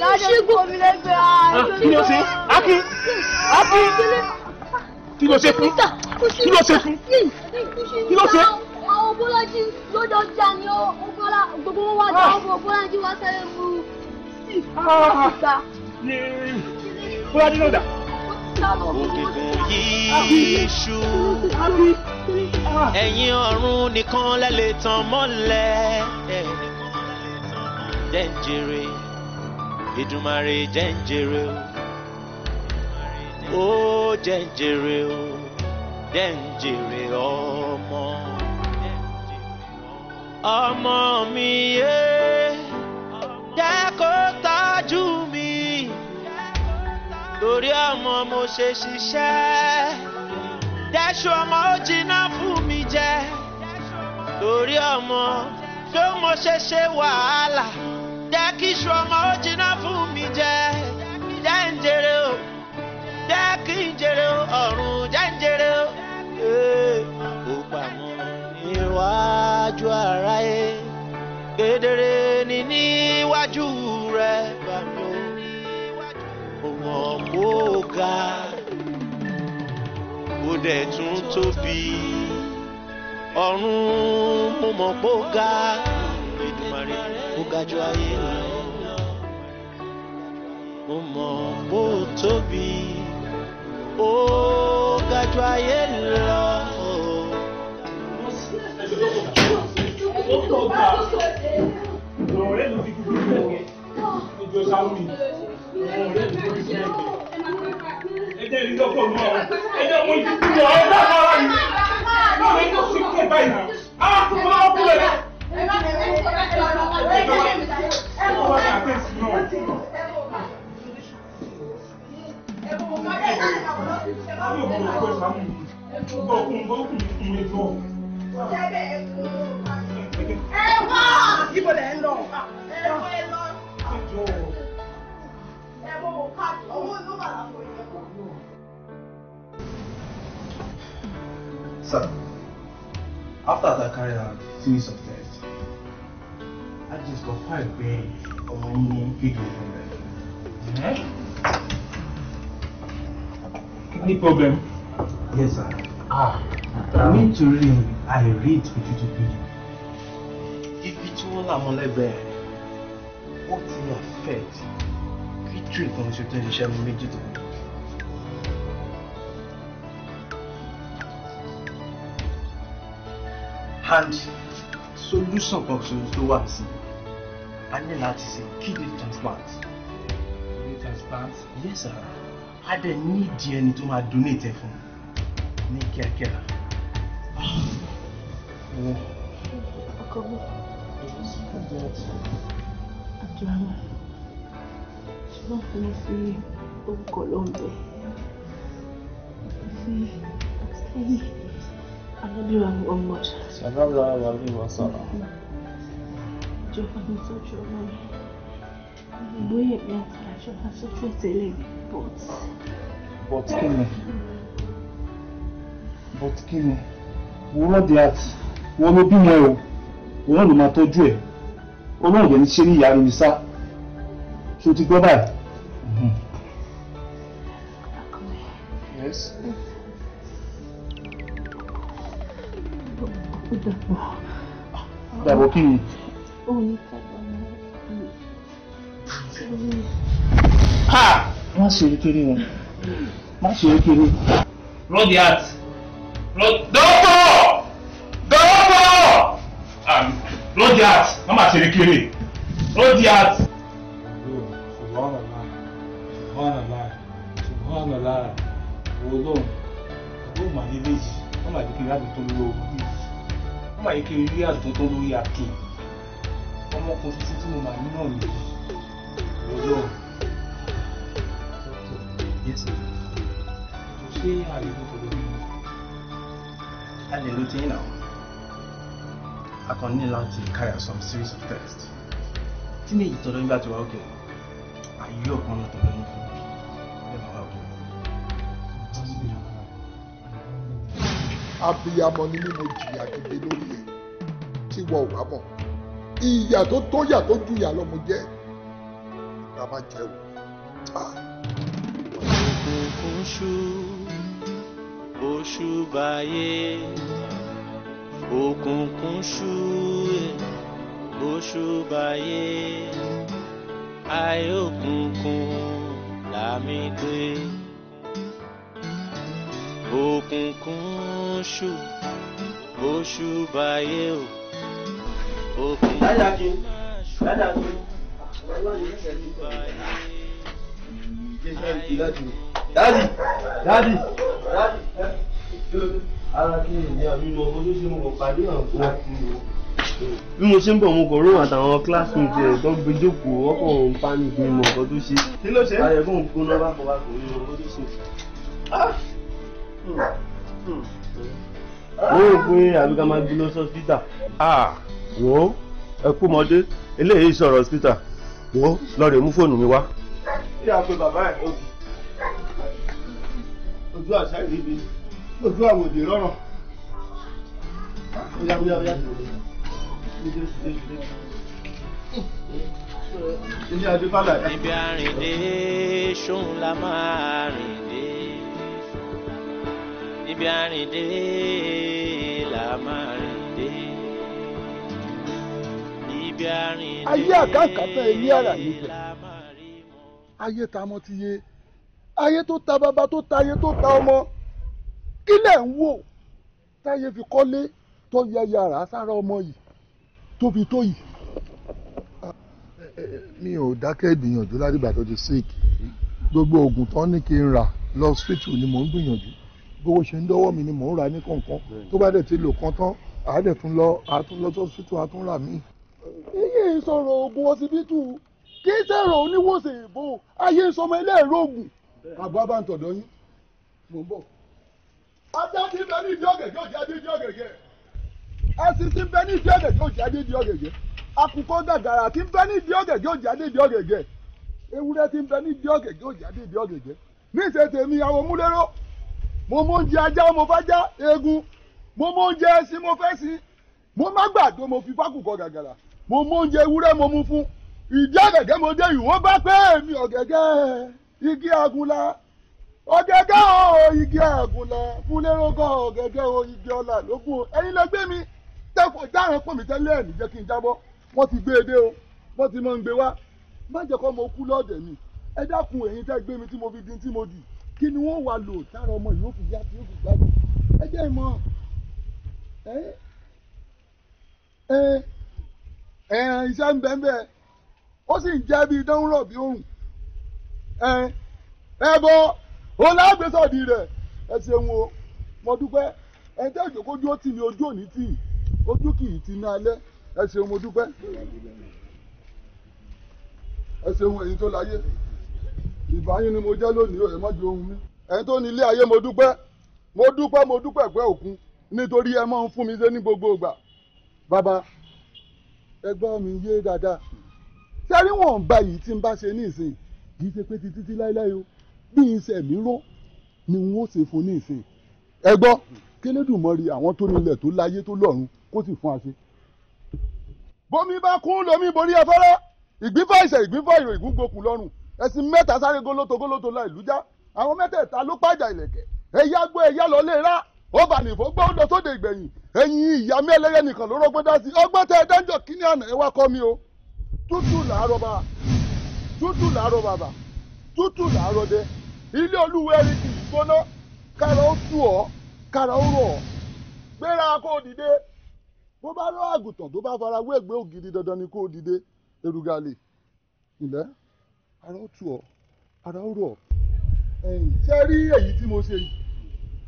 [SPEAKER 3] ṣẹ́gun omi lẹ́gbẹ̀ẹ́ ààrẹ.
[SPEAKER 2] kí ló ṣe Akin Akin kí ló ṣe fún
[SPEAKER 3] kí ló ṣe fún kí ló ṣe. àwọn bọ́lájí lọ́dọ̀ jà ní ọ̀gbọ́lá gbogbo wọn wá dáhùn ah! fún bọ́lájí wá ah! nìkan
[SPEAKER 1] lẹ lè mọ́lẹ̀. Dẹ́njẹrẹ. Èdùmàrè jẹ́ ń jèrè o ó jẹ́ ń jèrè o jẹ́ ń jèrè ọmọ ọmọ mi yé jẹ́ kó tọ́jú mi torí ọmọ mo ṣe ṣiṣẹ́ jẹ́sù ọmọ ó jiná fún mi jẹ́ torí ọmọ tó mo ṣe ṣe wàhálà jẹ́ kí iṣu ọmọ ó jiná fún mi jẹ́ jẹ́ ń jèrè o jẹ́ kí n jèrè o ọ̀run jẹ́ ń jèrè o. ó pamọ́ níwájú aráyé kedere ni níwájú rẹ pàmò òun ọ̀pọ̀ ọ̀gá ó dẹ̀ tún tóbi ọ̀run mo mọ̀ pọ̀ ga ó ga jù ayé lọ mo mọ̀ bó tóbi ó ga ayé lọ. ọ̀rẹ́ mi ti mi ti fi mo
[SPEAKER 2] ìdíkùn yọ ọ dábàá wa yìí náà lè sì kú ẹ báyìí náà á kú mọ
[SPEAKER 1] Sir, after that I carried out few of them just confirm pé ọmọ yín ní kékeré fún
[SPEAKER 2] mi. any problem. yes sir. ah nítorí àìrí ìtọ́jú tó péye.
[SPEAKER 1] ibi tí wọ́n là mọ́lẹ́gbẹ̀ẹ́ ó ti affect victory kan ṣe tó ń ṣiṣẹ́ mi méjì tó kù. and solution kan ṣoṣo tó wà sí i a ní láti ṣe kidney transplant. kidney transplant. yes sir a dẹ̀ ní ìdí ẹni tó máa donate ẹ fún ní kíákíá.
[SPEAKER 3] ọkọ mi àdúrà ṣùgbọ́n fún mi fi orúkọ lọ́ńbẹ́ fi sẹ́yìn alábíwá Muhammad.
[SPEAKER 1] sàlámù alábíwá sọ̀rọ̀.
[SPEAKER 3] Mm-hmm jọ bá mi tọ́jú ọmọ mi gbóyè mi àti àjọba sọ́tún tẹ́lẹ̀ mi but. but kí ni
[SPEAKER 2] but kí ni wúrọ̀ di àti wọn ló bímọ
[SPEAKER 3] yes. dàbọ̀ kí Ha!
[SPEAKER 2] Má ṣe kékeré wọn. Má ṣe kékeré. Roll the heart. Roll. Dọ́pọ̀! Dọ́pọ̀! Roll the heart. Má má ṣe kékeré. Roll the heart. Subhanallah. Subhanallah. Subhanallah. Wo lóhùn? Àbúrò màá ní méjì. Wọ́n máa jẹ́ kí n rí àdùn tó lórí owó. Wọ́n máa jẹ́ kí n rí àdùn lórí àkè ọmọ kan tuntun tí mo mà ní náà nìyí ọlọ́run dókítà ṣé àlejò tó
[SPEAKER 1] lórí mi. àlejò tí ń nà á kàn ní láti carry some series of tests tí ní èyí tọ́lọ́ nígbà tó wá òkè
[SPEAKER 2] àyè ọ̀kan náà tọ́lọ́ nígbà tó wá òkè. abiyamọ ni mímu jìyà gidi lórí ẹ tí wọn ò bá mọ̀ ìyà tó tó yà tó ju ìyà lọ́mọ jẹ́ ká má jẹ́ o.
[SPEAKER 1] oṣù oṣù báyé òkùnkùn ṣú oṣù báyé ayé òkùnkùn làmì gbé òkùnkùn ṣú oṣù báyé o. Dadakin, dadakin,
[SPEAKER 2] dadi, dadi, dadi, ara kí ni ìyá mi mọ ojú sí mo kàn pàdé àwọn fún mi.
[SPEAKER 1] bí mo ṣe ń bọ̀ mo kàn rún àtàwọn classmates ẹ̀ tó gbé jókòó ọkọ̀ òun pání bí mo kàn tó ṣe.
[SPEAKER 2] kí ló ṣe. ayẹ̀kọ́ òun kó náà bá kọ́ bá kọ́ ní ojú sí. ó rò pé àbíká máa gbé lọ sọ́sítà wo ẹ kú mọdé eléyìí sọ̀rọ̀ hospital wo lọ rè mú fóònù mi wá. ṣé a pe bàbá ẹ ojú ojú àṣà ìríbi ojú àwọn òdì rọrùn.
[SPEAKER 1] ilé adébálà ẹ. níbi àrìndé ṣóun la máa rìn dé àrìndé la máa rìn. ayé
[SPEAKER 2] àkàkàtà ẹyẹ ara yìí bẹ ayé tá a mọ ti yé ayé tó ta bàbá tó ta ayé tó ta ọmọ kí lẹ̀ ń wò táyé fi kọ́lé tó yẹ yàrá sára ọmọ yìí tó fi tó yìí. Ah, eh, eh, eh, mi ò dákẹ́ ìgbìyànjú ládìgbà tó ti sick gbogbo oògùn tán ní kí n rà lọ hospital ni mò ń gbìyànjú gbogbo ṣe ń dọ́wọ́ mi ni mò ń rà ní kọ̀ọ̀kan tó bá dẹ̀ ti lò kán tán àádẹ́ tún lọ àtún lọ tó hospital iye ìsọ̀rọ̀ oògùn ọsibítù
[SPEAKER 1] kì í sẹ̀rọ̀ oníwòsàn
[SPEAKER 2] èèbò ayé ìsọmọ ẹlẹ́ẹ̀rọ ògùn. àbọ̀ yín mò ń bọ̀. ajá ti bẹ ní ìdí ọ̀gẹ̀gẹ̀ ọ̀jẹ̀ adé ìdí ọ̀gẹ̀gẹ̀ ẹsìn ti bẹ ní ìdí ọ̀gẹ̀gẹ̀ adé ìdí ọ̀gẹ̀gẹ̀ gàgàrà ti bẹ ní ìdí ọ̀gẹ̀gẹ̀ ọ̀jẹ̀ adé ọ̀gẹ̀gẹ̀ ewúrẹ́ ti bẹ ní ìdí ọ̀gẹ̀gẹ̀ ọ̀jẹ̀ adé ìdí ọ̀gẹ̀gẹ̀ níṣẹ́ mi, àwọn múlẹ́rọ́ mo oúnjẹ ajá mo já eegun mo oúnjẹ mo mo mú oúnjẹ ewúrẹ́ mo mú fún ìdí ọ̀gẹ̀gẹ̀ mo dé yìí wọ́n bá pé èmi ọ̀gẹ̀gẹ̀ igi àgùnlá ọ̀gẹ̀gẹ̀ o igi àgùnlá fúnlẹ́rọ́gọ́ ọ̀gẹ̀gẹ̀ o igi ọ̀là lógún o ẹ̀yin lọ gbé mi tẹ́kọ̀ dáhùn pọ̀ mi tẹ́lẹ̀ ẹ̀ níjẹ́ kí n jábọ́ wọ́n ti gbé e dé o wọ́n ti máa ń gbé wá má jẹ́ kó mo kú lọ́ọ̀dẹ̀ mi ẹ dákun ẹ̀yin tẹ́ gbé mi tí mo fi di tí mo dì kí ni wọ́n wà lò tára ọmọ yìí ó fi yá tí ó fi gbádùn ẹ jẹ́ ìmọ̀ ẹ ẹ. ẹran iṣẹ́ ń bẹ́ẹ̀ bẹ́ẹ̀ ó sì ń jẹ́ bí idán lágbèsọ̀dì rẹ̀ ẹ o mo dúpẹ́ ẹ jẹ́ ìjókòójú ó tì mí ojú òní tì ojú kì í ti ná alẹ́ ẹ ṣeun mo dúpẹ́ ẹ tó láyé ìbáyín ni mo jẹ́ lónìí ẹ má ohun mi ẹ̀yin tó ní ilé ayé mo dúpẹ́ mo dúpẹ́ mo dúpẹ́ pẹ́ òkun nítorí ẹ máa ń mi ṣe ní gbogbo ìgbà ẹgbọ́n mi yé dáadáa ṣé rí wọn bá yìí tí n bá ṣe nísìn kì í ṣe pé títí láéláé o bí iṣẹ́ mi ró ni n ó ṣe fún nísìn ẹgbọ́n kélédùmọ́rí àwọn tó nílẹ̀ tó láyé tó lọ́run kó sì fún àṣẹ. bómi bá kún lómi borí afárá ìgbífọ́ ìṣẹ̀ ìgbífọ́ ìrò ìgúngbòkun lọ́rùn ẹ̀sìn mẹ́ta sáré gólótó gólótó láìlújá àwọn mẹ́tẹ̀ẹ̀ta ló pàjà ìlẹ̀kẹ̀ ẹ̀yá gbọ́ ẹ̀yá lọ́lé rá Ọ bà nìfọ́ gbọ́ ó lọ sóde ìgbẹ̀yìn ẹ̀yìn ìyá mi ẹlẹ́yẹ nìkan ló rọ́gbọ́n dá kí àná ẹ wá o tútù làárọ̀ bàbà tútù làárọ̀ bàbà tútù làárọ̀ ilé olúwẹ̀rí kì í gbóná kára ó ọ kára ó rọ̀ ọ́ gbéra kó dandan ni kó o dìde erugalè ara ó ara ó rọ̀ ẹ̀yìn rí èyí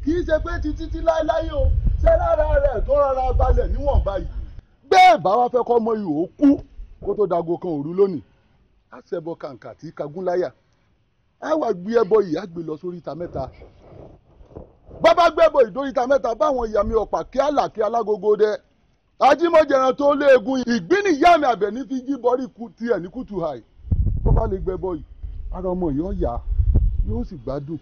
[SPEAKER 2] kì í ṣe pé ti títí láéláé o ṣé lára rẹ̀ tó rọra balẹ̀ níwọ̀nba yìí. bẹ́ẹ̀ bá wa fẹ́ kọ́ ọmọ yìí ó kú kó tó dago kan òru lónìí àṣẹbọ kàǹkà tí kagúnláyà á wà gbé ẹbọ yìí á gbé lọ sórí ìta mẹ́ta bàbá gbé ẹbọ yìí dórí ìta mẹ́ta báwọn ìyá mi ọ̀pá kí àlàkí alágogo dẹ ajímọ̀jẹ̀rán tó léegun ìgbín ìyá mi àbẹ̀ní fi jí bọ́rí tiẹ̀ ní kùtù hàì bó bá lè gbẹbọ yìí ara ọmọ yìí ó yóò sì gbádùn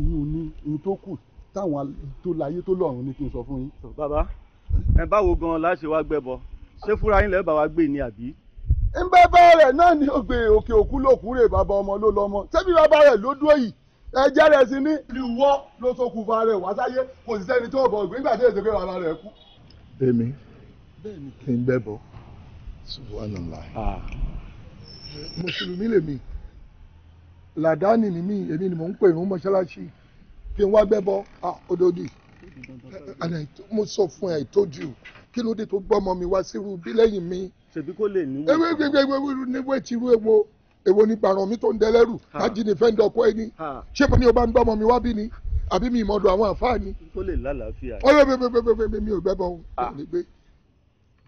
[SPEAKER 2] ìyún ní ìyún tó kù táwọn tó láyé tó lọ́run ni kí n sọ fún yín. bàbá ẹ báwo gan-an la ṣe wá gbẹbọ ṣé fúnra yín lẹ́ẹ̀ bá wa gbé ni àbí. ń bẹ́ bẹ́ẹ̀rẹ̀ náà ni ògbè òkè òkú lòkúrè bàbá ọmọ ló lọ́mọ ṣebí bàbá rẹ̀ ló dúró yìí ẹjẹ́ rẹ̀ sí ní. ìwọ ló ṣokùnfà rẹ̀ wá sáyé kò sì sẹ́ni tó bọ̀ ògbé nígbà tí èsì pé rẹ̀ kú. èmi kì í gbẹbọ ah. mùsùlùmí lèmi làdáni ni mí èmi ni mò ń pè ní mọ́ṣáláṣí kí n wá bẹ́ bọ́ odòdì mo sọ fún ẹ ìtọ́jú kí ló dé tó gbọ́mọ mi wá sírú bí lẹ́yìn mi. ṣèbí kò lè níwò. ewé gbẹgbẹ ewé níwò ti rú ewo èwo ní gbàràn mi tó ń dẹlẹ́rù láti ní fẹ́ǹdọ̀ ọkọ ẹni ṣé mo ní o bá ń gbọ́mọ mi wá bí ni àbí mi ìmọ̀dọ̀ àwọn àfáà ni. kó lè lálàáfíà. ọ̀rẹ́ mi mi mi ò gbẹ́ bọ́ òní gbé.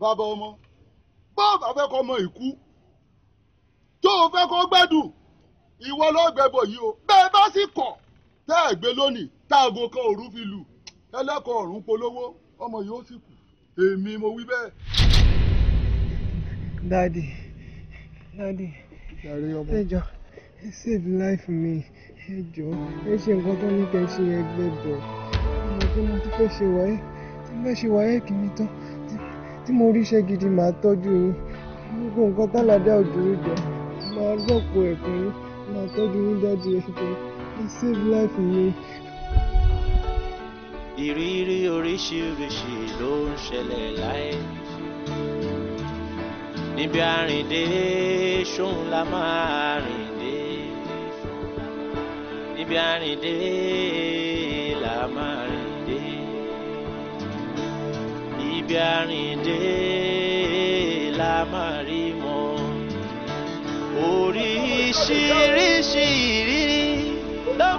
[SPEAKER 2] bàbá ọmọ bàbá fẹ́ kọ́ ọmọ ìkú tó o fẹ́ kọ́ gbẹ́dùn ìwọ lọ́ọ́ gbẹ́bọ̀ yìí o bẹ́ẹ̀ bá sì kọ̀ tá a gbé lónìí òru fi lù ẹlẹ́kọ̀ọ́ ọ̀run polówó ọmọ yìí ó sì kù èmi mo wí bẹ́ẹ̀. dadi dadi
[SPEAKER 3] ẹ ẹ save life mi ẹjọ ẹ ṣe nǹkan tó ní kẹ́ ṣe ọmọ ti fẹ́ ṣe wáyé tí mo gidi màá tọ́jú yín gbogbo nǹkan tálàdá òjò rí jẹ màá yín màá tọ́jú save life yẹn.
[SPEAKER 1] ìrírí oríṣiríṣi ló ń ṣẹlẹ̀ láyé níbi àrìndé ṣóun la máa rìndé níbi àrìndé la máa rìndé níbi àrìndé la máa rí mọ́ oríṣiríṣi ìrírí.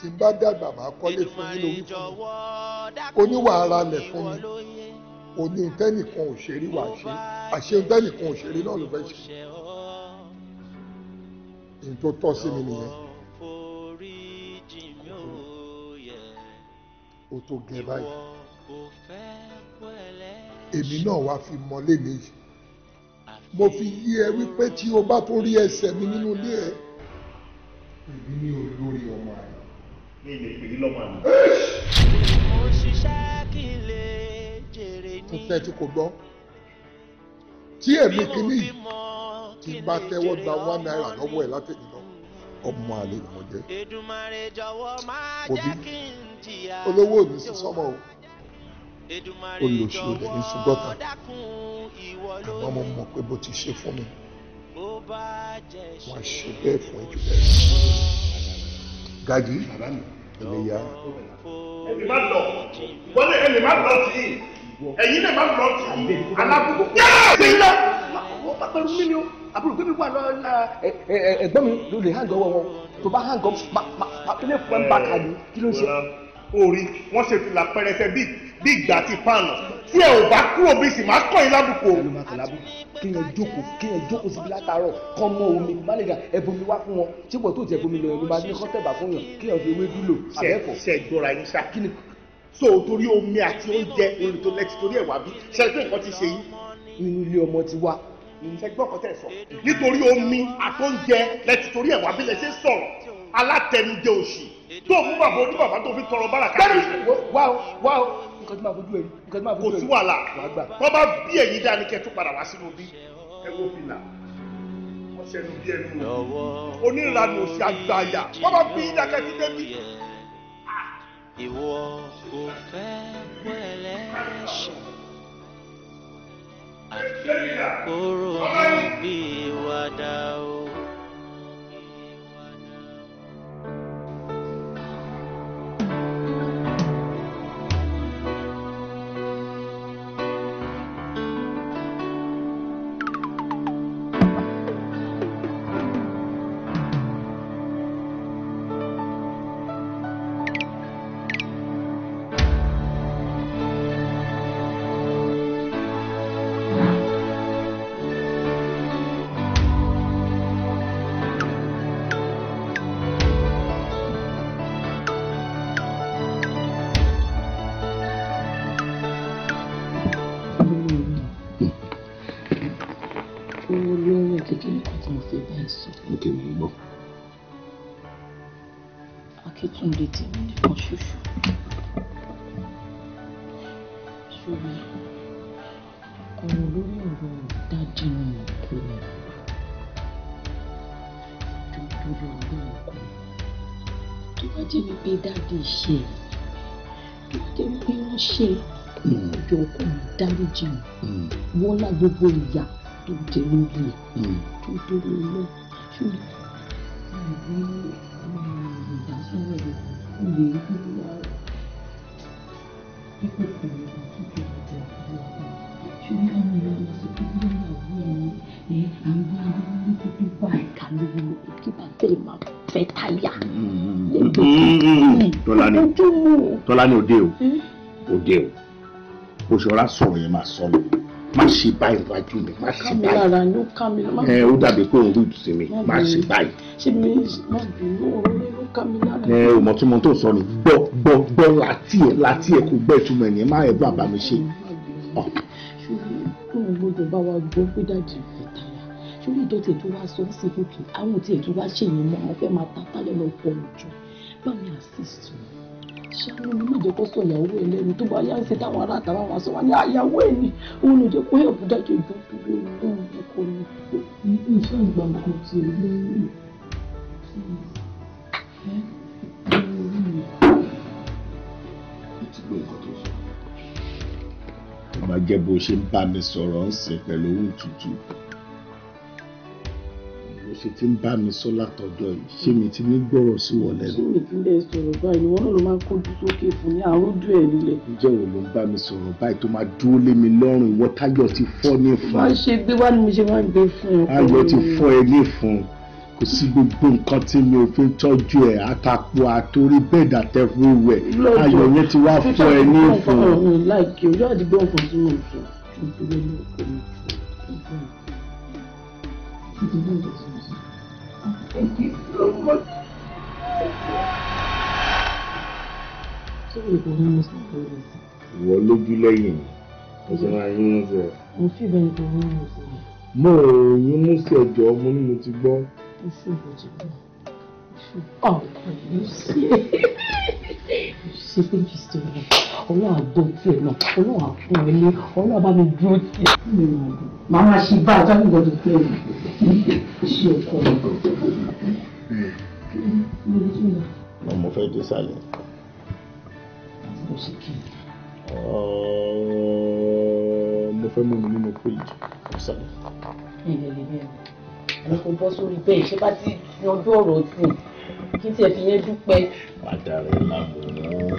[SPEAKER 2] tí n bá dàgbà máa kọ́lé fún yín lórí fún mi oníwàára lẹ̀ fún mi òní ntẹ́nìkan ò wà ṣe àṣẹ ntẹ́nìkan ò náà ló fẹ́ ṣe ní tó tọ́ sí mi nìyẹn o tó gẹ báyìí èmi náà wá fi mọ́lé mi yìí mo fi yí ẹ wípé tí o bá tó rí ẹsẹ̀ mi nínú ilé ẹ. ìbí ní olórí ọmọ rẹ mi lè pè lọ́mọ àná. mo ṣiṣẹ́ kí n lè jèrè ní. kò tẹ́tí kò gbọ́ tí èmi kìíní ti bá tẹ́wọ́ gba one naira lọ́wọ́ ẹ̀ látẹ̀yìn lọ ọmọ àlè ni mo jẹ́. Èdùmàrè máa jẹ́ kí n jìyà. olówó ò ní sí o olùsí ò lè ní ṣùgbọ́ta àmọ́ mo mọ̀ pé bó ti ṣe fún mi wọ́n á ṣe bẹ́ẹ̀ fún ìjùlẹ̀ gaji ìléyà. ẹni má lọ wọlé ẹni má lọ sí i ẹyin náà má lọ sí i alábùkù. yẹ́ẹ̀ gbé wọ́n bá pẹ̀lú mímí o àbúrò gbé wà lọ ẹ̀gbọ́n mi ló lè hàngọ́ wọn tó bá hàngọ́ ilé fún ẹ̀ ń bá kàdé kí ló ń ṣe. orí wọn ṣe fìlà pẹrẹsẹ bíi gbà ti pààlà tí ẹ ò bá kúrò bí sì máa kọ́ yín lábùkù o kéèyàn jókòó kéèyàn jókòó síbi látàárọ̀ kọ́ mọ́ omi má lè dà ẹ̀bùnmi wá fún wọn tí pọ̀ tó ti ẹ̀bùnmi lọ ẹ̀bùnmi máa ní kọ́tẹ̀bà fún yàn kéèyàn fi ewé dúró àbẹ́fọ̀. ṣe gbọ́ra yín sá kí ni so torí omi àti oúnjẹ orin tó lẹ́tí torí ẹ̀wà bí ṣe pé nǹkan ti ṣe yín. nínú ilé ọmọ ti wá. ìṣègbọ́n kan tẹ̀ sọ nítorí omi àtóúnjẹ lẹ́tí torí ẹ̀wà bí lẹ sọ̀rọ̀ alátẹnujẹ òṣì tó mú bàbá oníbàbá tó fi tọrọ bára káàkiri. wá o wá o nǹkan tí fojú ẹ̀rí nǹkan tí màá fojú ẹ̀rí. kò sí wàhálà wọ́n bá bí ẹ̀yin dání kẹ́ tó padà wá sínú bí ẹ wo fìlà wọ́n ṣẹnu bí ẹnu oníranù òsì àgbàyà wọ́n bá bí dákẹ́ tí
[SPEAKER 1] débi. ìwọ kò fẹ́ wẹ̀lẹ́ ṣe àfi kóró níbi ìwádà o.
[SPEAKER 2] Tútúndé tèmi nìkan ṣoṣo. Ṣòwò ọ̀rọ̀ lórí ọ̀rọ̀ dájú ni kò ní torí ọgbọ́n nǹkan. Tó bá jẹ́ wípé dáàdi ṣe
[SPEAKER 3] tó bá jẹ́ wípé wọ́n ṣe é,
[SPEAKER 2] hmm. ọkọ mi dáríjì mi. Hmm. lá gbogbo ìyà tó jẹ lórí ẹ̀.
[SPEAKER 3] Tó hmm. torí ọlọ́ọ̀ ṣùgbọ́n mi ìjà sọ́wọ́ rẹ̀ o lè rí pípé ààrẹ pípé pẹ̀lú àtúntò àti àtúntò ṣùgbọ́n àwọn èèyàn lọ sí pípé ìyàwó ẹni ẹ̀ à ń gbọ́ àwọn ọmọ pípé bá ìka
[SPEAKER 2] lórí lórí kí bá tẹ̀lé máa fẹ́ táyà. tọ́lání tọ́lání òde o òde o bó ṣe ọlá sọ̀rọ̀ yẹn máa sọ lọ má ṣe báyìí wájú mi má ṣe báyìí. kámi lára mi má ṣe báyìí. ṣé mi má bínú ọ̀rẹ́ ẹ ò mọ̀ túmọ̀ tó sọ ni gbọ́ gbọ́ gbọ́ láti ẹ̀ láti ẹ̀ kò gbẹ́ ìtumọ̀ ẹ̀ ní má ẹ̀ bàbá mi ṣe. ṣùgbọ́n gbọ́dọ̀ bá wa gbọ́ pé dáàdì fẹ́ táyà ṣùgbọ́n ìdọ̀tí tó wá sọ sí òkè àwọn tí ètò wá ṣe yẹn mọ́ àwọn fẹ́ máa ta táyà lọ pọ̀ jù bá mi assist mi ṣáà ní ìjẹ́ kó sọ ìyàwó ẹ lẹ́nu tó bá yá ń ṣe táwọn ará àtàwọn sọ wá ní àyàwó ẹ ni òun ló jẹ́ pé ẹ̀kú dájú ìgbà tó lé ọ̀hún ẹ̀kọ́ ni. iṣẹ́ ìgbà kan ti rí lẹ́yìn ó máa jẹ́ bó ṣe ń bá mi sọ̀rọ̀ ń sìn pẹ̀lú ohùn tútù bó ṣe ti ń bá mi sọ látọjọ́ yìí ṣé mi ti ní gbọ́rọ̀ sí wọn ṣé mi ti lè sọ̀rọ̀ báyìí wọn náà ló máa kójú sókè fún ní àròjù ẹ̀ nílẹ̀. ǹjẹ́ wo ló ń bá mi sọ̀rọ̀ báyìí tó máa dúró lé mi lọ́rùn ìwọ táyọ̀ ti fọ́ ní fún. má ṣe
[SPEAKER 1] gbé wá ni mo ṣe máa ń gbé fún ẹ. ayọ̀ ti fọ́ ẹ
[SPEAKER 2] ní fún kò sí gbogbo nǹkan tí mi ò fi tọ́jú ẹ̀ àtàpò àtòrí bẹ́ẹ̀dì àtẹ̀fún ìwẹ̀ ayọ̀ yẹn ti wá fún ẹ ní ìfún. láìkí lójú lẹ́yìn ọ̀sẹ̀ máa yín mú sí ẹ.
[SPEAKER 1] mo fi ìbẹ̀rẹ̀ kan mú sí ẹ.
[SPEAKER 2] mo ò yín mú sí ẹjọ́ mo ní mo ti gbọ́.
[SPEAKER 3] If you would do,
[SPEAKER 2] if you oh, you see, you see, thank you so much. Ọlọ́run tí ẹ̀ náà, ọlọ́run àfún ẹ ní, ọlọ́run bá mi dúró tí ẹ̀. Màmá ṣe bá a jáde gbọdọ̀ pé ṣe ọkọ mi. Ọmọ fẹ́ dé sálẹ̀. Mo fẹ́ mú mi nínú péjì, ọ̀sán. Ìyẹn àní kò bọ́ sórí bẹ́ẹ̀ ṣé bá ti yanjú ọ̀rọ̀ sí i kí tiẹ̀ fi yẹn dúpẹ́. pàdàrẹ lámùrán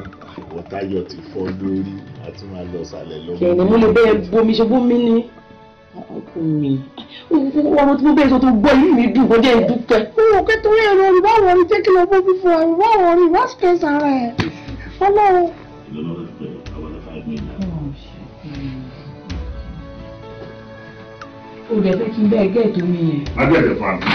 [SPEAKER 2] àwọtáyọ ti fọ́ lórí a tún máa lọ sàlẹ̀ lọ. kẹ̀yìn mo lè bẹ́ẹ̀ bomi ṣe bomi ni ọkùnrin ọmọ tí mo bẹ́ẹ̀ sọ tó gbọ́ yìí mi dùn kó jẹ́ ìdúpẹ́. o kẹ́ torí ẹ̀rọ ìwà wọ̀rí jẹ́ kí lọ bó fífọ ìwà wọ̀rí ìwà sùpẹ́sì ara ẹ̀ ọlọ́run. o dẹ̀ fẹ́ kí n bẹ́ẹ̀ gẹ́ ètò mi yẹn. má bẹ̀rẹ̀ fún àmì.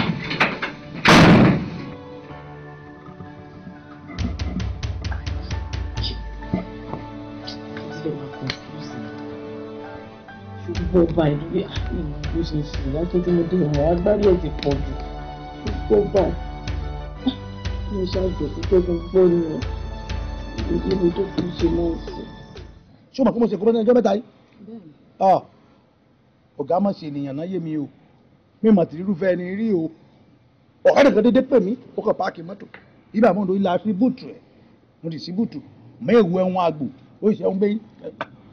[SPEAKER 2] gbogbo ọba ìdílé ah, bó ṣe ṣe ìyájọ́ tí mo dé ìwọ̀n agbárí ẹ̀ ti pọ̀ jù gbogbo ọba ah, mo ṣàjọ púpọ̀ gbogbo ni o ìdílé mi tó fi ṣe náà sí. ṣé o mọ̀ pé mo ṣe kúrò ní ọjọ́ mẹ́ta yìí? ọ̀gá mọ̀ sí ènìyàn náà yé mi o mi mà ti rírúfẹ́ ẹni rí o ọ̀rẹ́ nìkan dédé pè mí ó kàn páàkì mọ́tò ibà mọ́tò ilà fi bùtù ẹ̀ mo ti sí bùtù mẹ́ẹ̀wù ẹ̀wọ̀n àgbò ó ṣe ń gbé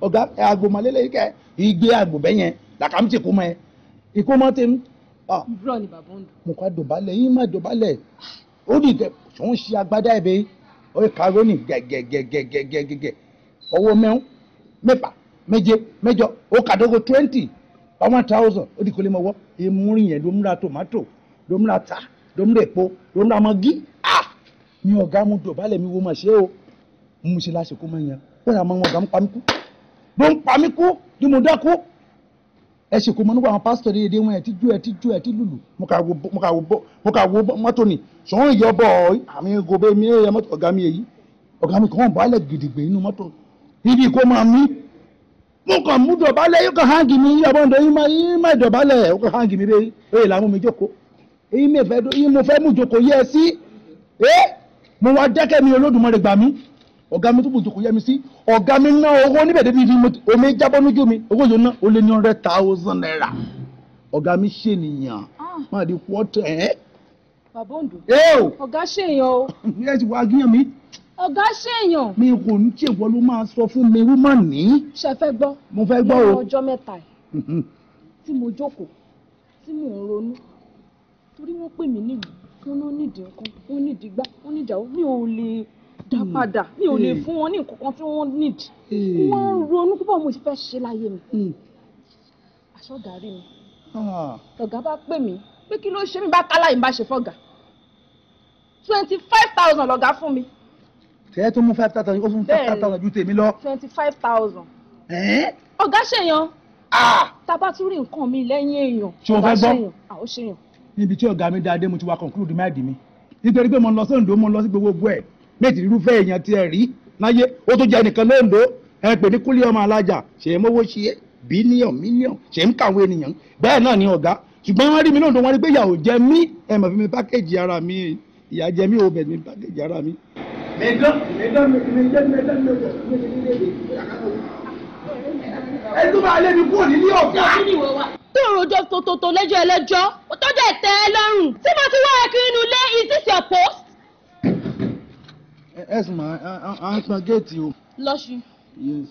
[SPEAKER 2] ọ̀gá àgbò màlélẹ́ kẹ́ ìgbé àgbò bẹ́yẹn làkàmùtì kú mọ́ ẹ ikú mọ́ tẹ́nu. ìbúrọ̀ ah. ni bàbá ń dùn. mo kà dọ̀bálẹ̀ yín má dọ̀bálẹ̀ ó ní ìtẹ̀ tó ń ṣe agbádá ẹ̀ bẹ́ẹ̀ ó yẹ karoni gẹ̀gẹ̀gẹ̀gẹ̀gẹ̀gẹ̀ ọwọ́ mẹ́rin mẹ́fà méje mẹ́jọ ó kàdógo twenty ọmọ thousand ó di kò lè mọ wọ́ èmú rìn yẹn ló múra tomato ló ta ló epo ló múra ah mi ọ̀gá mu dọ̀bálẹ̀ mi wo mà ṣe o mo ṣe lásìkò mọ́ yẹn wọ́n rà mọ́ ọ̀gá ń pa mí kú ló ń pa mí kú ni mo dákú ẹ ṣèkó mọ nígbà àwọn pásítọ̀ déédéé wọn ẹ ti jó ẹ ti jó ẹ ti lùlù mo kà wo mo kà wo mọ́tò ni ṣòwò ìyọ́bọ̀ àmì gòbè mi ẹ̀yẹ mọ́tò ọ̀gá mi èyí ọ̀gá mi kàn wọ́n bọ́ mo kàn mú dọ̀bálẹ̀ yóò kàn hangi mi ọmọ ọ̀dọ̀ yín máa yín máa dọ̀bálẹ̀ yóò kàn hangi mi bẹ́ẹ̀ èyí làwọn mi jókòó èyí mi fẹ́ yín mo fẹ́ mú jókòó yẹ sí ẹ́ mo wá dákẹ́ mi Olódùmarè gbà mí ọ̀gá mi tó bù jókòó yẹ mi sí ọ̀gá mi ná owó níbẹ̀ débi fi omi jábọ́ lójú mi owó yóò ná ó lé ní hundred thousand naira ọ̀gá mi ṣènìyàn ah. máa di wọ́tẹ̀ ẹ́. bàbá òǹdó ọ̀gá ṣèyàn o. ọ̀gá ṣèyàn. mi kò ní tí ìwọ ló máa sọ fún mi irú mà ní. ṣe fẹ́ gbọ́. mo fẹ́ gbọ́ o. lẹ́nu ọjọ́ mẹ́ta yìí tí mo jókòó tí mò ń ronú torí wọ́n pè mí nílùú wọn ló nídìí nǹkan wọn nídìí gbá wọn nídìí àwọn mi ò lè dá hmm. padà mi ò lè hmm. fún wọn ní nǹkan tí wọ́n nídìí. Hmm. wọ́n ronú púpọ̀ mo ti fẹ́ ṣe láyé mi. aṣọ dàrí mi. Ah. ọ̀gá bá pè mí pé kí ló ṣe mí bá kálá yìí bá ṣe fọ́gà twenty five thousand lọ̀gá fún mi tẹ́ẹ̀ tó mú five thousand ó tún five thousand ju tèmi lọ. twenty five thousand. ọ̀gá ṣèyàn. tábà tún rí nǹkan mi lẹ́yìn èèyàn. ṣé o fẹ́ gbọ́ àwọn ṣèyàn. níbi tí ọ̀gá mi dá adé mo ti wá conclude máàdì mi nítorí pé mo ń lọ sí Oǹdó mo ń lọ sí gbogbo ẹ̀ méjì irúfẹ́ èèyàn tiẹ̀ rí láyé ó tún jẹ́ nìkan lóńdó ẹ pè ní kúlẹ̀ ọmọ alájà ṣe é mówó ṣe é bílíọ̀n mílíọ̀n ṣe ń kàwé ènìyàn bẹ́ẹ̀ náà ni ọ̀gá ṣùgbọ́n wọ́n rí mi lóńdó wọ́n rí pé ìyà ò jẹ mí ẹ mọ̀ fi mi pákéjì ara mi ìyà jẹ mí ò bẹ̀ mi pákéjì ara mi Mais donc, mais donc, mais donc, mais donc,
[SPEAKER 3] mais donc, ẹ tún máa
[SPEAKER 2] tó rojọ́ tòtòtò lẹ́jọ́ ẹlẹ́jọ́ tó dẹ̀ tẹ́ lọ́rùn tí mo ti wá ẹ kiri inú ilé is this your post.
[SPEAKER 3] ẹ ẹsùn máa à
[SPEAKER 2] ń san géètì o. lọ́sùn. yes.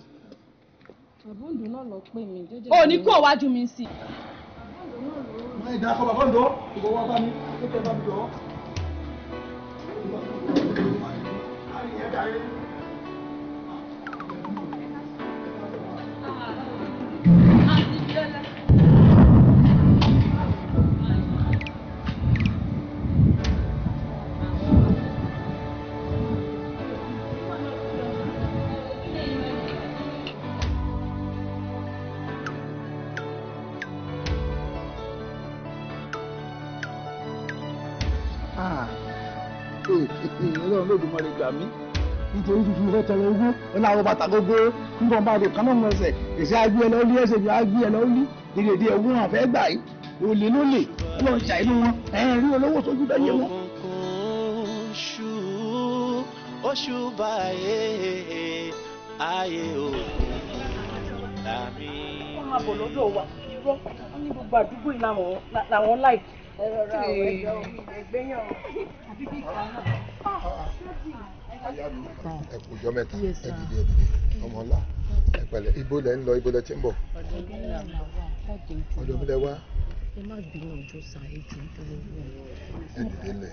[SPEAKER 2] àbọ̀ǹdù náà lọ pè mí jẹ́jẹ́. o ní kó wájú mi sí. àbọ̀ǹdù náà lọ. máa ń dá akọ bá mi ó tẹ́ bá mi jọ jàre. Ah, ọlọ́run lódùmarè gbà mí tuntun rẹ tọrọ owó ọ̀nà àwọn bàtà gbogbo nígbà bá lè kánà mọ ẹsẹ̀ èsì agbé ẹ lọ́ọ́ ẹsẹ̀ bí agbé
[SPEAKER 1] ẹ lọ́ọ́ lé dèrèdè ẹ̀ fẹ́ gbà yìí olè ló lè ọlọ́run ṣàìlú wọn ẹ̀ẹ́n rí olówó sójú bẹ́yẹ wọn. oṣù oṣù báyé ayé òkùnkùn
[SPEAKER 2] làmì. wọ́n máa bọ̀ lọ́dọ̀ wa irọ́ ní gbogbo àdúgbò yìí làwọn láìkì. ẹ̀rọ ra ọ̀rẹ́ jọ
[SPEAKER 3] ẹgbẹ́ yàn. ẹ
[SPEAKER 2] kú ọjọ́ mẹ́ta ẹ dìde ẹ dìde ọmọ ńlá ẹ pẹ̀lẹ́ ibo lẹ ń lọ ibo lẹ ti ń bọ̀
[SPEAKER 3] ọ̀dọ̀ mi lẹ wá ẹ má bínú ojú sa ètò ìtòlè wọn ẹ dìde lẹ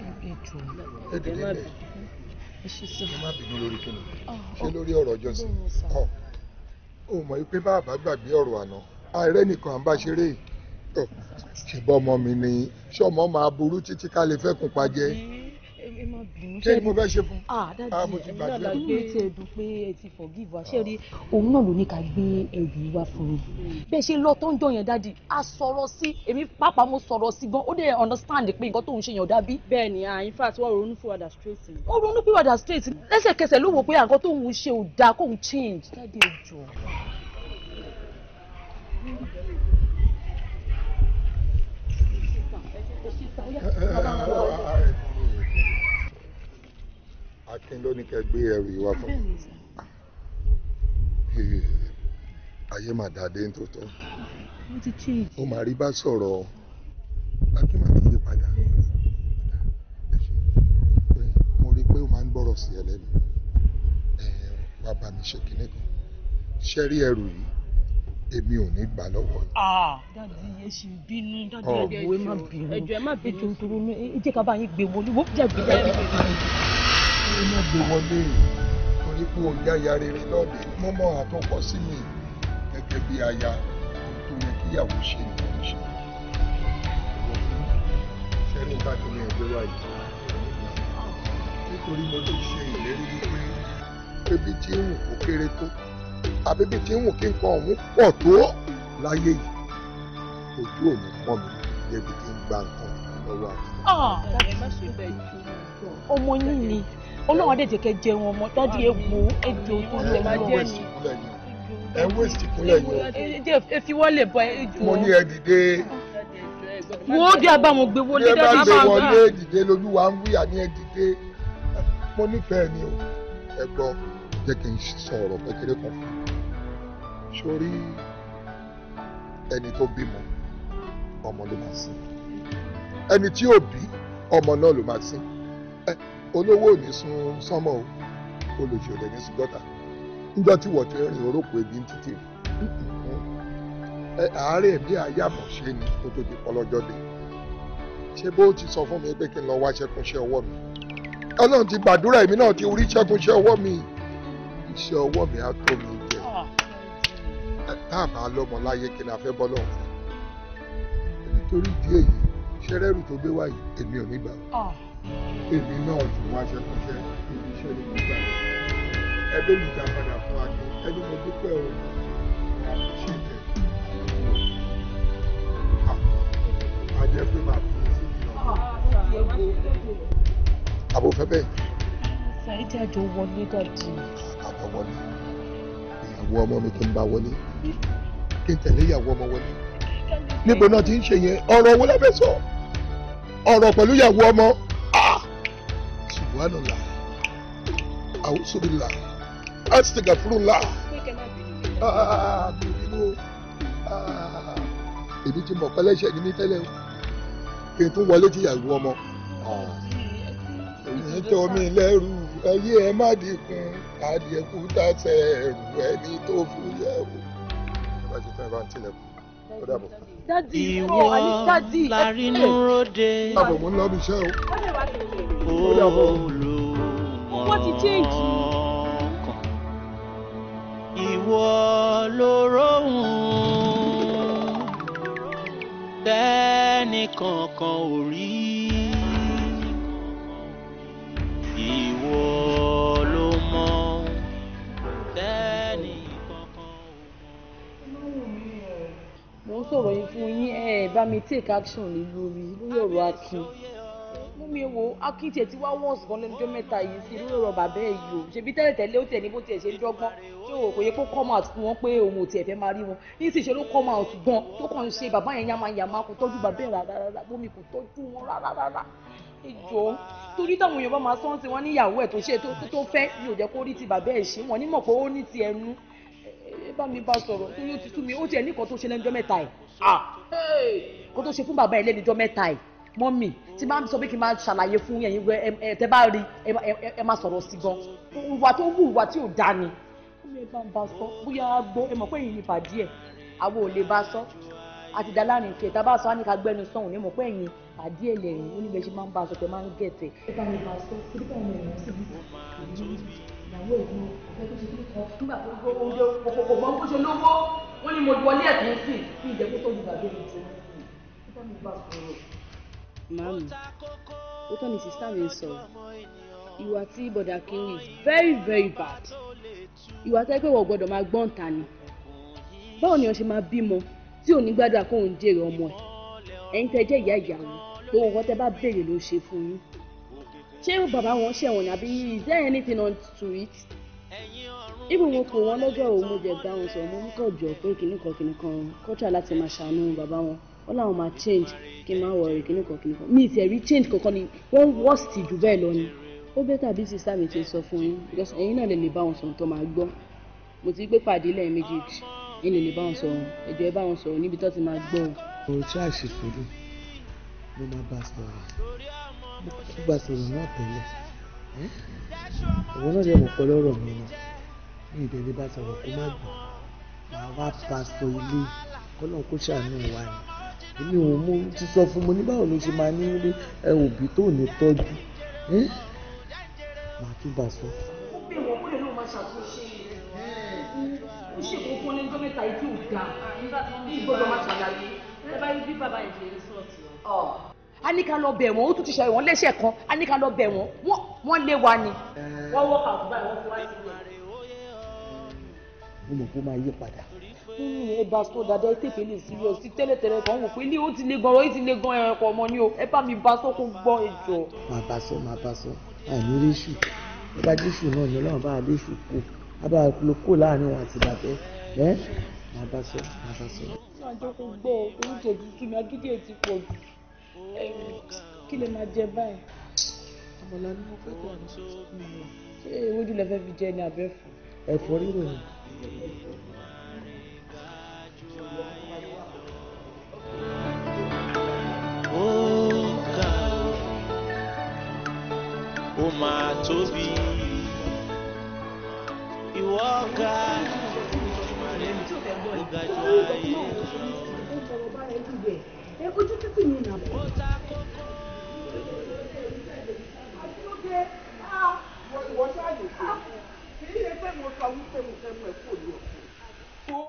[SPEAKER 3] ẹ dìde lẹ
[SPEAKER 2] ẹ má bínú lórí kíni ah, ah. ṣé lórí ọ̀rọ̀ ọjọ́ sí ọ ò mọ̀ pé bàbá gbàgbé ọ̀rọ̀ àná àìrẹ́ nìkan à ń bá ṣeré ṣèbọ̀ ọmọ mi ni ṣé ọmọ máa burú títí ká lè fẹ́ kún pa jẹ́. Eh, ẹ má mo fẹ́ ṣe fún. ah mo ti gbàdúrà inú mi ti ẹ̀dùn pé ẹ ti forgive wa ṣé rí òun náà ló ní ká gbé ẹ̀bì wá fún mi. bẹ́ẹ̀ ṣe lọ tó ń jọyàn dáàdì a sọ̀rọ̀ sí èmi pàápàá mo sọ̀rọ̀ sí gan ó dẹ̀ understand pé nǹkan tó ń ṣe yàn dábí. bẹ́ẹ̀ni à in fact wọn ronú fún wàdà straight ni. ó ronú fún wàdà straight lẹ́sẹ̀kẹsẹ̀ ló wò pé nǹkan tó ń ṣe ò dáa kó ń change. dáàdì ẹ jọ̀ọ́.
[SPEAKER 3] Thank you
[SPEAKER 2] akin ló ní kẹ́ gbé ẹrù ìwà fún ayé mà dáadé ń tòótọ́ ó mà rí bá sọ̀rọ̀ akin máa ti yí padà mo rí i pé ó máa ń gbọ́rọ̀ sí ẹ lẹ́nu wàá bá mi ṣe kinní kan ṣe rí ẹrù yìí èmi ò ní gbà lọ́wọ́ yìí. dadi èsì bínú dadi ẹjọ́ ẹ má bínú ẹjọ́ ẹ má bínú ẹjọ́ ẹ má bínú ẹ jẹ́ ká bá yín gbé wọlé wọ́n jẹ́ gbé jáde ní má gbé wọlé torí pé o yáya rere lọ́ọ̀dẹ̀ mo mọ àtọkọ sí mi gẹ́gẹ́ bí aya tó yẹ kíyàwó ṣe ní ọ̀hún ṣe. sẹ́ni ká tó ní ẹgbẹ́ wáyé nítorí mo ti ṣe ìlérí wípé ebi tí ń wù kó kéré tó àbí ibi tí ń wù kí nǹkan ọ̀hún pọ̀ tó láyé yìí ojú ò ní pọ̀ mi débi tí ń gba nǹkan lọ́wọ́
[SPEAKER 1] àti.
[SPEAKER 2] ọmọ yín ni. Ọlọ́run dẹ̀ jẹ́ kẹ́ jẹ wọn ọmọ tán di egbò ejò tó lọ ẹgbẹ́ ni. ẹ ń wéṣì kúnlẹ̀ yìí o. efi wọlé bọ ejò. mo ní ẹ dìde. wo bí a bá wọn gbé wọlé dájú bá wọn. bí ẹ bá gbé wọlé dìde lójú wa ń wíyà ní ẹ dìde. mo nífẹ̀ẹ́ ni o ẹ gbọ́ jẹ́ kí n sọ ọ̀rọ̀ kékeré kan fún un. sórí ẹni tó bímọ ọmọ ló máa sin ẹni tí ò bí ọmọ náà ló máa sin olówó ò sun sánmọ́ o olùsí ò lè ní sí gọ́tà níjọ́ tí wọ́n ti rìn orókò ebi ń títì rí àárẹ̀ bí àyàmọ̀ ṣe ni kó tó di pọlọ́jọ́ dé ṣé bó ti sọ fún mi pé kí n lọ wá ṣẹkúnṣẹ́ ọwọ́ mi ọlọ́run ti gbàdúrà èmi náà ti rí ṣẹkúnṣẹ́ ọwọ́ mi iṣẹ́ ọwọ́ mi á tó mi jẹ ah. tá a bá lọ́mọ láyé kí ni a fẹ́ bọ́ lọ́hùn fún nítorí ìdí èyí ṣẹrẹ́rù tó gbé wáyé èmi ò ní gbà. Ah èmi náà ti wá ṣẹkọṣẹ ibi iṣẹ́ ni mo gbà ẹbí mi dá padà fún akin ẹni mo dúpẹ́ o àmì ṣe tẹ àjẹ pé màá fi sí ìlú àbòfẹ́ bẹ́ẹ̀. ṣàìdí àjọ wọlé dàdí. àjọ wọlé ìyàwó ọmọ mi kí n bá wọlé kí n tẹ̀lé ìyàwó ọmọ wọlé níbo náà ti ń ṣe yẹn ọ̀rọ̀ owó lábẹ́ sọ ọ̀rọ̀ pẹ̀lú ìyàwó ọmọ subhanallah awusubillah asitagafurula ah, bìbínú èmi ti mọ̀ pẹ́lẹ́sẹ̀ ní mi tẹ́lẹ̀ o kí n tún wọlé ti yàgò ọmọ èyí tó mi lẹ́rù ẹyé ẹ má dínkùn adìẹ kú tàṣẹ ẹrù ẹni tó fúyẹ́ o. ẹ bá ṣe tán ẹ bá ń tilẹ̀kùn ó dàbọ̀ ìwọ oh, larínú ròde
[SPEAKER 1] olùmọ̀ràn kan ìwọ ló róhùn tẹ́nì kankan ò rí ìwọ.
[SPEAKER 2] ń sọ̀rọ̀ yìí fún yín ẹ bá mi take action lé lórí lórí ọ̀rọ̀ akin mú mi wo akin tiẹ̀ ti wá wọ́ọ̀sì kan lẹ́nu ọjọ́ mẹ́ta yìí sí lórí ọ̀rọ̀ bàbá ẹ̀ yìí o ṣebí tẹ́lẹ̀ tẹ́lẹ̀ ó tẹ̀ ní bó tiẹ̀ ṣe ń dọ́gbọ́n tí o kò yẹ kó come out fún wọn pé òun ò tiẹ̀ fẹ́ máa rí wọn níṣì ṣe ló come out gan tó kàn ń ṣe bàbá yẹn yamayama kò tọ́jú bàbá ẹ̀ rárá bómi kò tọ́jú wọn rárá ìjọ torí táwọn èèyàn bá máa sọ́ọ́ tí wọ́n níyàwó ẹ̀ tó ṣe tó fẹ́ yóò jẹ́ kó rí ti bàbá ẹ̀ ṣe wọ́n nímọ̀ pé ó ní ti ẹnu bá mi bá sọ̀rọ̀ torí ó ti sú mi ó tiẹ̀ ní nǹkan tó ṣe lẹ́nujọ́ mẹ́ta ẹ̀ ah. kó tó ṣe fún bàbá ẹ̀ lẹ́nujọ́ mẹ́ta ẹ̀ mọ́mì tí bá ń sọ pé kí n máa ṣàlàyé fún yẹn ẹ tẹ́ bá rí ẹ máa sọ̀rọ̀ sí gan ìwà tó wù ìwà tí ò dáa ni ẹ bá ń bá sọ bóyá gbọ́ ẹ mọ̀ pé èyí ni pàdé ẹ̀ àwọn ò lè bá sọ àti dá kí ẹ̀ta bá sọ á ní ká gbẹ́nu mọ̀ pé ẹ̀yìn pàdé lẹ́yìn oníbẹ̀ máa ń bá sọ pé máa ń gẹ̀tẹ̀. ẹ bá mi bá sọ kí ló bá mi rìn sí ibi ìyàwó ìlú ọ̀fẹ́ tó ṣe kí kan nígbà tó gbọ́ oúnjẹ òkòkò mọ́ bó ṣe lówó wọ́n ní mo wọlé ẹ̀kún sí kí ìjẹ́kú tó di bàbá mi jẹ́ nígbà mi bá sọ̀rọ̀. màámi ó tọ́ ni sista mi sọ ìwà tí bọ̀dà kiri is very very bad ìwà tẹ́ pé wọ́n gbọ́dọ̀ máa gbọ́n ta ni báwo ni o ṣe máa bímọ tí ò ní gbádùn àkóhùn jèrè ọmọ ẹ̀ ẹ̀yin tẹ́ jẹ́ ìyá ṣé bàbá wọn ṣẹ̀wọ̀n ni àbí is there anything on to it Even mo pè wọn lọ́jọ́ òun mo jẹ̀ dáhùn sọ mo ní kò jọ pé kinní kan kinní kan kọ́tà láti máa ṣàánú bàbá wọn wọ́n làwọn máa change kí n máa wọ̀rẹ̀ kinní kan kinní kan mi ìtẹ̀ rí change kankan ni wọ́n worst jù bẹ́ẹ̀ lọ ni ó bẹ́ tàbí sísá mi ti sọ fún yín because ẹ̀yin náà lè lè bá wọn sọ̀rọ̀ tó máa gbọ́ mo ti gbé pàdé lẹ́yìn méjèèjì ẹ̀yin lè lè bá wọn sọ̀rọ̀ ẹ̀jọ̀ ẹ bá wọn sọ̀rọ̀ níbi tó ti máa gbọ́ o. ọ̀rọ̀ tí àìsè fòdù ló máa bá sọ̀rọ̀ gbígbà sọ̀rọ̀ náà tẹ́lẹ̀ òun náà lè mọ̀ lọ́rọ̀ mi ni ní bá sọ̀rọ̀ kó má gbọ́ màá wá pásítọ̀ ilé kọ́lọ́n kó ṣàánú wa ni èmi ò mú ti sọ fún mo ní báwo ló ṣe máa ní ilé ẹ òbí tó ní tọ́jú màá tún bà sọ. ó a ní ká lọ bẹ̀ wọ́n ó tún ti ṣe wọ́n lẹ́sẹ̀ kan a ní ká lọ bẹ̀ wọ́n wọ́n lé wa ni. wọ́n wọ́ kà fún báyìí wọ́n fi wá sílẹ̀. mo mọ̀ pé ó máa yí padà. ẹ bá sọ dáadáa ẹ tètè lè sí yọ sí tẹ́lẹ̀tẹ́lẹ̀ kan wò pé ilé ó ti le gan ọ̀rọ̀ yìí ti le gan ẹ̀rọ ọmọ ni o ẹ bá mi bá sọ kó gbọ́ ìjọ. máa bá sọ máa bá sọ àní ríṣù ẹ bá ríṣù náà ni ọlọ́run bá ríṣù kó a bá lọ kó láàrin wọn àti bàbẹ́ máa bá sọ máa bá sọ. àjọkùn gbọ́ orúkọ tuntun ni agídí ẹ̀ ti pọ̀ jù kí lè máa jẹ
[SPEAKER 1] báyìí àmàlà ni mo fẹ́ kọ́ àná ṣé ewédú lẹ fẹ́ fi jẹ ní abẹ́fọ́.
[SPEAKER 2] ẹ̀fọ́ rírò ni.
[SPEAKER 1] ó máa tóbi ìwọ ga ó ga jù ayé lọ
[SPEAKER 2] ojú títì mi nà. ìwọ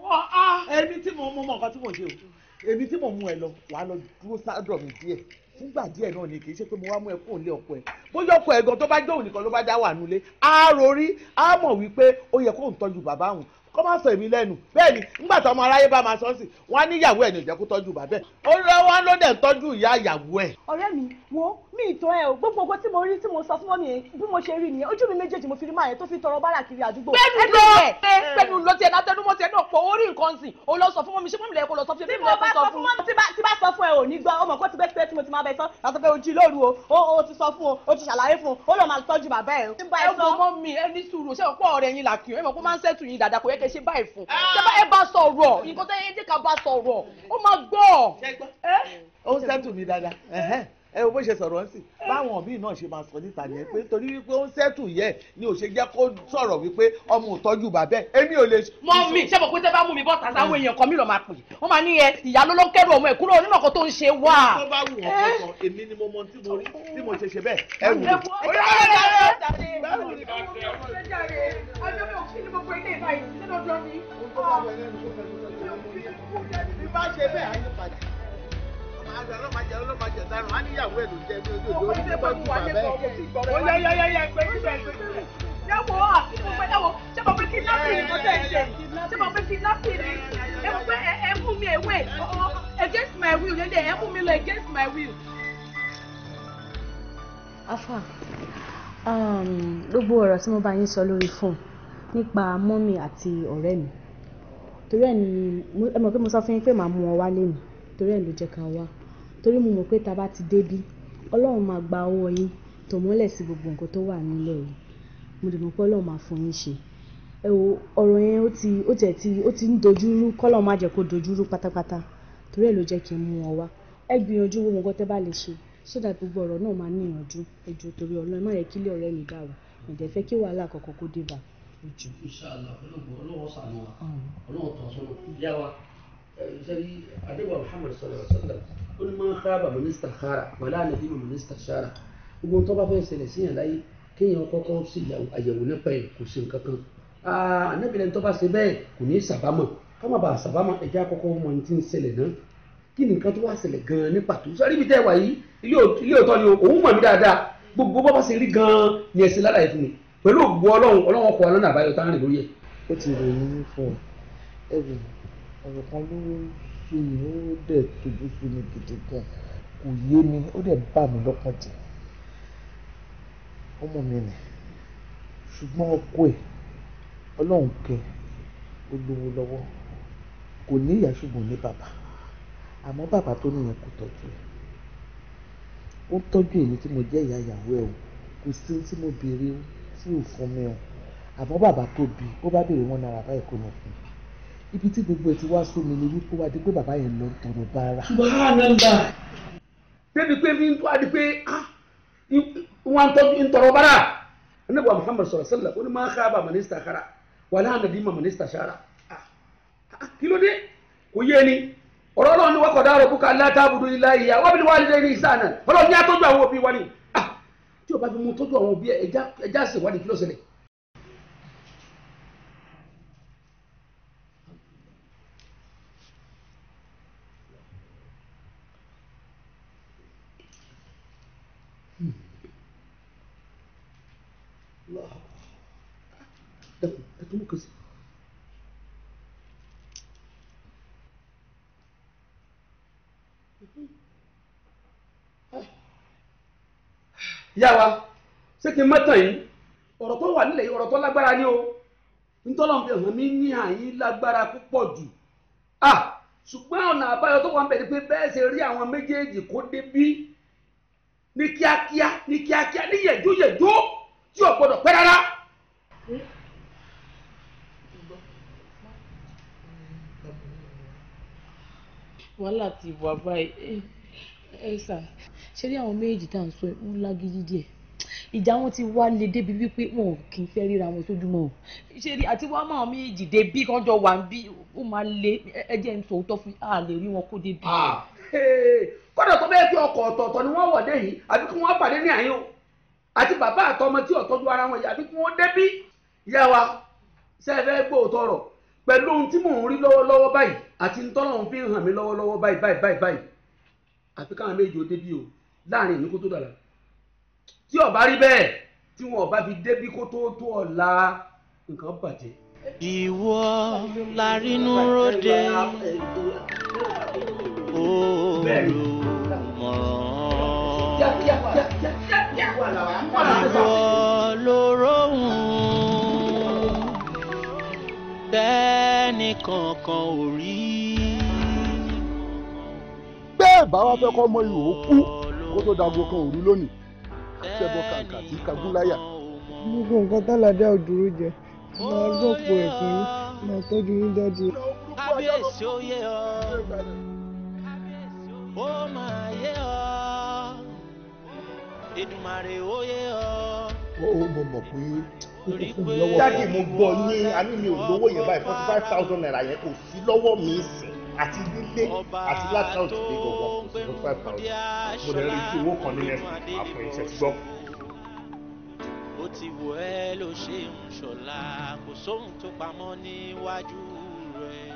[SPEAKER 2] ṣáàyè tí mo mú mọ tí mo ṣe o èmi tí mo mú ẹ lọ wàá lọ dúró sádọ̀ mi díẹ̀ fúngbà díẹ̀ náà ni kì í ṣe pé mo wá mú ẹ kúrò nílé ọkọ ẹ bóyá ọkọ ẹ gan tó bá jẹ́ nìkan ló bá dá wà nulẹ̀ á rorí á wípé ó yẹ kóun tọ́jú bàbá òun kọ́ máa sọ èmi lẹ́nu bẹ́ẹ̀ ni nígbà tí ọmọ aráyé bá máa sọ sí wọn á níyàwó ẹ̀ ní ìjẹ́kú tọ́jú bàbẹ́ ó lọ́wọ́ ló dẹ̀ tọ́jú ìyá ìyàwó ẹ̀. ọ̀rẹ́ mi wo mi ìtàn ẹ o gbogbo ogo tí mo rí tí mo sọ fún mọ́mí yẹn bí mo ṣe rí nìyẹn ojú mi méjèèjì mo fi rí máa yẹn tó fi tọrọ bára kiri àdúgbò. bẹ́ẹ̀ni ló ẹ pẹ̀lú ló tiẹ̀ náà tẹnu mọ́ tiẹ̀ náà pọ̀ orí nǹkan sìn o lọ sọ fún mọ́mí ṣé mọ́mí lẹ́yìn kó lọ sọ fún mi lẹ́yìn kó sọ fún mi. tí bá sọ fún ẹ ò ní gbọ́ ọmọ kó ti bẹ́ẹ̀ tí mo ti máa bẹ sọ yàtọ̀ pé ojú lóru o o ti sọ fún o o ti ṣàlàyé fún o lọ máa tọ́jú bàbá ẹ. ẹ wo mọ mi ẹ ní sùúrù ṣé òpó ọ̀rẹ́ yín làkì ẹ mọ̀ kó máa ń sẹ́tù yín dáadáa kò yẹ kẹ́ ṣe báyìí fún. Ah. ṣé bá ẹ bá sọ̀rọ̀ nǹkan tẹ́ ẹ jẹ́ ká bá sọ̀rọ̀ ó máa gbọ́. ó ń sẹ́tù mi dáadáa ẹ o bó ṣe sọ̀rọ̀ sí báwọn míì náà ṣe máa sọ níta yẹn pé torí wípé ó ń sẹ́tù yẹ ni ò ṣe jẹ́ kó sọ̀rọ̀ wípé ọmọ òtọ́jú bàbẹ́ èmi ò lè. mọ mi ṣé mo pé tẹ bá mú mi bọ́ tàṣà àwọn èèyàn kan mi lọ máa pè wọ́n máa ní ẹ ìyá ló ló ń kẹ́rù ọmọ ẹ̀ kúrò nínú ọkọ̀ tó ń ṣe wá. tó bá wù ọ́ kọ̀ọ̀kan èmi ni mo mọ tí mo rí tí mo ṣe ṣe bẹ́ẹ̀ ẹ wù mí. ìbá ṣe bẹ́ẹ̀ ayé padà yàwó àti mo fẹ́ yàwó ṣé mo fẹ́ kidnapping ni mo tẹ̀ ṣe ṣé mo fẹ́ kidnapping ni my will lélẹ̀ ẹ mú mi afa um, gbogbo ọ̀rọ̀ tí mo bá yín sọ lórí fóònù nípa mọ́mì àti ọ̀rẹ́ mi torí ẹ̀ ni ẹ mọ̀ pé mo sọ fún yín pé màá mú ọ wálé mi torí ẹ̀ ló jẹ́ ká wá torí mo mọ̀ pé tí a bá ti dé bí, Ọlọ́run máa gba ọwọ́ yín tó mọ́lẹ̀ sí gbogbo nǹkan tó wà nílẹ̀ yìí. Mo dẹ̀ mọ̀ pé Ọlọ́run máa fún yín ṣe. ọ̀rọ̀ yẹn ó ti, ó tiẹ̀ ti, ó ti ń dojúrú, kọ́ Ọlọ́run má jẹ́ kó dojúrú pátápátá torí ẹ ló jẹ́ kí n mú wọn wá. Ẹ gbìyànjú gbogbo nǹkan tí ẹ bá lè ṣe so gbogbo ọ̀rọ̀ náà máa ní ìyànjú. Ẹ torí Ọlọ́run, má jẹ́ kí ọ̀rẹ́ mi dàrú. Mi fẹ́ kí wàhálà kankan kó dé bá a. Ẹ jọ̀ọ́. Insha Allah, Ọlọ́run, Ọlọ́run wa. Ọlọ́run tọ́ ọ wa sẹ́rí adébọ̀ Muhammad sallallahu alaihi wasallam ó ní máa ń kábà mínísítà kára wàlá àlejò mínísítà sára gbogbo tó bá fẹ́ ṣẹlẹ̀ síyàn láyé kéèyàn kọ́kọ́ sí àyẹ̀wò nípa ẹ̀ kò sí nǹkan kan anábìlẹ̀ ah, tó bá ṣe bẹ́ẹ̀ kò ní sàbámọ̀ ká má bàa sàbámọ̀ ẹ̀jẹ̀ àkọ́kọ́ mọ ní ti ń ṣẹlẹ̀ náà kí ni nǹkan tó wá ṣẹlẹ̀ gan-an ní pàtó sọ níbi tẹ́ wà yìí ilé òótọ́ ni òun mọ̀ mí dáadáa gbogbo bọ́ bá ṣe rí gan-an ni ẹ̀sìn ládàá fún mi pẹ̀lú ògbó ọlọ́run ọlọ́run ọkọ̀ ọlọ́run àbáyọ tá a rìn lórí ẹ̀. ó ti ròyìn fún ẹ ẹ bùrù ọ̀rọ̀ kan ló ṣe yìí ó dẹ̀ tóbi sí mi gidi gan kò yé mi ó dẹ̀ bà mí lọ́kàn jù ọmọ mi nì ṣùgbọ́n ọkọ ẹ̀ ọlọ́run kẹ ó lówó lọ́wọ́ kò ní ìyá ṣùgbọ́n ní bàbá àmọ́ bàbá tó nìyẹn kò tọ́jú ẹ̀ ó ń tọ́jú èmi tí mo jẹ́ ìyá ìyàwó ẹ̀ o kò sí tí mo béèrè tí ò fún mi o àmọ́ bàbá tó bí ó bá béèrè wọn náírà báyìí kò ní fún mi ibi tí gbogbo ẹ̀ ti wá sómi ni wípé wá di pé bàbá yẹn
[SPEAKER 1] lọ tọrọ bára.
[SPEAKER 2] subhanallah débi pé mi wá di pé ah, wọn tọ́jú ń tọrọ bára anabi wa muhammad sọ̀rọ̀ sẹ́lẹ̀ ó ní máa ká bá mínísítà kára wà láàánú bí ma mínísítà sára ah, ah, kí ló dé kò yé ni ọ̀rọ̀ ọlọ́run ni wọ́n kọ̀ dáhùn òkúka látàbùdó ilá ìyá wọ́n bí wàá lé ní ìsáná ọlọ́run ní atọ́jú àwọn òbí wa ni tí o bá fi mú tọ́jú àwọn òbí ẹ̀ ẹja ṣèwádìí kí ló ṣẹlẹ̀ değil mi kız? Ìyá wa, ṣé kí n mọ́tàn yìí? Ọ̀rọ̀ tó wà nílẹ̀ yìí ọ̀rọ̀ tó lágbára ni o. Ntọ́lọ́n fi hàn mí ní àyín lágbára púpọ̀ jù. À ṣùgbọ́n ọ̀nà àbáyọ tó wà ń bẹ̀ ni pé bẹ́ẹ̀ ṣe rí àwọn méjèèjì kó débí ní kíákíá ní kíákíá ní yẹ̀jóyẹ̀jó tí ò gbọ́dọ̀ pẹ́ rárá. wàhálà ti wà báyìí ẹ eh, eh, sà ṣé rí àwọn méjì tá à ń sọ ẹ ń lágídí díẹ̀ ìjà wọn ti wá le débi wípé wọn ò kì í fẹ́ ríra wọn sójúmọ́ o ṣe rí àti wàá máa méjì débi kan jọ wà ń bí ó máa le ẹjẹ ń sòótọ́ fún a lè rí wọn kó débi. Ah, kódà tó bẹ́ẹ̀ fi ọkọ̀ ọ̀tọ̀ọ̀tọ̀ ni wọ́n wọ̀dé yìí àbí kí wọ́n pàdé ní àyín o àti bàbá àtọmọ tí ọ̀tọ́jú ara wọn yìí àbí kí wọ́n débi ìyá wa ṣe é gbóòótọ́ rọ̀ pẹ̀lú ohun tí mò ń rí lọ́wọ́lọ́wọ́ báyìí àti ntọ́lọ́hún fi hàn mí lọ́wọ́lọ́wọ́ báyìí báyìí báyìí báyìí àfi káwọn o láàrin ìní kó tó tí ọ bá rí bẹ́ẹ̀ tí wọn ò fi kó tó tó ọ̀la nǹkan
[SPEAKER 1] bàjẹ́. ìwọ larínú ròde ìwọ lóró hùn kankan ò rí.
[SPEAKER 2] bẹ́ẹ̀ bá wa fẹ́ kọ́ ọmọ ìhòòhò kú kó tó dago kan òru lónìí ṣẹ́bọ̀ kàǹkà tí kagúláyà.
[SPEAKER 3] gbogbo nǹkan tálàdá ò jẹ máa rọ́pò ẹ̀fọn máa tọ́jú yín dájú.
[SPEAKER 1] kábíyèsí ó yé ọ ó máa yé ọ
[SPEAKER 2] ó yé ọ. ó mọ̀ dáàdì mo gbọ́ ní àmì mi ò lówó yẹn báyìí forty five thousand naira yẹn kò sí lọ́wọ́ mi sìn àti lílé àti látàwọn ti dé gbogbo forty five thousand mo lè rí i tí owó kan ní next àpò ìṣẹ̀ gbọ́.
[SPEAKER 1] ti wọ ẹ ló ṣe ń ṣọlá kò sóhun tó pamọ́ níwájú rẹ̀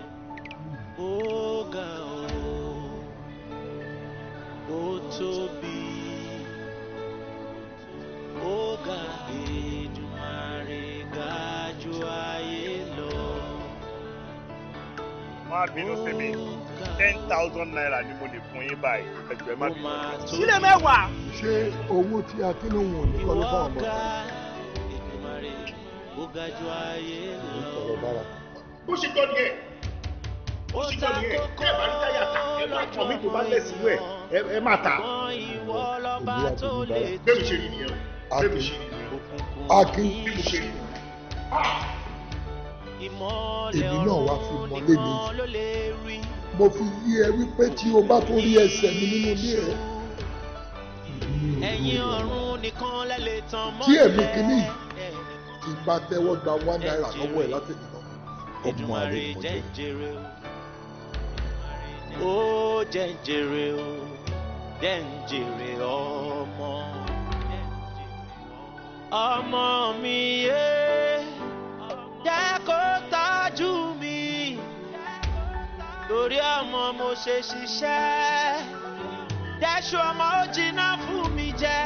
[SPEAKER 1] ó ga ó ó tóbi ó ga èdè. má bínú sí mi ten
[SPEAKER 2] thousand naira ni mo lè fún yín báyìí ẹgbẹ́ má bínú. sílẹ̀ mẹ́wàá. ṣé owó tí a kí ló ní kọ́lé fún ọmọ ó ṣe tọ́ ẹ̀ ó ṣe tọ́ ẹ̀ kẹ́ bá rí táyà ta ẹ̀ máa tọ̀ mí tó bá lẹ̀ sínú ẹ̀ ẹ̀ máa ta.
[SPEAKER 1] bẹ́ẹ̀
[SPEAKER 2] mi ṣe rí nìyẹn bẹ́ẹ̀ mi ṣe rí nìyẹn. akin. bí mo ṣe rí nìyẹn. Ah! èmi náà wá fi mọ́lé mi mo fi yí ẹ wípé tí o bá tó rí ẹsẹ̀ mi nínú ilé rẹ ẹ̀yin ọ̀run nìkan
[SPEAKER 1] lẹ lè mọ́lẹ̀. tí èmi
[SPEAKER 2] kìíní ti bá tẹ́wọ́ gba one naira lọ́wọ́ ẹ̀ látẹ̀yìn lọ ọmọ àrè
[SPEAKER 1] mọ̀jẹ́. ó jẹ́ o jẹ́ ọmọ ọmọ mi yéé jẹ́ kó tọ́jú mi lórí ọmọ mo ṣe ṣiṣẹ́ dẹ́ṣu ọmọ ó jiná fún mi jẹ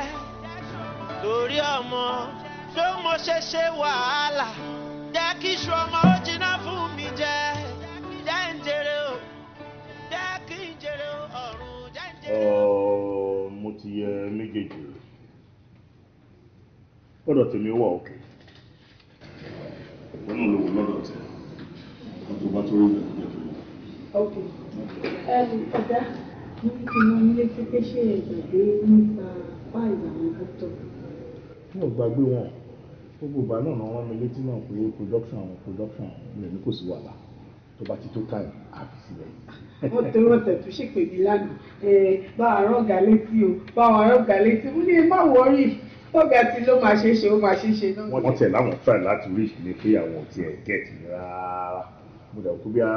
[SPEAKER 1] lórí ọmọ tó mo ṣe ṣe wàhálà jẹ́ kí iṣu ọmọ ó jiná fún mi jẹ jẹ́ ń jèrè o jẹ́ kí ń jèrè o ọ̀run
[SPEAKER 2] jẹ́ ń jèrè o. mo ti yẹ méjèèjì rẹ̀ ọ̀dọ̀ tèmi wà òkè wọn ló wọ lọ́dọ̀ tẹ wọn tó bá tó rí ìgbà tó
[SPEAKER 3] tó. ok ọ̀gá mo ti mọ ilé tí pé ṣe ìgbàgbé nípa fáìlì àwọn dókítà.
[SPEAKER 2] mi ò gbàgbé wọn gbogbo ìgbà náà rán mi létí náà pé production àwọn production mi ò ní kò sí wàhálà tó bá ti tó time àfi sílẹ̀. wọ́n tó wọ́n tẹ̀tù ṣèpè mí lánàá bá àárọ̀ gà létí o bá àárọ̀ gà létí mo ní ẹ má
[SPEAKER 1] wọ́rì ọgá tí ló máa ṣe ṣe ó máa ṣe ṣe náà. wọ́n
[SPEAKER 2] tẹ̀ láwọn fẹ́ràn láti rí ìṣẹ̀lẹ̀ pé àwọn ò tiẹ̀ get rárá mo dẹ̀ kó bí a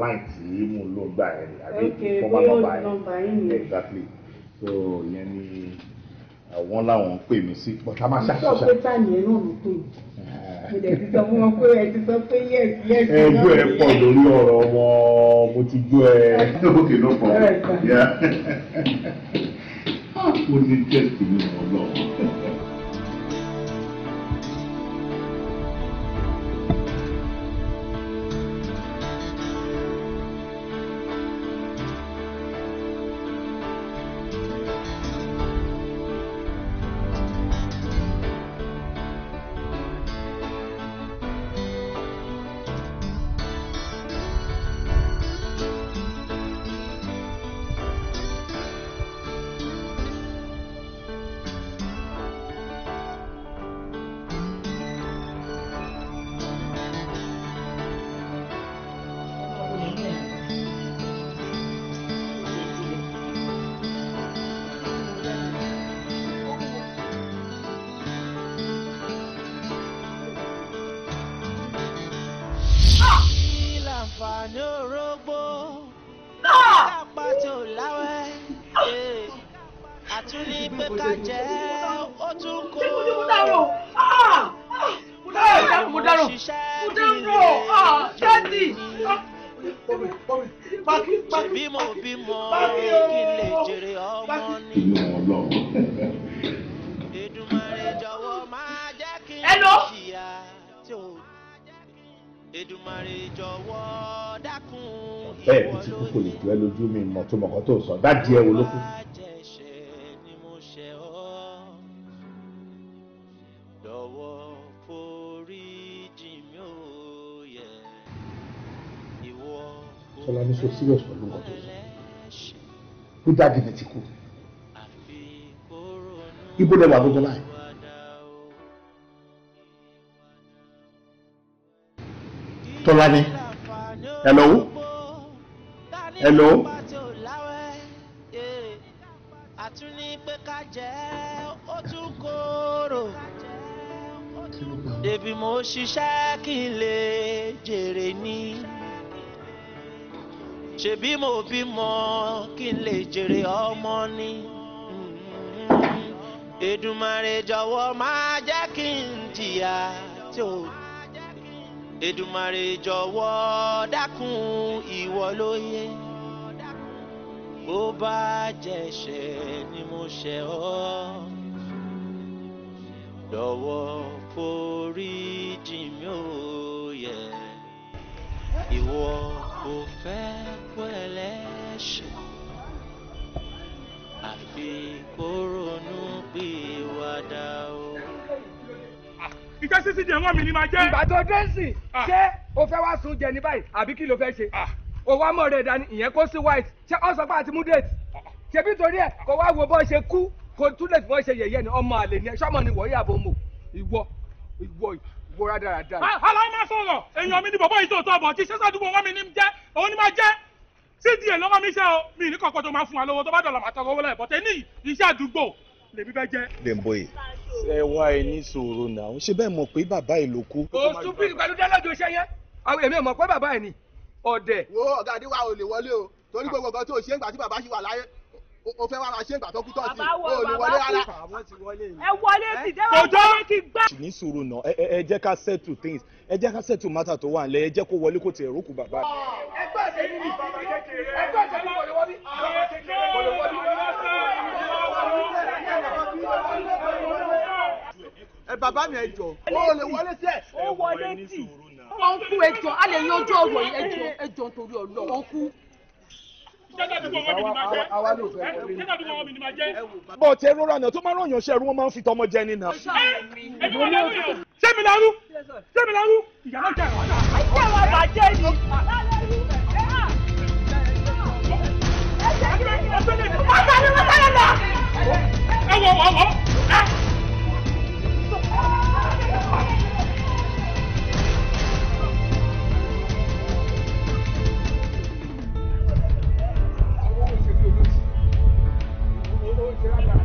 [SPEAKER 2] line tí mo ló gbà yẹn àbí formal number yẹn exactly so ìyẹn ń pè mí sí pọ̀tà máa ṣàṣàṣà. sọ pé táyì ẹ̀ náà ló pè mí mo dẹ̀ ti sọ fún wọn pé
[SPEAKER 3] ẹ ti sọ pé yes ẹgbẹ́ ẹ pọ̀
[SPEAKER 2] lórí ọ̀rọ̀ wọn mo ti jó ẹ. lókè ló pọ̀ mo ní tẹ̀sí mi ọlọ́run. adìẹ wò ló kù. sọlá ní so serious pẹ̀lú nǹkan tó sọ pé dáàdì mi ti kú ibo lẹ wà lọ́jọ́ láì. tọ́lá ni hello hello.
[SPEAKER 1] ebi mo ṣiṣẹ́ kí n lè jèrè ni ṣebí mo bímọ kí n lè jèrè ọmọ ni Èdùmàrè jọ̀wọ́ máa jẹ́ kí n jìyà tí ò Èdùmàrè jọ̀wọ́ dákun ìwọ lóye bó bá jẹ̀ṣẹ̀ ni mo ṣẹ̀ ọ́ lọ́wọ́ forí jì mí ò yẹ. Ìwọ kò fẹ́ kú ẹlẹ́ṣẹ̀. Àfi kó ronú bí wàdà o.
[SPEAKER 2] Ìjọ sísìn di ẹ̀wọ̀n mi ni máa jẹ́. Ìbàdàn Dẹ́sì ah. ṣé o fẹ́ wá sun jẹ ní báyìí àbí kí ló fẹ́ ṣe? Ah. O wá mọ̀ rẹ̀ dání ìyẹn kó sí white ṣé ọ̀sán pa àti mú date? Ah. Ṣèbí torí ẹ̀ kò wá wo bó ṣe kú kò tún lè fi wọ́n ṣe yẹ̀yẹ́ ni ọmọ àlè ni ẹ̀ ṣọ́mọ ni wọ́n yà bó mọ̀ ìwọ ìwọ ìwọ rá dáradára. aláwọ̀ ah, ah, máa sọ̀rọ̀ èèyàn mi ni bọ̀bọ̀ yìí tó tọ̀ bọ̀ tí sẹ́sà àdúgbò wọn mi ní jẹ́ òun ni máa jẹ́ sídìí ẹ̀ lọ́wọ́ mi ṣe o mi ní kọ̀kọ́ tó máa fún wa lówó tó bá dọ̀là màá tọrọ owó lẹ́yìn bọ̀tẹ́ ní iṣẹ́ àdúgbò lèmi fẹ́ jẹ́. Demboye ẹ wá ẹ ní sòro náà ó ṣe bẹ́ẹ̀ mọ̀ pé bàbá ẹ ló kú. oṣù bíi pẹ̀lú dẹ́lẹ́jọ́ iṣẹ́ yẹn o torí o fẹ́ wá máa ṣe ìgbà tó kú tọ́ sí o lè wọlé rárá. ẹ wọlé sí dẹ́wọ́ wọlé kí gbá. ní sùúrù náà ẹ jẹ́ ká settle things ẹ jẹ́ ká settle matter tó wà nílẹ̀ ẹ jẹ́ kó wọlé kó tiẹ̀ rókù bàbá. ẹ gbọ́ ṣe ní bàbá kékeré ẹ gbọ́ ṣe ní
[SPEAKER 3] wọlé wọlé àwọn kékeré wọlé wọlé.
[SPEAKER 2] ẹ bàbá mi ẹ jọ o lè wọlé sí ẹ. ó wọlé tì. ó ń kú ẹjọ a lè yan ojú ọ̀rọ̀ ẹjọ ẹjọ torí Ọlọ́run ó kú àwa ló fẹ́ wọlé. bọ́ ti rọra náà tó máa ràn yàn ṣe ẹrú wọn máa ń fi tọmọ jẹ nínà. sẹ́mi lárú sẹ́mi lárú ìyá náà jẹ́ àwọn àgbà.
[SPEAKER 3] ẹ̀jẹ̀ wa bàjẹ́ ni.
[SPEAKER 2] Thank you.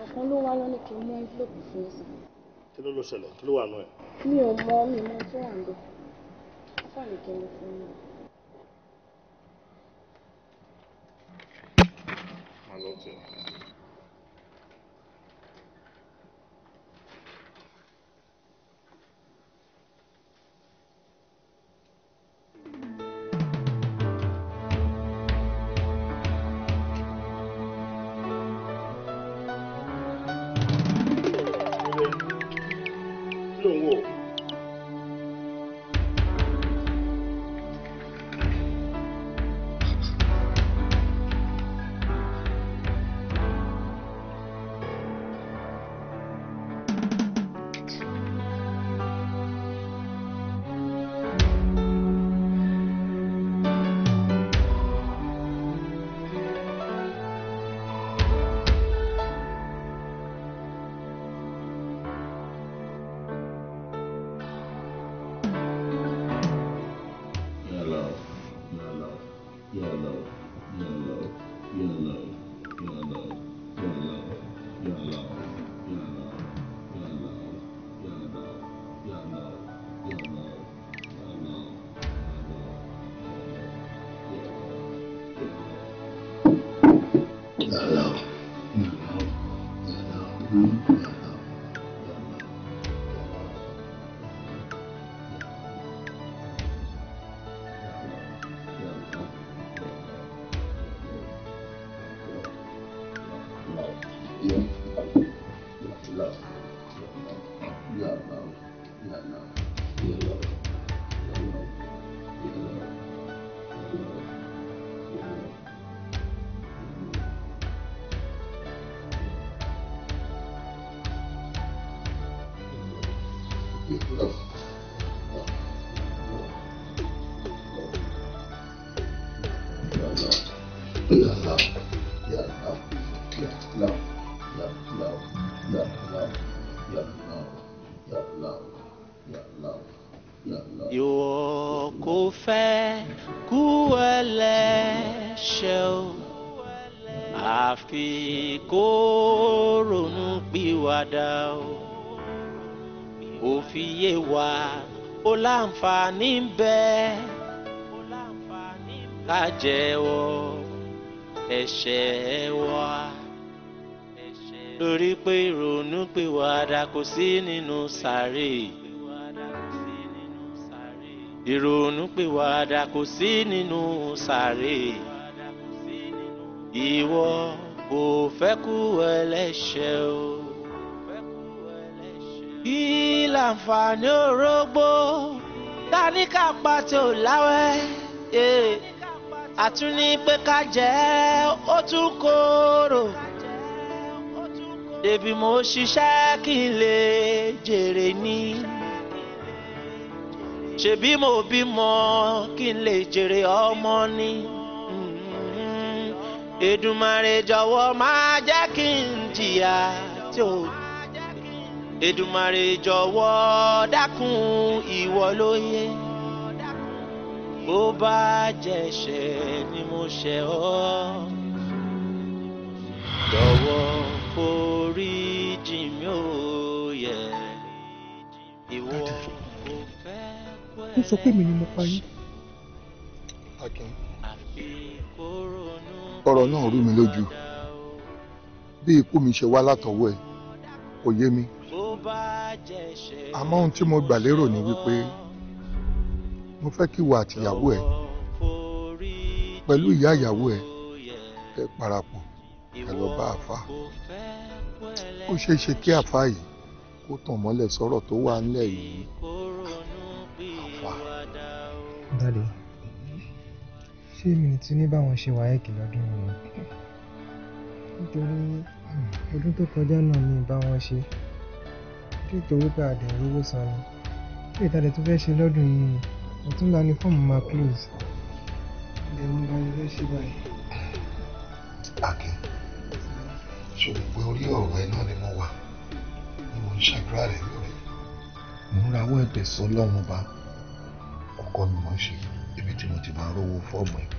[SPEAKER 2] èèyàn kan ló wá lọ́nà kí n mú envelope fún mi kí ló ló ṣẹlẹ̀ kí ló wà nù ẹ̀. mi ò mọ mi mọ tó wà ń bẹ fáàlì kí fún mi. màá lọ
[SPEAKER 3] tiẹ̀.
[SPEAKER 1] ẹ̀ṣẹ̀ wa lórí pé ìrònú pé wàdà kò sí nínú sàárè ìrònú pé wàdà kò sí nínú sàárè ìwọ kò fẹ́ kú ẹlẹ́ṣẹ̀ o kí láǹfààní orógbó ta ní ká pa tí ò láwẹ́ àtún ní pé ká jẹ́ ó tún kóró débi mo ṣiṣẹ́ kí n lè jèrè ní ṣebí mo bímọ kí n lè jèrè ọmọ ní mm-hmm. Èdùmàrè jọ̀wọ́ máa jẹ́ kí n jìyà tí ò Èdùmàrè jọ̀wọ́ dákun ìwọ ló bó bá jẹ̀ṣẹ̀ ni mo ṣẹ̀ ọ́ jọ̀wọ́ forí jì mí
[SPEAKER 2] ò yẹ ìwọ kò fẹ́ pẹ́. ó sọ pé mi ni mo pa yín. ọ̀rọ̀ náà rú mi lójú bí ikú mi ṣe wá látọwọ́ ẹ̀ kò yé mi àmọ́ ohun tí mo gbà lérò ni wípé mo fẹ́ kí ìwọ àtìyàwó ẹ pẹ̀lú ìyá ìyàwó ẹ kẹ́ parapọ̀ ẹ lọ bá àfa ó ṣeé ṣe kí àfa yìí kó tàn mọ́lẹ̀ sọ̀rọ̀ tó wà nílẹ̀ yìí àfa. dáre
[SPEAKER 3] ṣé èmi ni ti ní báwọn ṣe wáyẹ̀kì lọ́dún yìí nítorí ọdún tó kọjá náà ni báwọn ṣe
[SPEAKER 1] nítorí pé àdéhùn owó san ni
[SPEAKER 3] kí ìtàlẹ̀ tó fẹ́ ṣe lọ́dún yìí ni ọ̀túnla ni fọ́ọ̀mù máa close. ǹjẹ́ mo bá ilé ṣe báyìí.
[SPEAKER 2] akin ṣòro pé orí ọ̀rọ̀ ẹ náà ni mo wà ni mo ń ṣàdúrà rẹ lórí. mo ń rawọ́ ẹ̀bẹ̀ sọ́lọ́run bá ọkọ mi mọ̀ ṣe ibi tí mo ti máa rówó fọ́ọ̀mù ẹ̀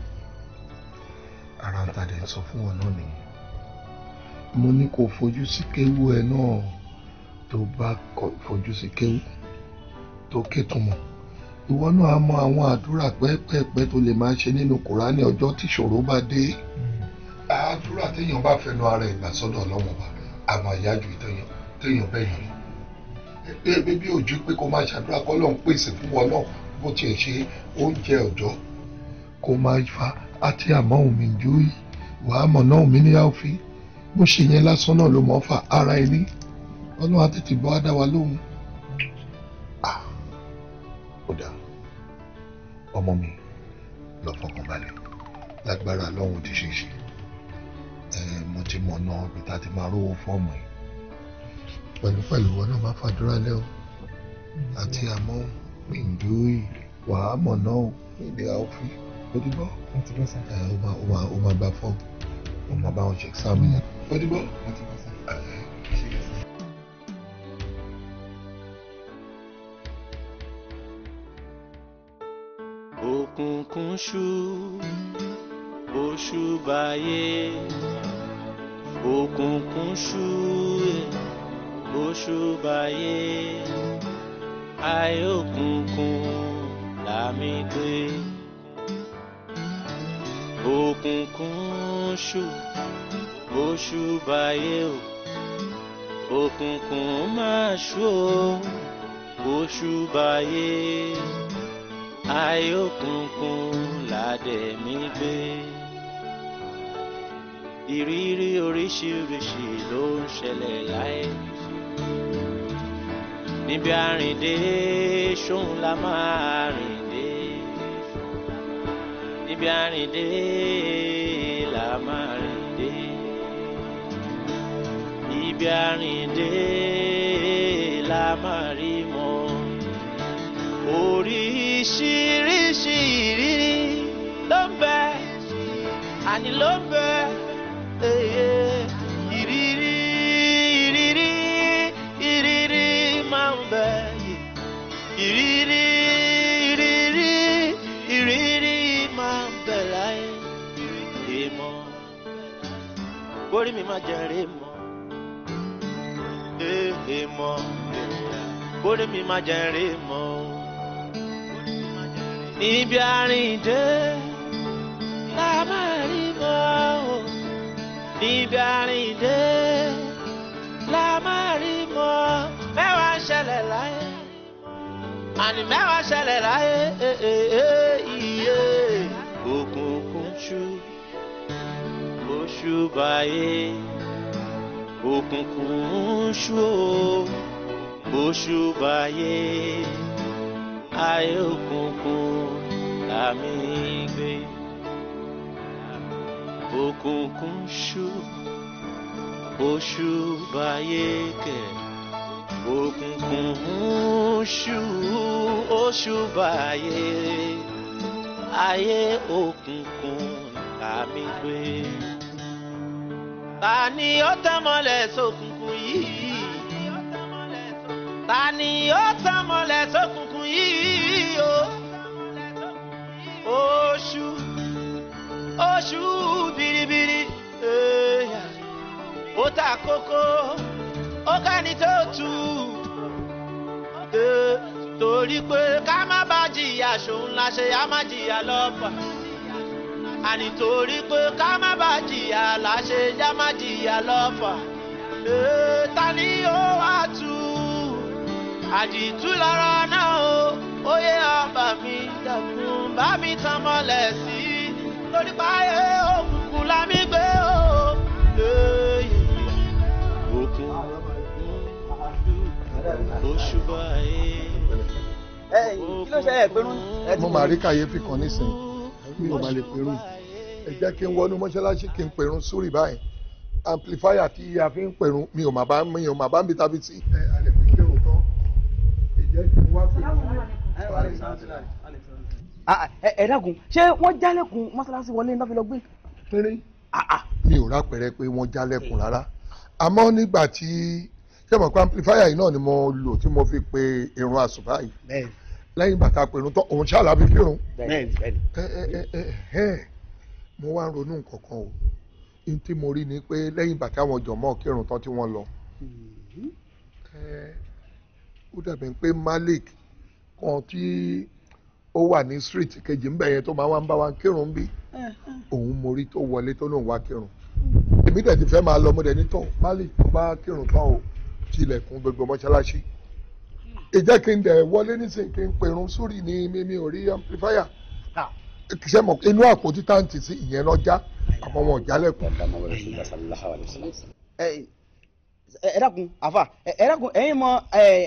[SPEAKER 2] ara ta dẹ̀ sọ fún wọn náà nìyẹn mo ní kó fojú sí kéwú ẹ náà tó bá fojú sí kéwú tó kétùmọ̀ ìwọ náà mọ àwọn àdúrà pẹ́ẹ́pẹ́ẹ́pẹ́ tó lè máa ṣe nínú kùránì ọjọ́ tí ìṣòro bá dé àdúrà téèyàn bá fẹnu ara ìgbà sọ́dọ̀ ọlọ́wọ́n bá àmọ́ ìyájú ìtẹ̀yàn téèyàn bẹ́ẹ̀ yàn lọ. ẹgbẹ́ bí òjú pé kó máa ṣàdúrà kọ́ lọ́n pèsè fún wọn náà bó tiẹ̀ ṣe oúnjẹ ọ̀jọ́ kó máa fa àti àmọ́ òmì ju wàá mọ̀ náà òmì ní àwòfin bó ṣe yẹn lásán náà ló mọ̀ ọ́ fà ara ẹni ọlọ́run á tètè bọ́ á dá wa lóhùn kódà ọmọ mi lọ fọkàn balẹ̀ lágbára lọ́hùn ti ṣe ṣe mo ti mọ̀ náà bí tá a ti máa rówó fọ́ọ̀mù yìí pẹ̀lúpẹ̀lú wọn náà máa fàdúrà lẹ́ o àti àmọ́ gbìndó wàá mọ̀ náà o èdè àwòfí ojúbọ ó máa bá fọ́ọ̀mù ó máa bá wọn ṣe exam yẹn ojúbọ.
[SPEAKER 1] òkùnkùn ṣú oṣù báyé òkùnkùn ṣú oṣù báyé ayé òkùnkùn làmì gbé òkùnkùn ṣú oṣù báyé o òkùnkùn máa ṣú oṣù báyé ayé òkùnkùn mi gbé ìrírí oríṣiríṣi ló ń ṣẹlẹ̀ láyé níbi àrìndé ṣóun la máa rìndé níbi àrìndé la máa rìndé ibi àrìndé la máa rí oríṣiríṣi ìrírí ló ń bẹ àní ló ń bẹ ìrírí ìrírí ìrírí máa ń bẹ ìrírí ìrírí ìrírí máa ń bẹ láyé èèmọ̀ borí mi máa jẹrè mọ́ èèmọ̀ borí mi máa jẹrè mọ́ níbi àrìndé la máa rí mọ́ o níbi àrìndé la máa rí mọ́ mẹ́wàá ṣẹlẹ̀ láyé àní mẹ́wàá ṣẹlẹ̀ láyé iye òkùnkùn ṣú oṣù báyé òkùnkùn ṣú oṣù báyé ayé òkùnkùn làmì gbé òkùnkùn ṣú oṣù báyé kẹ òkùnkùn ṣú oṣù báyé ayé òkùnkùn làmì gbé ta ni ó tẹ́ mọ́lẹ̀ sókùnkùn yìí ta ni ó tàn mọ́lẹ̀ sókùnkùn yìí o oṣù oṣù biribiri eh, ó ta kókó ó kẹ́ni tó tù eh, torí pé ká má bá jìyà ṣòun la ṣe á má jìyà lọ́pàá àní torí pé ká má bá jìyà la ṣe já má jìyà lọ́pàá eh, ta ni ó wá tù àdìtú lára náà o ó yẹ ọba mi dẹkùn bá mi tàn mọ́lẹ̀ sí i lórí páyé òkùnkùn la mi gbé o òkun òṣùbà yìí. kí ló mo máa rí kàyéfì kan nísìnyí
[SPEAKER 2] mi ò máa lè pẹrun ẹ jẹ́ kí n wọnú mọ́ṣáláṣí kí n pẹrun sórí báyìí amplifier tí a fi ń pẹrun mi ò máa bá mi ò máa bá mi tàbí tí
[SPEAKER 3] jẹ́ kí n wá pé
[SPEAKER 2] wọ́n. ẹ dákun ṣé wọ́n jálẹ̀kùn mọ́sálásí wọlé náà fi lọ gbé. péré ah, ah. mi ò rápẹrẹ pé wọ́n jálẹ̀kùn rárá àmọ́ nígbà tí ṣé mo pa amplifier yìí náà ni mo lò tí mo fi pe irun àsùnfà yìí lẹ́yìn bàtà pẹ̀lú tán òun ṣáàlà fi kírun mo wá ń ronú nǹkan kan o n tí mo rí ni pé lẹ́yìn bàtà àwọn jọ̀mọ́ kírun tán tí wọ́n lọ hmm ó dàbí pé Malik kan tí ó wà ní street kejì ń bẹ̀ yẹn tó máa wá ń bá wa kírun bí òun morí tó wọlé tó lóun wá kírun èmi dẹ̀ ti fẹ́ máa lọ mo dẹ̀ Malik tó bá kírun tán o tilẹ̀kùn gbogbo mọ́ṣáláṣí ìjẹ́ hmm. kí n dẹ̀ wọlé nísìnyí kí n pèrún sórí ní mímí orí amplifier kìsẹ́ mọ̀ inú àpótí táǹtì sí ìyẹn lọ́jà àmọ́ wọn ò jálẹ̀kùn ẹ dákun àfà ẹ dákun ẹ̀yin mọ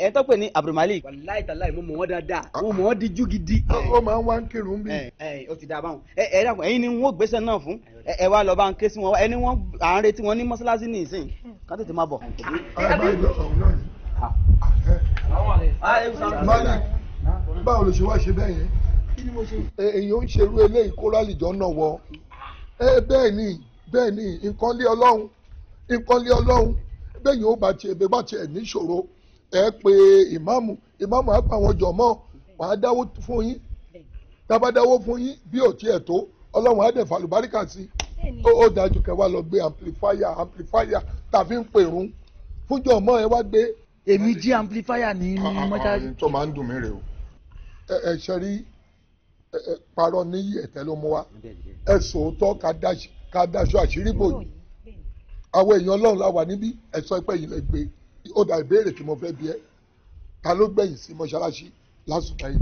[SPEAKER 2] ẹ tó pè ní abdulmalik. wàláì tàláì mo mọ̀ wọ́n dáadáa ah. mo mọ̀ wọ́n díjú gidi. ó máa ń wá ń kírun bí. ẹ ó ti dáa báwọn ẹ dákun ẹ̀yin ni wọ́n gbéṣẹ́ náà fún ẹ wá lọ bá ń ké sí wọn ẹni wọ́n à ń retí wọn ní mọ́ṣáláṣí ní ìsìn ká tètè máa bọ̀. Ah. báwo ló ṣe wá ṣe bẹ́ẹ̀ yẹn èèyàn ń ṣerú eléyìí kó lálìjọ náà wọ bẹ́ẹ̀ ni bẹ́ẹ̀ ni nǹkan lé ọlọ́run nǹkan lé ọlọ́run bẹ́yìn ó bá tiẹ̀ bẹ́ẹ̀ bá tiẹ̀ níṣòro ẹ pé ìmáàmù ìmáàmù á pa àwọn jọ̀mọ́ wàá dáwó fún yín tábà dáwó fún yín bí ò tiẹ̀ tó ọlọ́run á dẹ̀ fàlùbáríkà sí i ó dájú kẹ́ wá lọ gbé amplifier amplifier tàbí ń pèrún fún jọ̀mọ́ ẹ wá gbé. èmi jí amplifier ní ah, ah, mọ́ṣáláṣí. Ah, tó máa ń dùn mí rè o ẹ ẹ ṣe rí parọ́ níyì ẹ̀tẹ́ ló mú wa ẹ sòótọ́ ká dáṣọ àṣírí bòyí àwọn èèyàn ọlọ́run la wà níbí ẹ̀sọ́ ẹ̀pẹ́ yìí lẹ gbé ó dà ìbéèrè tí mo fẹ́ bi ẹ́ ta ló gbẹ̀yìn sí mọ́ṣáláṣí lásùkà yìí.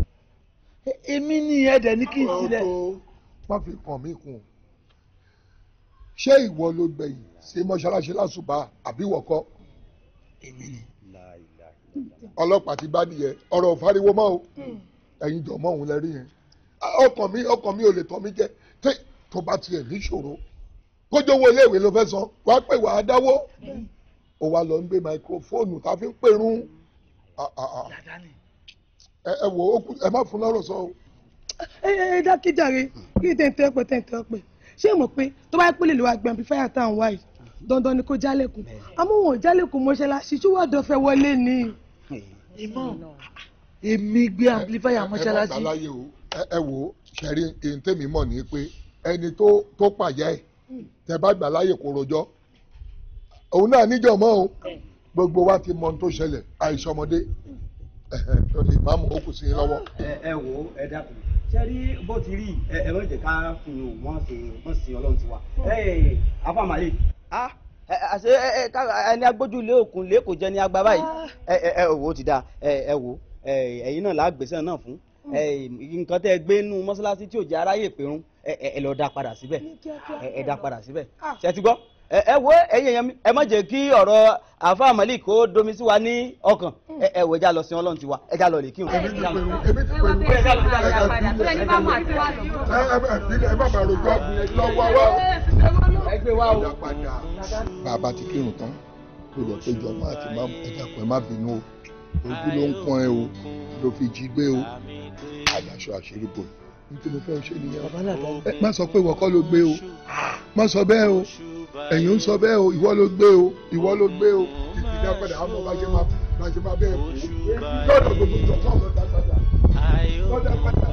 [SPEAKER 2] èmi ni ẹ̀dẹ̀ ní kí n sílẹ̀. ọ̀rọ̀ tó má fi kàn mí kùn ṣé ìwọ ló gbẹ̀yìn sí mọ́ṣáláṣí lásùbà àbí wọ̀kọ́. èmi ni. ọlọ́pàá ti bá nìyẹn ọ̀rọ̀ òfariwo mọ́ o ẹ̀yin jọ̀mọ́ òun lẹ rí yẹn ọkàn mi ọkàn mi ò lè tọ́ mi jẹ tó bá tiẹ̀ níṣòro kójó owó iléèwé ló fẹ́ san wàá pè wàá dáwó ó wàá lọ ń gbé máikrófóònù tá a fi ń pèrún ah, ah, ah. ẹ wò ó ẹ má fún lọ́rọ̀ sọ o. ẹ ẹ dákíjàre kí ni tẹ̀ǹtẹ̀ ọ̀pẹ tẹ̀ǹtẹ̀ ọ̀pẹ ṣé mọ̀ pé tó bá pélé ló wá gbé amplifier tá à ń wá yìí dandan ni kó jálẹ̀kùn àmọ́ wọn ò jálẹ̀kùn mọ́ṣáláṣí ṣúwádọ́ fẹ́ wọlé ni. ìmọ̀ èmi gbé amplifier mọ́ṣáláṣí. ẹ wò ó ṣẹ̀rí ntẹ́mi mọ̀ ní pé ẹni tó pàjẹ́ ẹ̀ tẹ bá gbà láyè kó rojọ́ òun náà níjọ mọ́ o gbogbo wa ti mọ ohun tó ṣẹlẹ̀ àìsàn ọmọdé lórí ìmáàmù ó kù sí i lọ́wọ́. ẹ wo ẹ dákun ṣe rí bó ti rí ẹ bá jẹ ká fi wọn sí wọn sí Ọlọ́run tiwa ẹ afa màlẹ. a àṣe ẹni agbójú lé òkun lé kò jẹ ní agbá ẹ ẹ wo ti da ẹ ẹ wo ẹ̀yin náà làá gbèsè náà fún nǹkan tẹ́ ẹ gbé nú mọ́ṣáláṣí tí ò jẹ́ aráyè pérún ẹ lọ dá padà síbẹ̀ ẹ dá padà síbẹ̀ ṣe ti gbọ́ ẹ wo ẹ̀yin èèyàn ẹ má jẹ́ kí ọ̀rọ̀ àfa malik kó domi sí wa ní ọkàn ẹ wò ẹ já lọ sí Ọlọ́run tiwa ẹ já lọ lè kí n. èmi ti pèrò èmi ti pèrò ẹ já lọ sí Ọlọ́run tiwa ẹ já lọ sí Ọlọ́run tiwa. ẹ má lọ́wọ́ wa. ẹ wa o. bàbá ti kírun tán kí olùtọ́jú ọmọ àti ẹ̀dàkùn ẹ má bínú o ojú ló ń pọn ẹ o ló fi jí gbé o àyàṣọ àṣírí bò ní tí mo fẹ́ ṣe nìyẹn má sọ pé ìwọ kọ́ ló gbé o má sọ bẹ́ẹ̀ o ẹ̀yin ń sọ bẹ́ẹ̀ o ìwọ ló gbé o ìwọ ló gbé o ìpínlẹ̀ apẹ̀dẹ̀ àmọ́ bá ṣe máa bá ṣe máa bẹ́ẹ̀ o lọ́dọ̀ gbogbo ìjọba ọ̀dọ́ padà lọ́dọ̀ padà.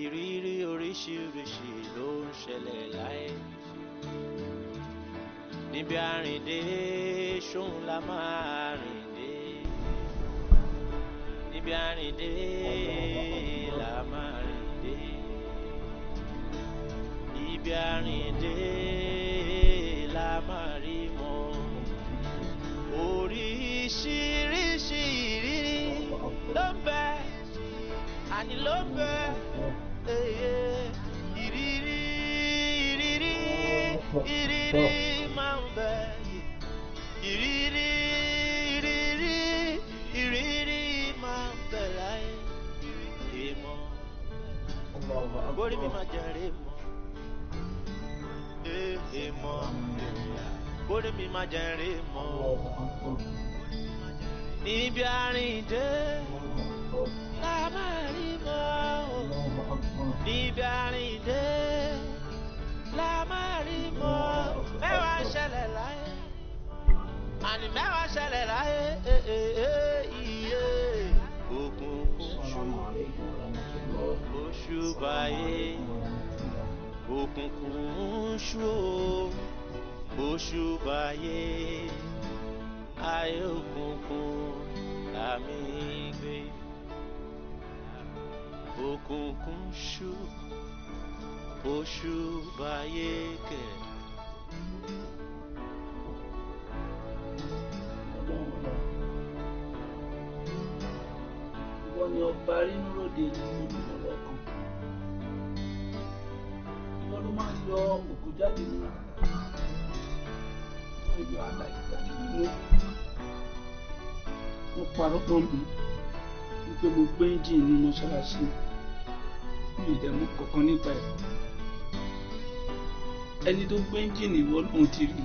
[SPEAKER 1] ìrírí oríṣiríṣi ló ń ṣẹlẹ̀ láyé níbi àrìndé ṣóun la máa rìndé níbi àrìndé la máa rìndé níbi àrìndé la máa rí mọ oríṣiríṣi ìrírí ló ń bẹ àní ló ń bẹ ìrírí ìrírí ìrírí. orí mi máa jẹrè mọ́ èè mọ́ orí mi máa jẹrè mọ́ níbi la máa rí mọ́ níbi àrídé la máa rí mọ́ mẹ́wàá ṣẹlẹ̀ láyé àní mẹ́wàá ṣẹlẹ̀ láyé. Eh, eh, eh. ṣú báyé òkùnkùn ń ṣú ó ṣú báyé ayé òkùnkùn àmì gbé òkùnkùn ṣú ó wọ́n ní ọba
[SPEAKER 2] rínú ròde nínú ìlú. wọn ló máa ń yọ òkú jáde nínú ìlú àlàyé jáde nínú wọn parọ́ pọ́n mi wípé mo gbé engine ní mọ́ṣáláṣí mi ìdẹ̀mú kankan nípa ẹ̀ ẹni tó gbé engine ìwọ lòun ti rí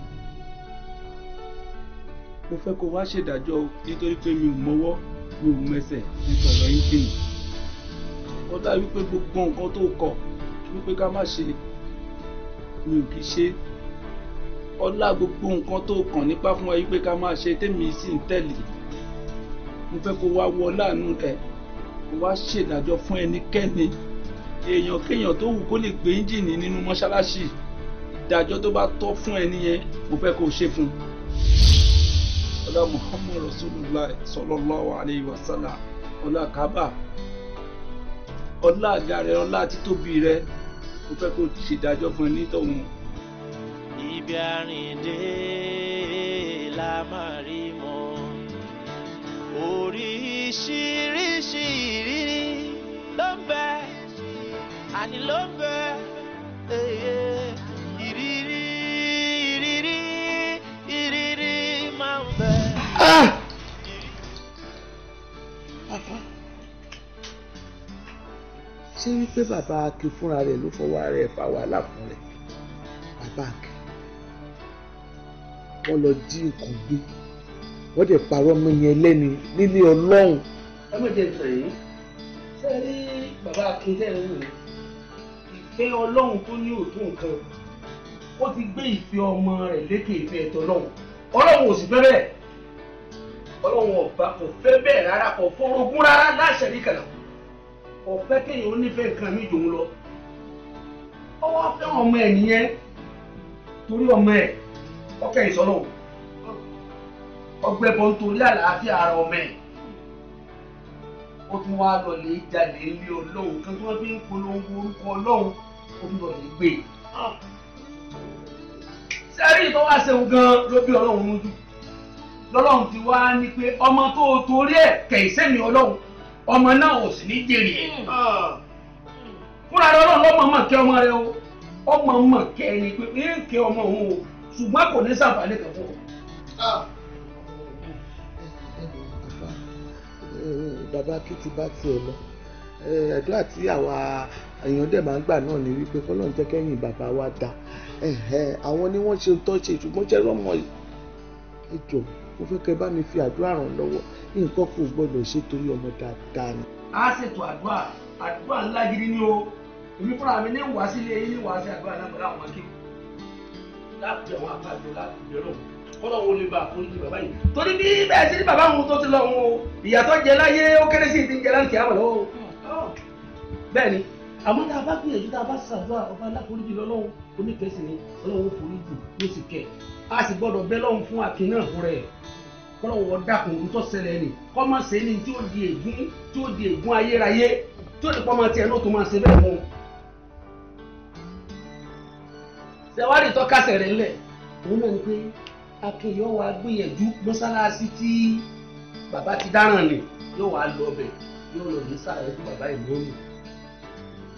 [SPEAKER 2] mo fẹ́ kó wá ṣèdájọ́ nítorí pé mi ò mọwọ́ mi ò mẹsẹ̀ nípa ọ̀rọ̀ engine wọ́n dá wípé gbogbo nǹkan tó kọ̀ wípé ká má ṣe mi ò kì í ṣe ọlá gbogbo nǹkan tó kàn nípa fún wa yìí pé ká máa ṣe tèmi sì ń tẹ̀lé mo fẹ́ kó wá wọ láàánú ẹ kó wá ṣèdájọ́ fún ẹnikẹ́ni èèyàn kéèyàn tó wù kó lè gbé ẹ́ńjìnì nínú mọ́ṣáláṣí ìdájọ́ tó bá tọ́ fún ẹni yẹn mo fẹ́ kó ṣe fún un. ọlá muhammad rasulullah sallallahu alayhi wa sallam ọlá kábà
[SPEAKER 1] ọlá àga rẹ ọlá títóbi rẹ mo fẹ́ kó ṣèdájọ́ fún ẹ nítòun. ibi àrìndé la máa rí mọ́ oríṣiríṣi ìrírí ló ń bẹ àní ló ń bẹ ìrírí ìrírí ìrírí máa ń bẹ. Ah!
[SPEAKER 2] ṣé wípé bàbá akin fúnra rẹ̀ ló fọwọ́ ara ẹ̀ fa wàhálà fún rẹ̀ bàbá akin wọ́n lọ jí nǹkan gbé wọ́n dẹ̀ parọ́ ọmọ yẹn lẹ́ni nílé ọlọ́run. ẹ má jẹ tàn yín
[SPEAKER 1] ṣé ẹ rí bàbá akin tẹ́ ẹ rìn ìfẹ́ ọlọ́run tó ní òótọ́ nǹkan
[SPEAKER 2] ó ti gbé ìfẹ́ ọmọ rẹ̀ lékè ìfẹ́ ẹ̀tọ́ ọlọ́run ọlọ́run ò sì fẹ́ bẹ́ẹ̀ ọlọ́run ọba kò fẹ́ bẹ́ẹ̀ rárá kò fọ́rọ́gún rárá láṣẹ ní kàlàkù ọ̀fẹ́ kéèyàn ó nífẹ̀ẹ́ nǹkan mi jòun lọ ó wá fẹ́ ọmọ ẹ̀ nìyẹn torí ọmọ ẹ̀ ọkẹ́ ìsọ́nà ọgbẹ́ bọ́ nítorí àlàáfíà ara ọmọ ẹ̀ ó tún wá lọ lè jalè ilé ọlọ́run kan tí wọ́n fi ń polongo orúkọ ọlọ́run ó tún lọ lè gbé sẹ́rí tó wá ṣeun gan ló bí ọlọ́run lójú lọ́lọ́run ti wá ní pé ọmọ tó torí ẹ̀ kẹ̀sẹ́ mi ọlọ́run ọmọ náà ò sì ní jèrè ẹ̀ hmm. ah. fúnra rẹ ọlọ́run lọ́mọ mọ̀ ọmọ rẹ o ọmọ mọ̀ ẹni pé ẹ ọmọ òun o ṣùgbọ́n kò ní sàǹfààní kan ah. eh, bàbá kí ti bá tiẹ̀ lọ eh, àwa èèyàn dẹ̀ máa ń gbà náà ni wípé kọ́lọ́n jẹ́ kẹ́yìn bàbá wa dá àwọn ni wọ́n ṣe tọ́ ṣe ṣùgbọ́n ṣẹ́rọ́ mọ́ ẹ̀jọ̀ mo fẹ́ kẹ́ bá mi fi àdúrà ràn lọ́wọ́ nǹkan kò gbọ́dọ̀ ṣe torí ọmọ dáadáa ni. a ṣètò àdúrà àdúrà ńlá gidi ni o èmi fúnra mi ní wá sílé yín ní wá sí àdúrà náà pẹ̀lú àwọn akéwì láti àwọn àpàjọ láti bẹ̀rẹ̀ òun kọ́lọ́ wo lè bá a forí di bàbá yìí torí bí bẹ́ẹ̀ sí ni bàbá òun tó ti lọ òun o ìyàtọ̀ jẹ láyé ó kéré sí ti ń jẹ láǹkì àwọn lọ́wọ́ bẹ́ẹ̀ ni àmọ́ tá a bá gbìyànjú tá a bá ṣàdúrà ọba aláforíjì lọ́lọ́run oníkẹ́sì ni ọlọ́run foríjì ló sì kẹ́ ẹ̀ a sì gbọ́dọ̀ bẹ́ lọ́hùn fún akin náà fún rẹ̀ kọ́lọ́wọ́ dàkún ń tọ́ ṣẹlẹ̀ ni kọ́mọ ṣe ni tí ó di ègún tí ó di ègún ayérayé tí ó lè pọ́nmọ tiẹ̀ ló tó máa ṣe bẹ́ẹ̀ fún un. ṣẹ̀wárì tó kásẹ̀ rẹ̀ ńlẹ̀ òun náà ni pé akin yóò wá gbìyànjú mọ́sálásí tí bàbá ti dáràn ni yóò wá lọ ọbẹ̀ yóò lọ ní sáré fún bàbá ìmọ̀ọ́nù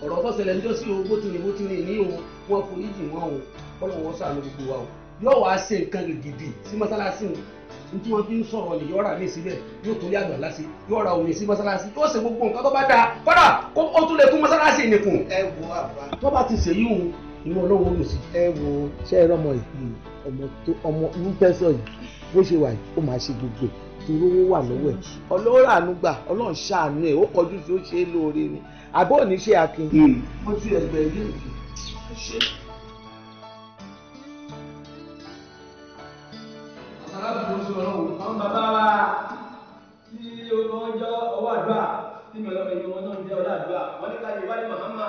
[SPEAKER 2] ọ̀rọ̀ tó ṣẹlẹ̀ o bó ti rìn bó ti rìn ní o wọ́n forí jì wọ́n o kọ́lọ́wọ́ ṣàánú gbogbo wa o yóò wá ṣe nǹkan gidi sí mọ́sálásí n tí wọ́n fi ń sọ̀rọ̀ lè yóò rà mí síbẹ̀ yóò tún lé àgbàlá sí yóò ra omi sí mọ́sálásí yóò ṣe gbogbo nǹkan tó bá dáa kódà ó tún lè tún mọ́sálásí nìkun. ẹ wo àbá. tó bá ti ṣèyí òun ìwọ ọlọ́wọ́ lò sí. ẹ wo ṣé ẹ rọmọ yìí hmm. ọmọ tó ọmọ ń tẹ́sọ̀ yìí bó ṣe wà yìí ó máa ṣe gbogbo ẹ̀ torí owó wà lọ́wọ́ ẹ̀ ọlọ́rọ̀ àánú gbà ọlọ́run ṣàánú ẹ̀ ó é lóore ni àbọ̀ òní ṣe akin.
[SPEAKER 3] alábùkún sí ọlọ́run àwọn bàbá wa
[SPEAKER 1] tí ọjọ́ ọwọ́ àdúrà tí mi ọlọ́run ìyẹn wọn náà ń jẹ́ ọlọ́ àdúrà wọ́n ní káyọ̀ wálé mahama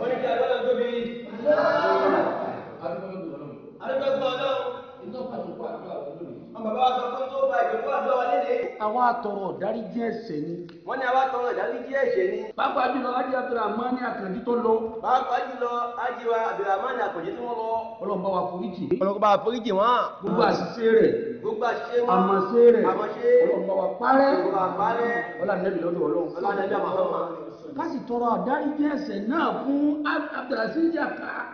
[SPEAKER 1] wọ́n ní káyọ̀ lọ́dọ̀ tóbi. adúgbò ọlọ́run. adúgbò ọlọ́run. iná pàtó pàtó
[SPEAKER 2] bàbá wa sọ pé tó bá ìdòwú àdúrà wa lélẹ̀. àwa tọrọ dáríjì ẹ̀ṣẹ̀ ni. wọ́n ní àwa tọrọ
[SPEAKER 1] dáríjì ẹ̀ṣẹ̀ ni. pàápàá jùlọ ajé abdulrahman akànjí tó lọ. pàápàá jùlọ ajé wa abdulrahman akànjí tó lọ. ọlọ́run bá wa foríjì. ọlọ́run bá wa foríjì wọn. gbogbo àṣìṣe rẹ̀. gbogbo àṣìṣe wọn. àmọ̀ṣe rẹ̀. àmọ̀ṣe. ọlọ́run bá wa parẹ́. ọlọ́run bá wa parẹ́. ọlọ́run
[SPEAKER 2] ká sì tọrọ àdáríjì ẹ̀ṣẹ̀ náà fún abdulrasheed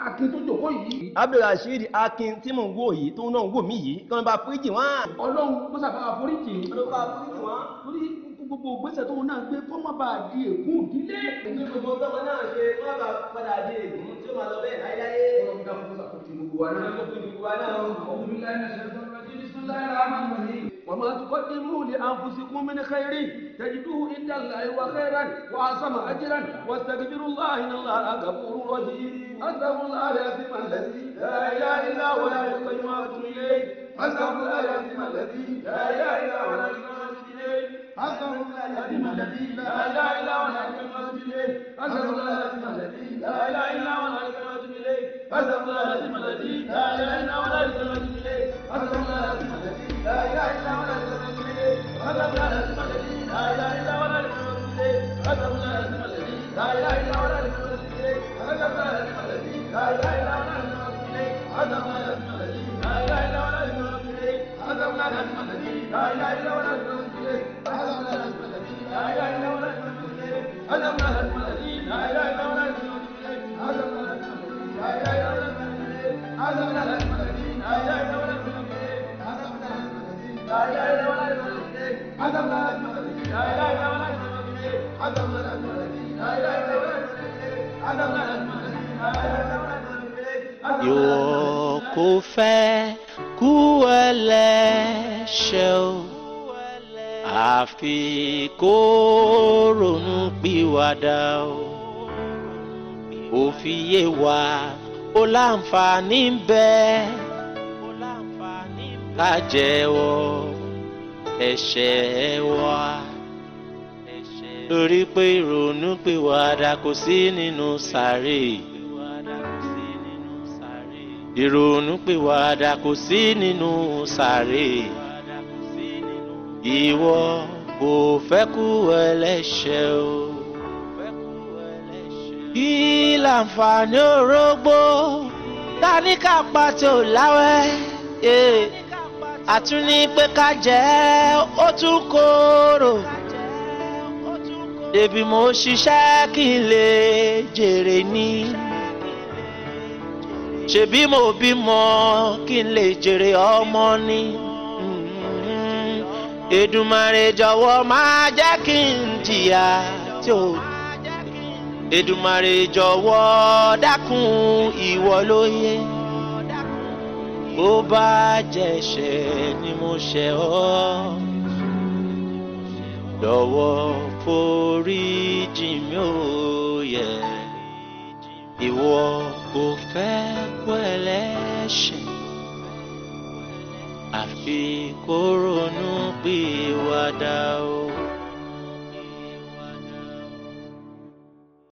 [SPEAKER 2] akin tó jòkó yìí.
[SPEAKER 1] abdulrasheed akin tí mò ń wò yìí tó náà ń wò mí yìí kí wọ́n bá foríjì wọ́n.
[SPEAKER 2] ọlọ́run kó sábà foríjì. ọlọ́run bá foríjì wọ́n. torí gbogbo ògbésẹ̀ tó náà gbé kó má bàa di èkú ìdílé. ìlú gbogbo tọ́wọ́
[SPEAKER 1] náà ṣe má bàa padà di èkú tí ó máa lọ bẹ́ẹ̀
[SPEAKER 2] láyáyé. ọlọ́run dá fún sàkóso ìlú wa náà. ọlọ́run dá fún ìlú wa náà. ọ̀hún mi وما تقدموا لأنفسكم من خير تجدوه عند الله وخيرا وأعظم أجرا واستغفروا الله إن الله غفور رحيم أستغفر الله العظيم الذي لا إله إلا هو لا يقيم إليه أستغفر الله العظيم الذي لا إله إلا هو لا يقيم أسأل الله العظيم الذي لا إله إلا هو الحكيم إليه أسأل الله العظيم الذي لا إله إلا هو الحكيم
[SPEAKER 3] إليه أسأل الله العظيم الذي لا إله إلا هو الحكيم إليه أسأل الله العظيم I don't know.
[SPEAKER 1] yòókù fẹ́ kú ẹlẹ́ṣẹ̀ o àfi kó ronú pìwàdà o òfin yé wa ó láǹfààní bẹ́ẹ̀ ká ẹ̀ṣẹ̀ wa lórí pé ìrònú pé wàdà kò sí nínú sàárè ìrònú pé wàdà kò sí nínú sàárè ìwọ kò fẹ́ kú ẹlẹ́ṣẹ̀ o kí làǹfààní orógbó ta ní ká pàtó láwẹ́. Yeah àtún ní pé ká jẹ́ ó tún kóró débi mo ṣiṣẹ́ kí n lè jèrè ni ṣebí mo bímọ kí n lè jèrè ọmọ ni Èdùmàrè jọ̀wọ́ máa jẹ́ kí n jìyà tí ò Èdùmàrè jọ̀wọ́ dákun ìwọ lóye bó bá jẹ̀ṣẹ̀ ni mo ṣẹ̀ ọ́ lọ́wọ́ forí jì mí ò yẹ ìwọ kò fẹ́ kú ẹlẹ́ṣẹ̀ àfi kó ronú pìwàdà o.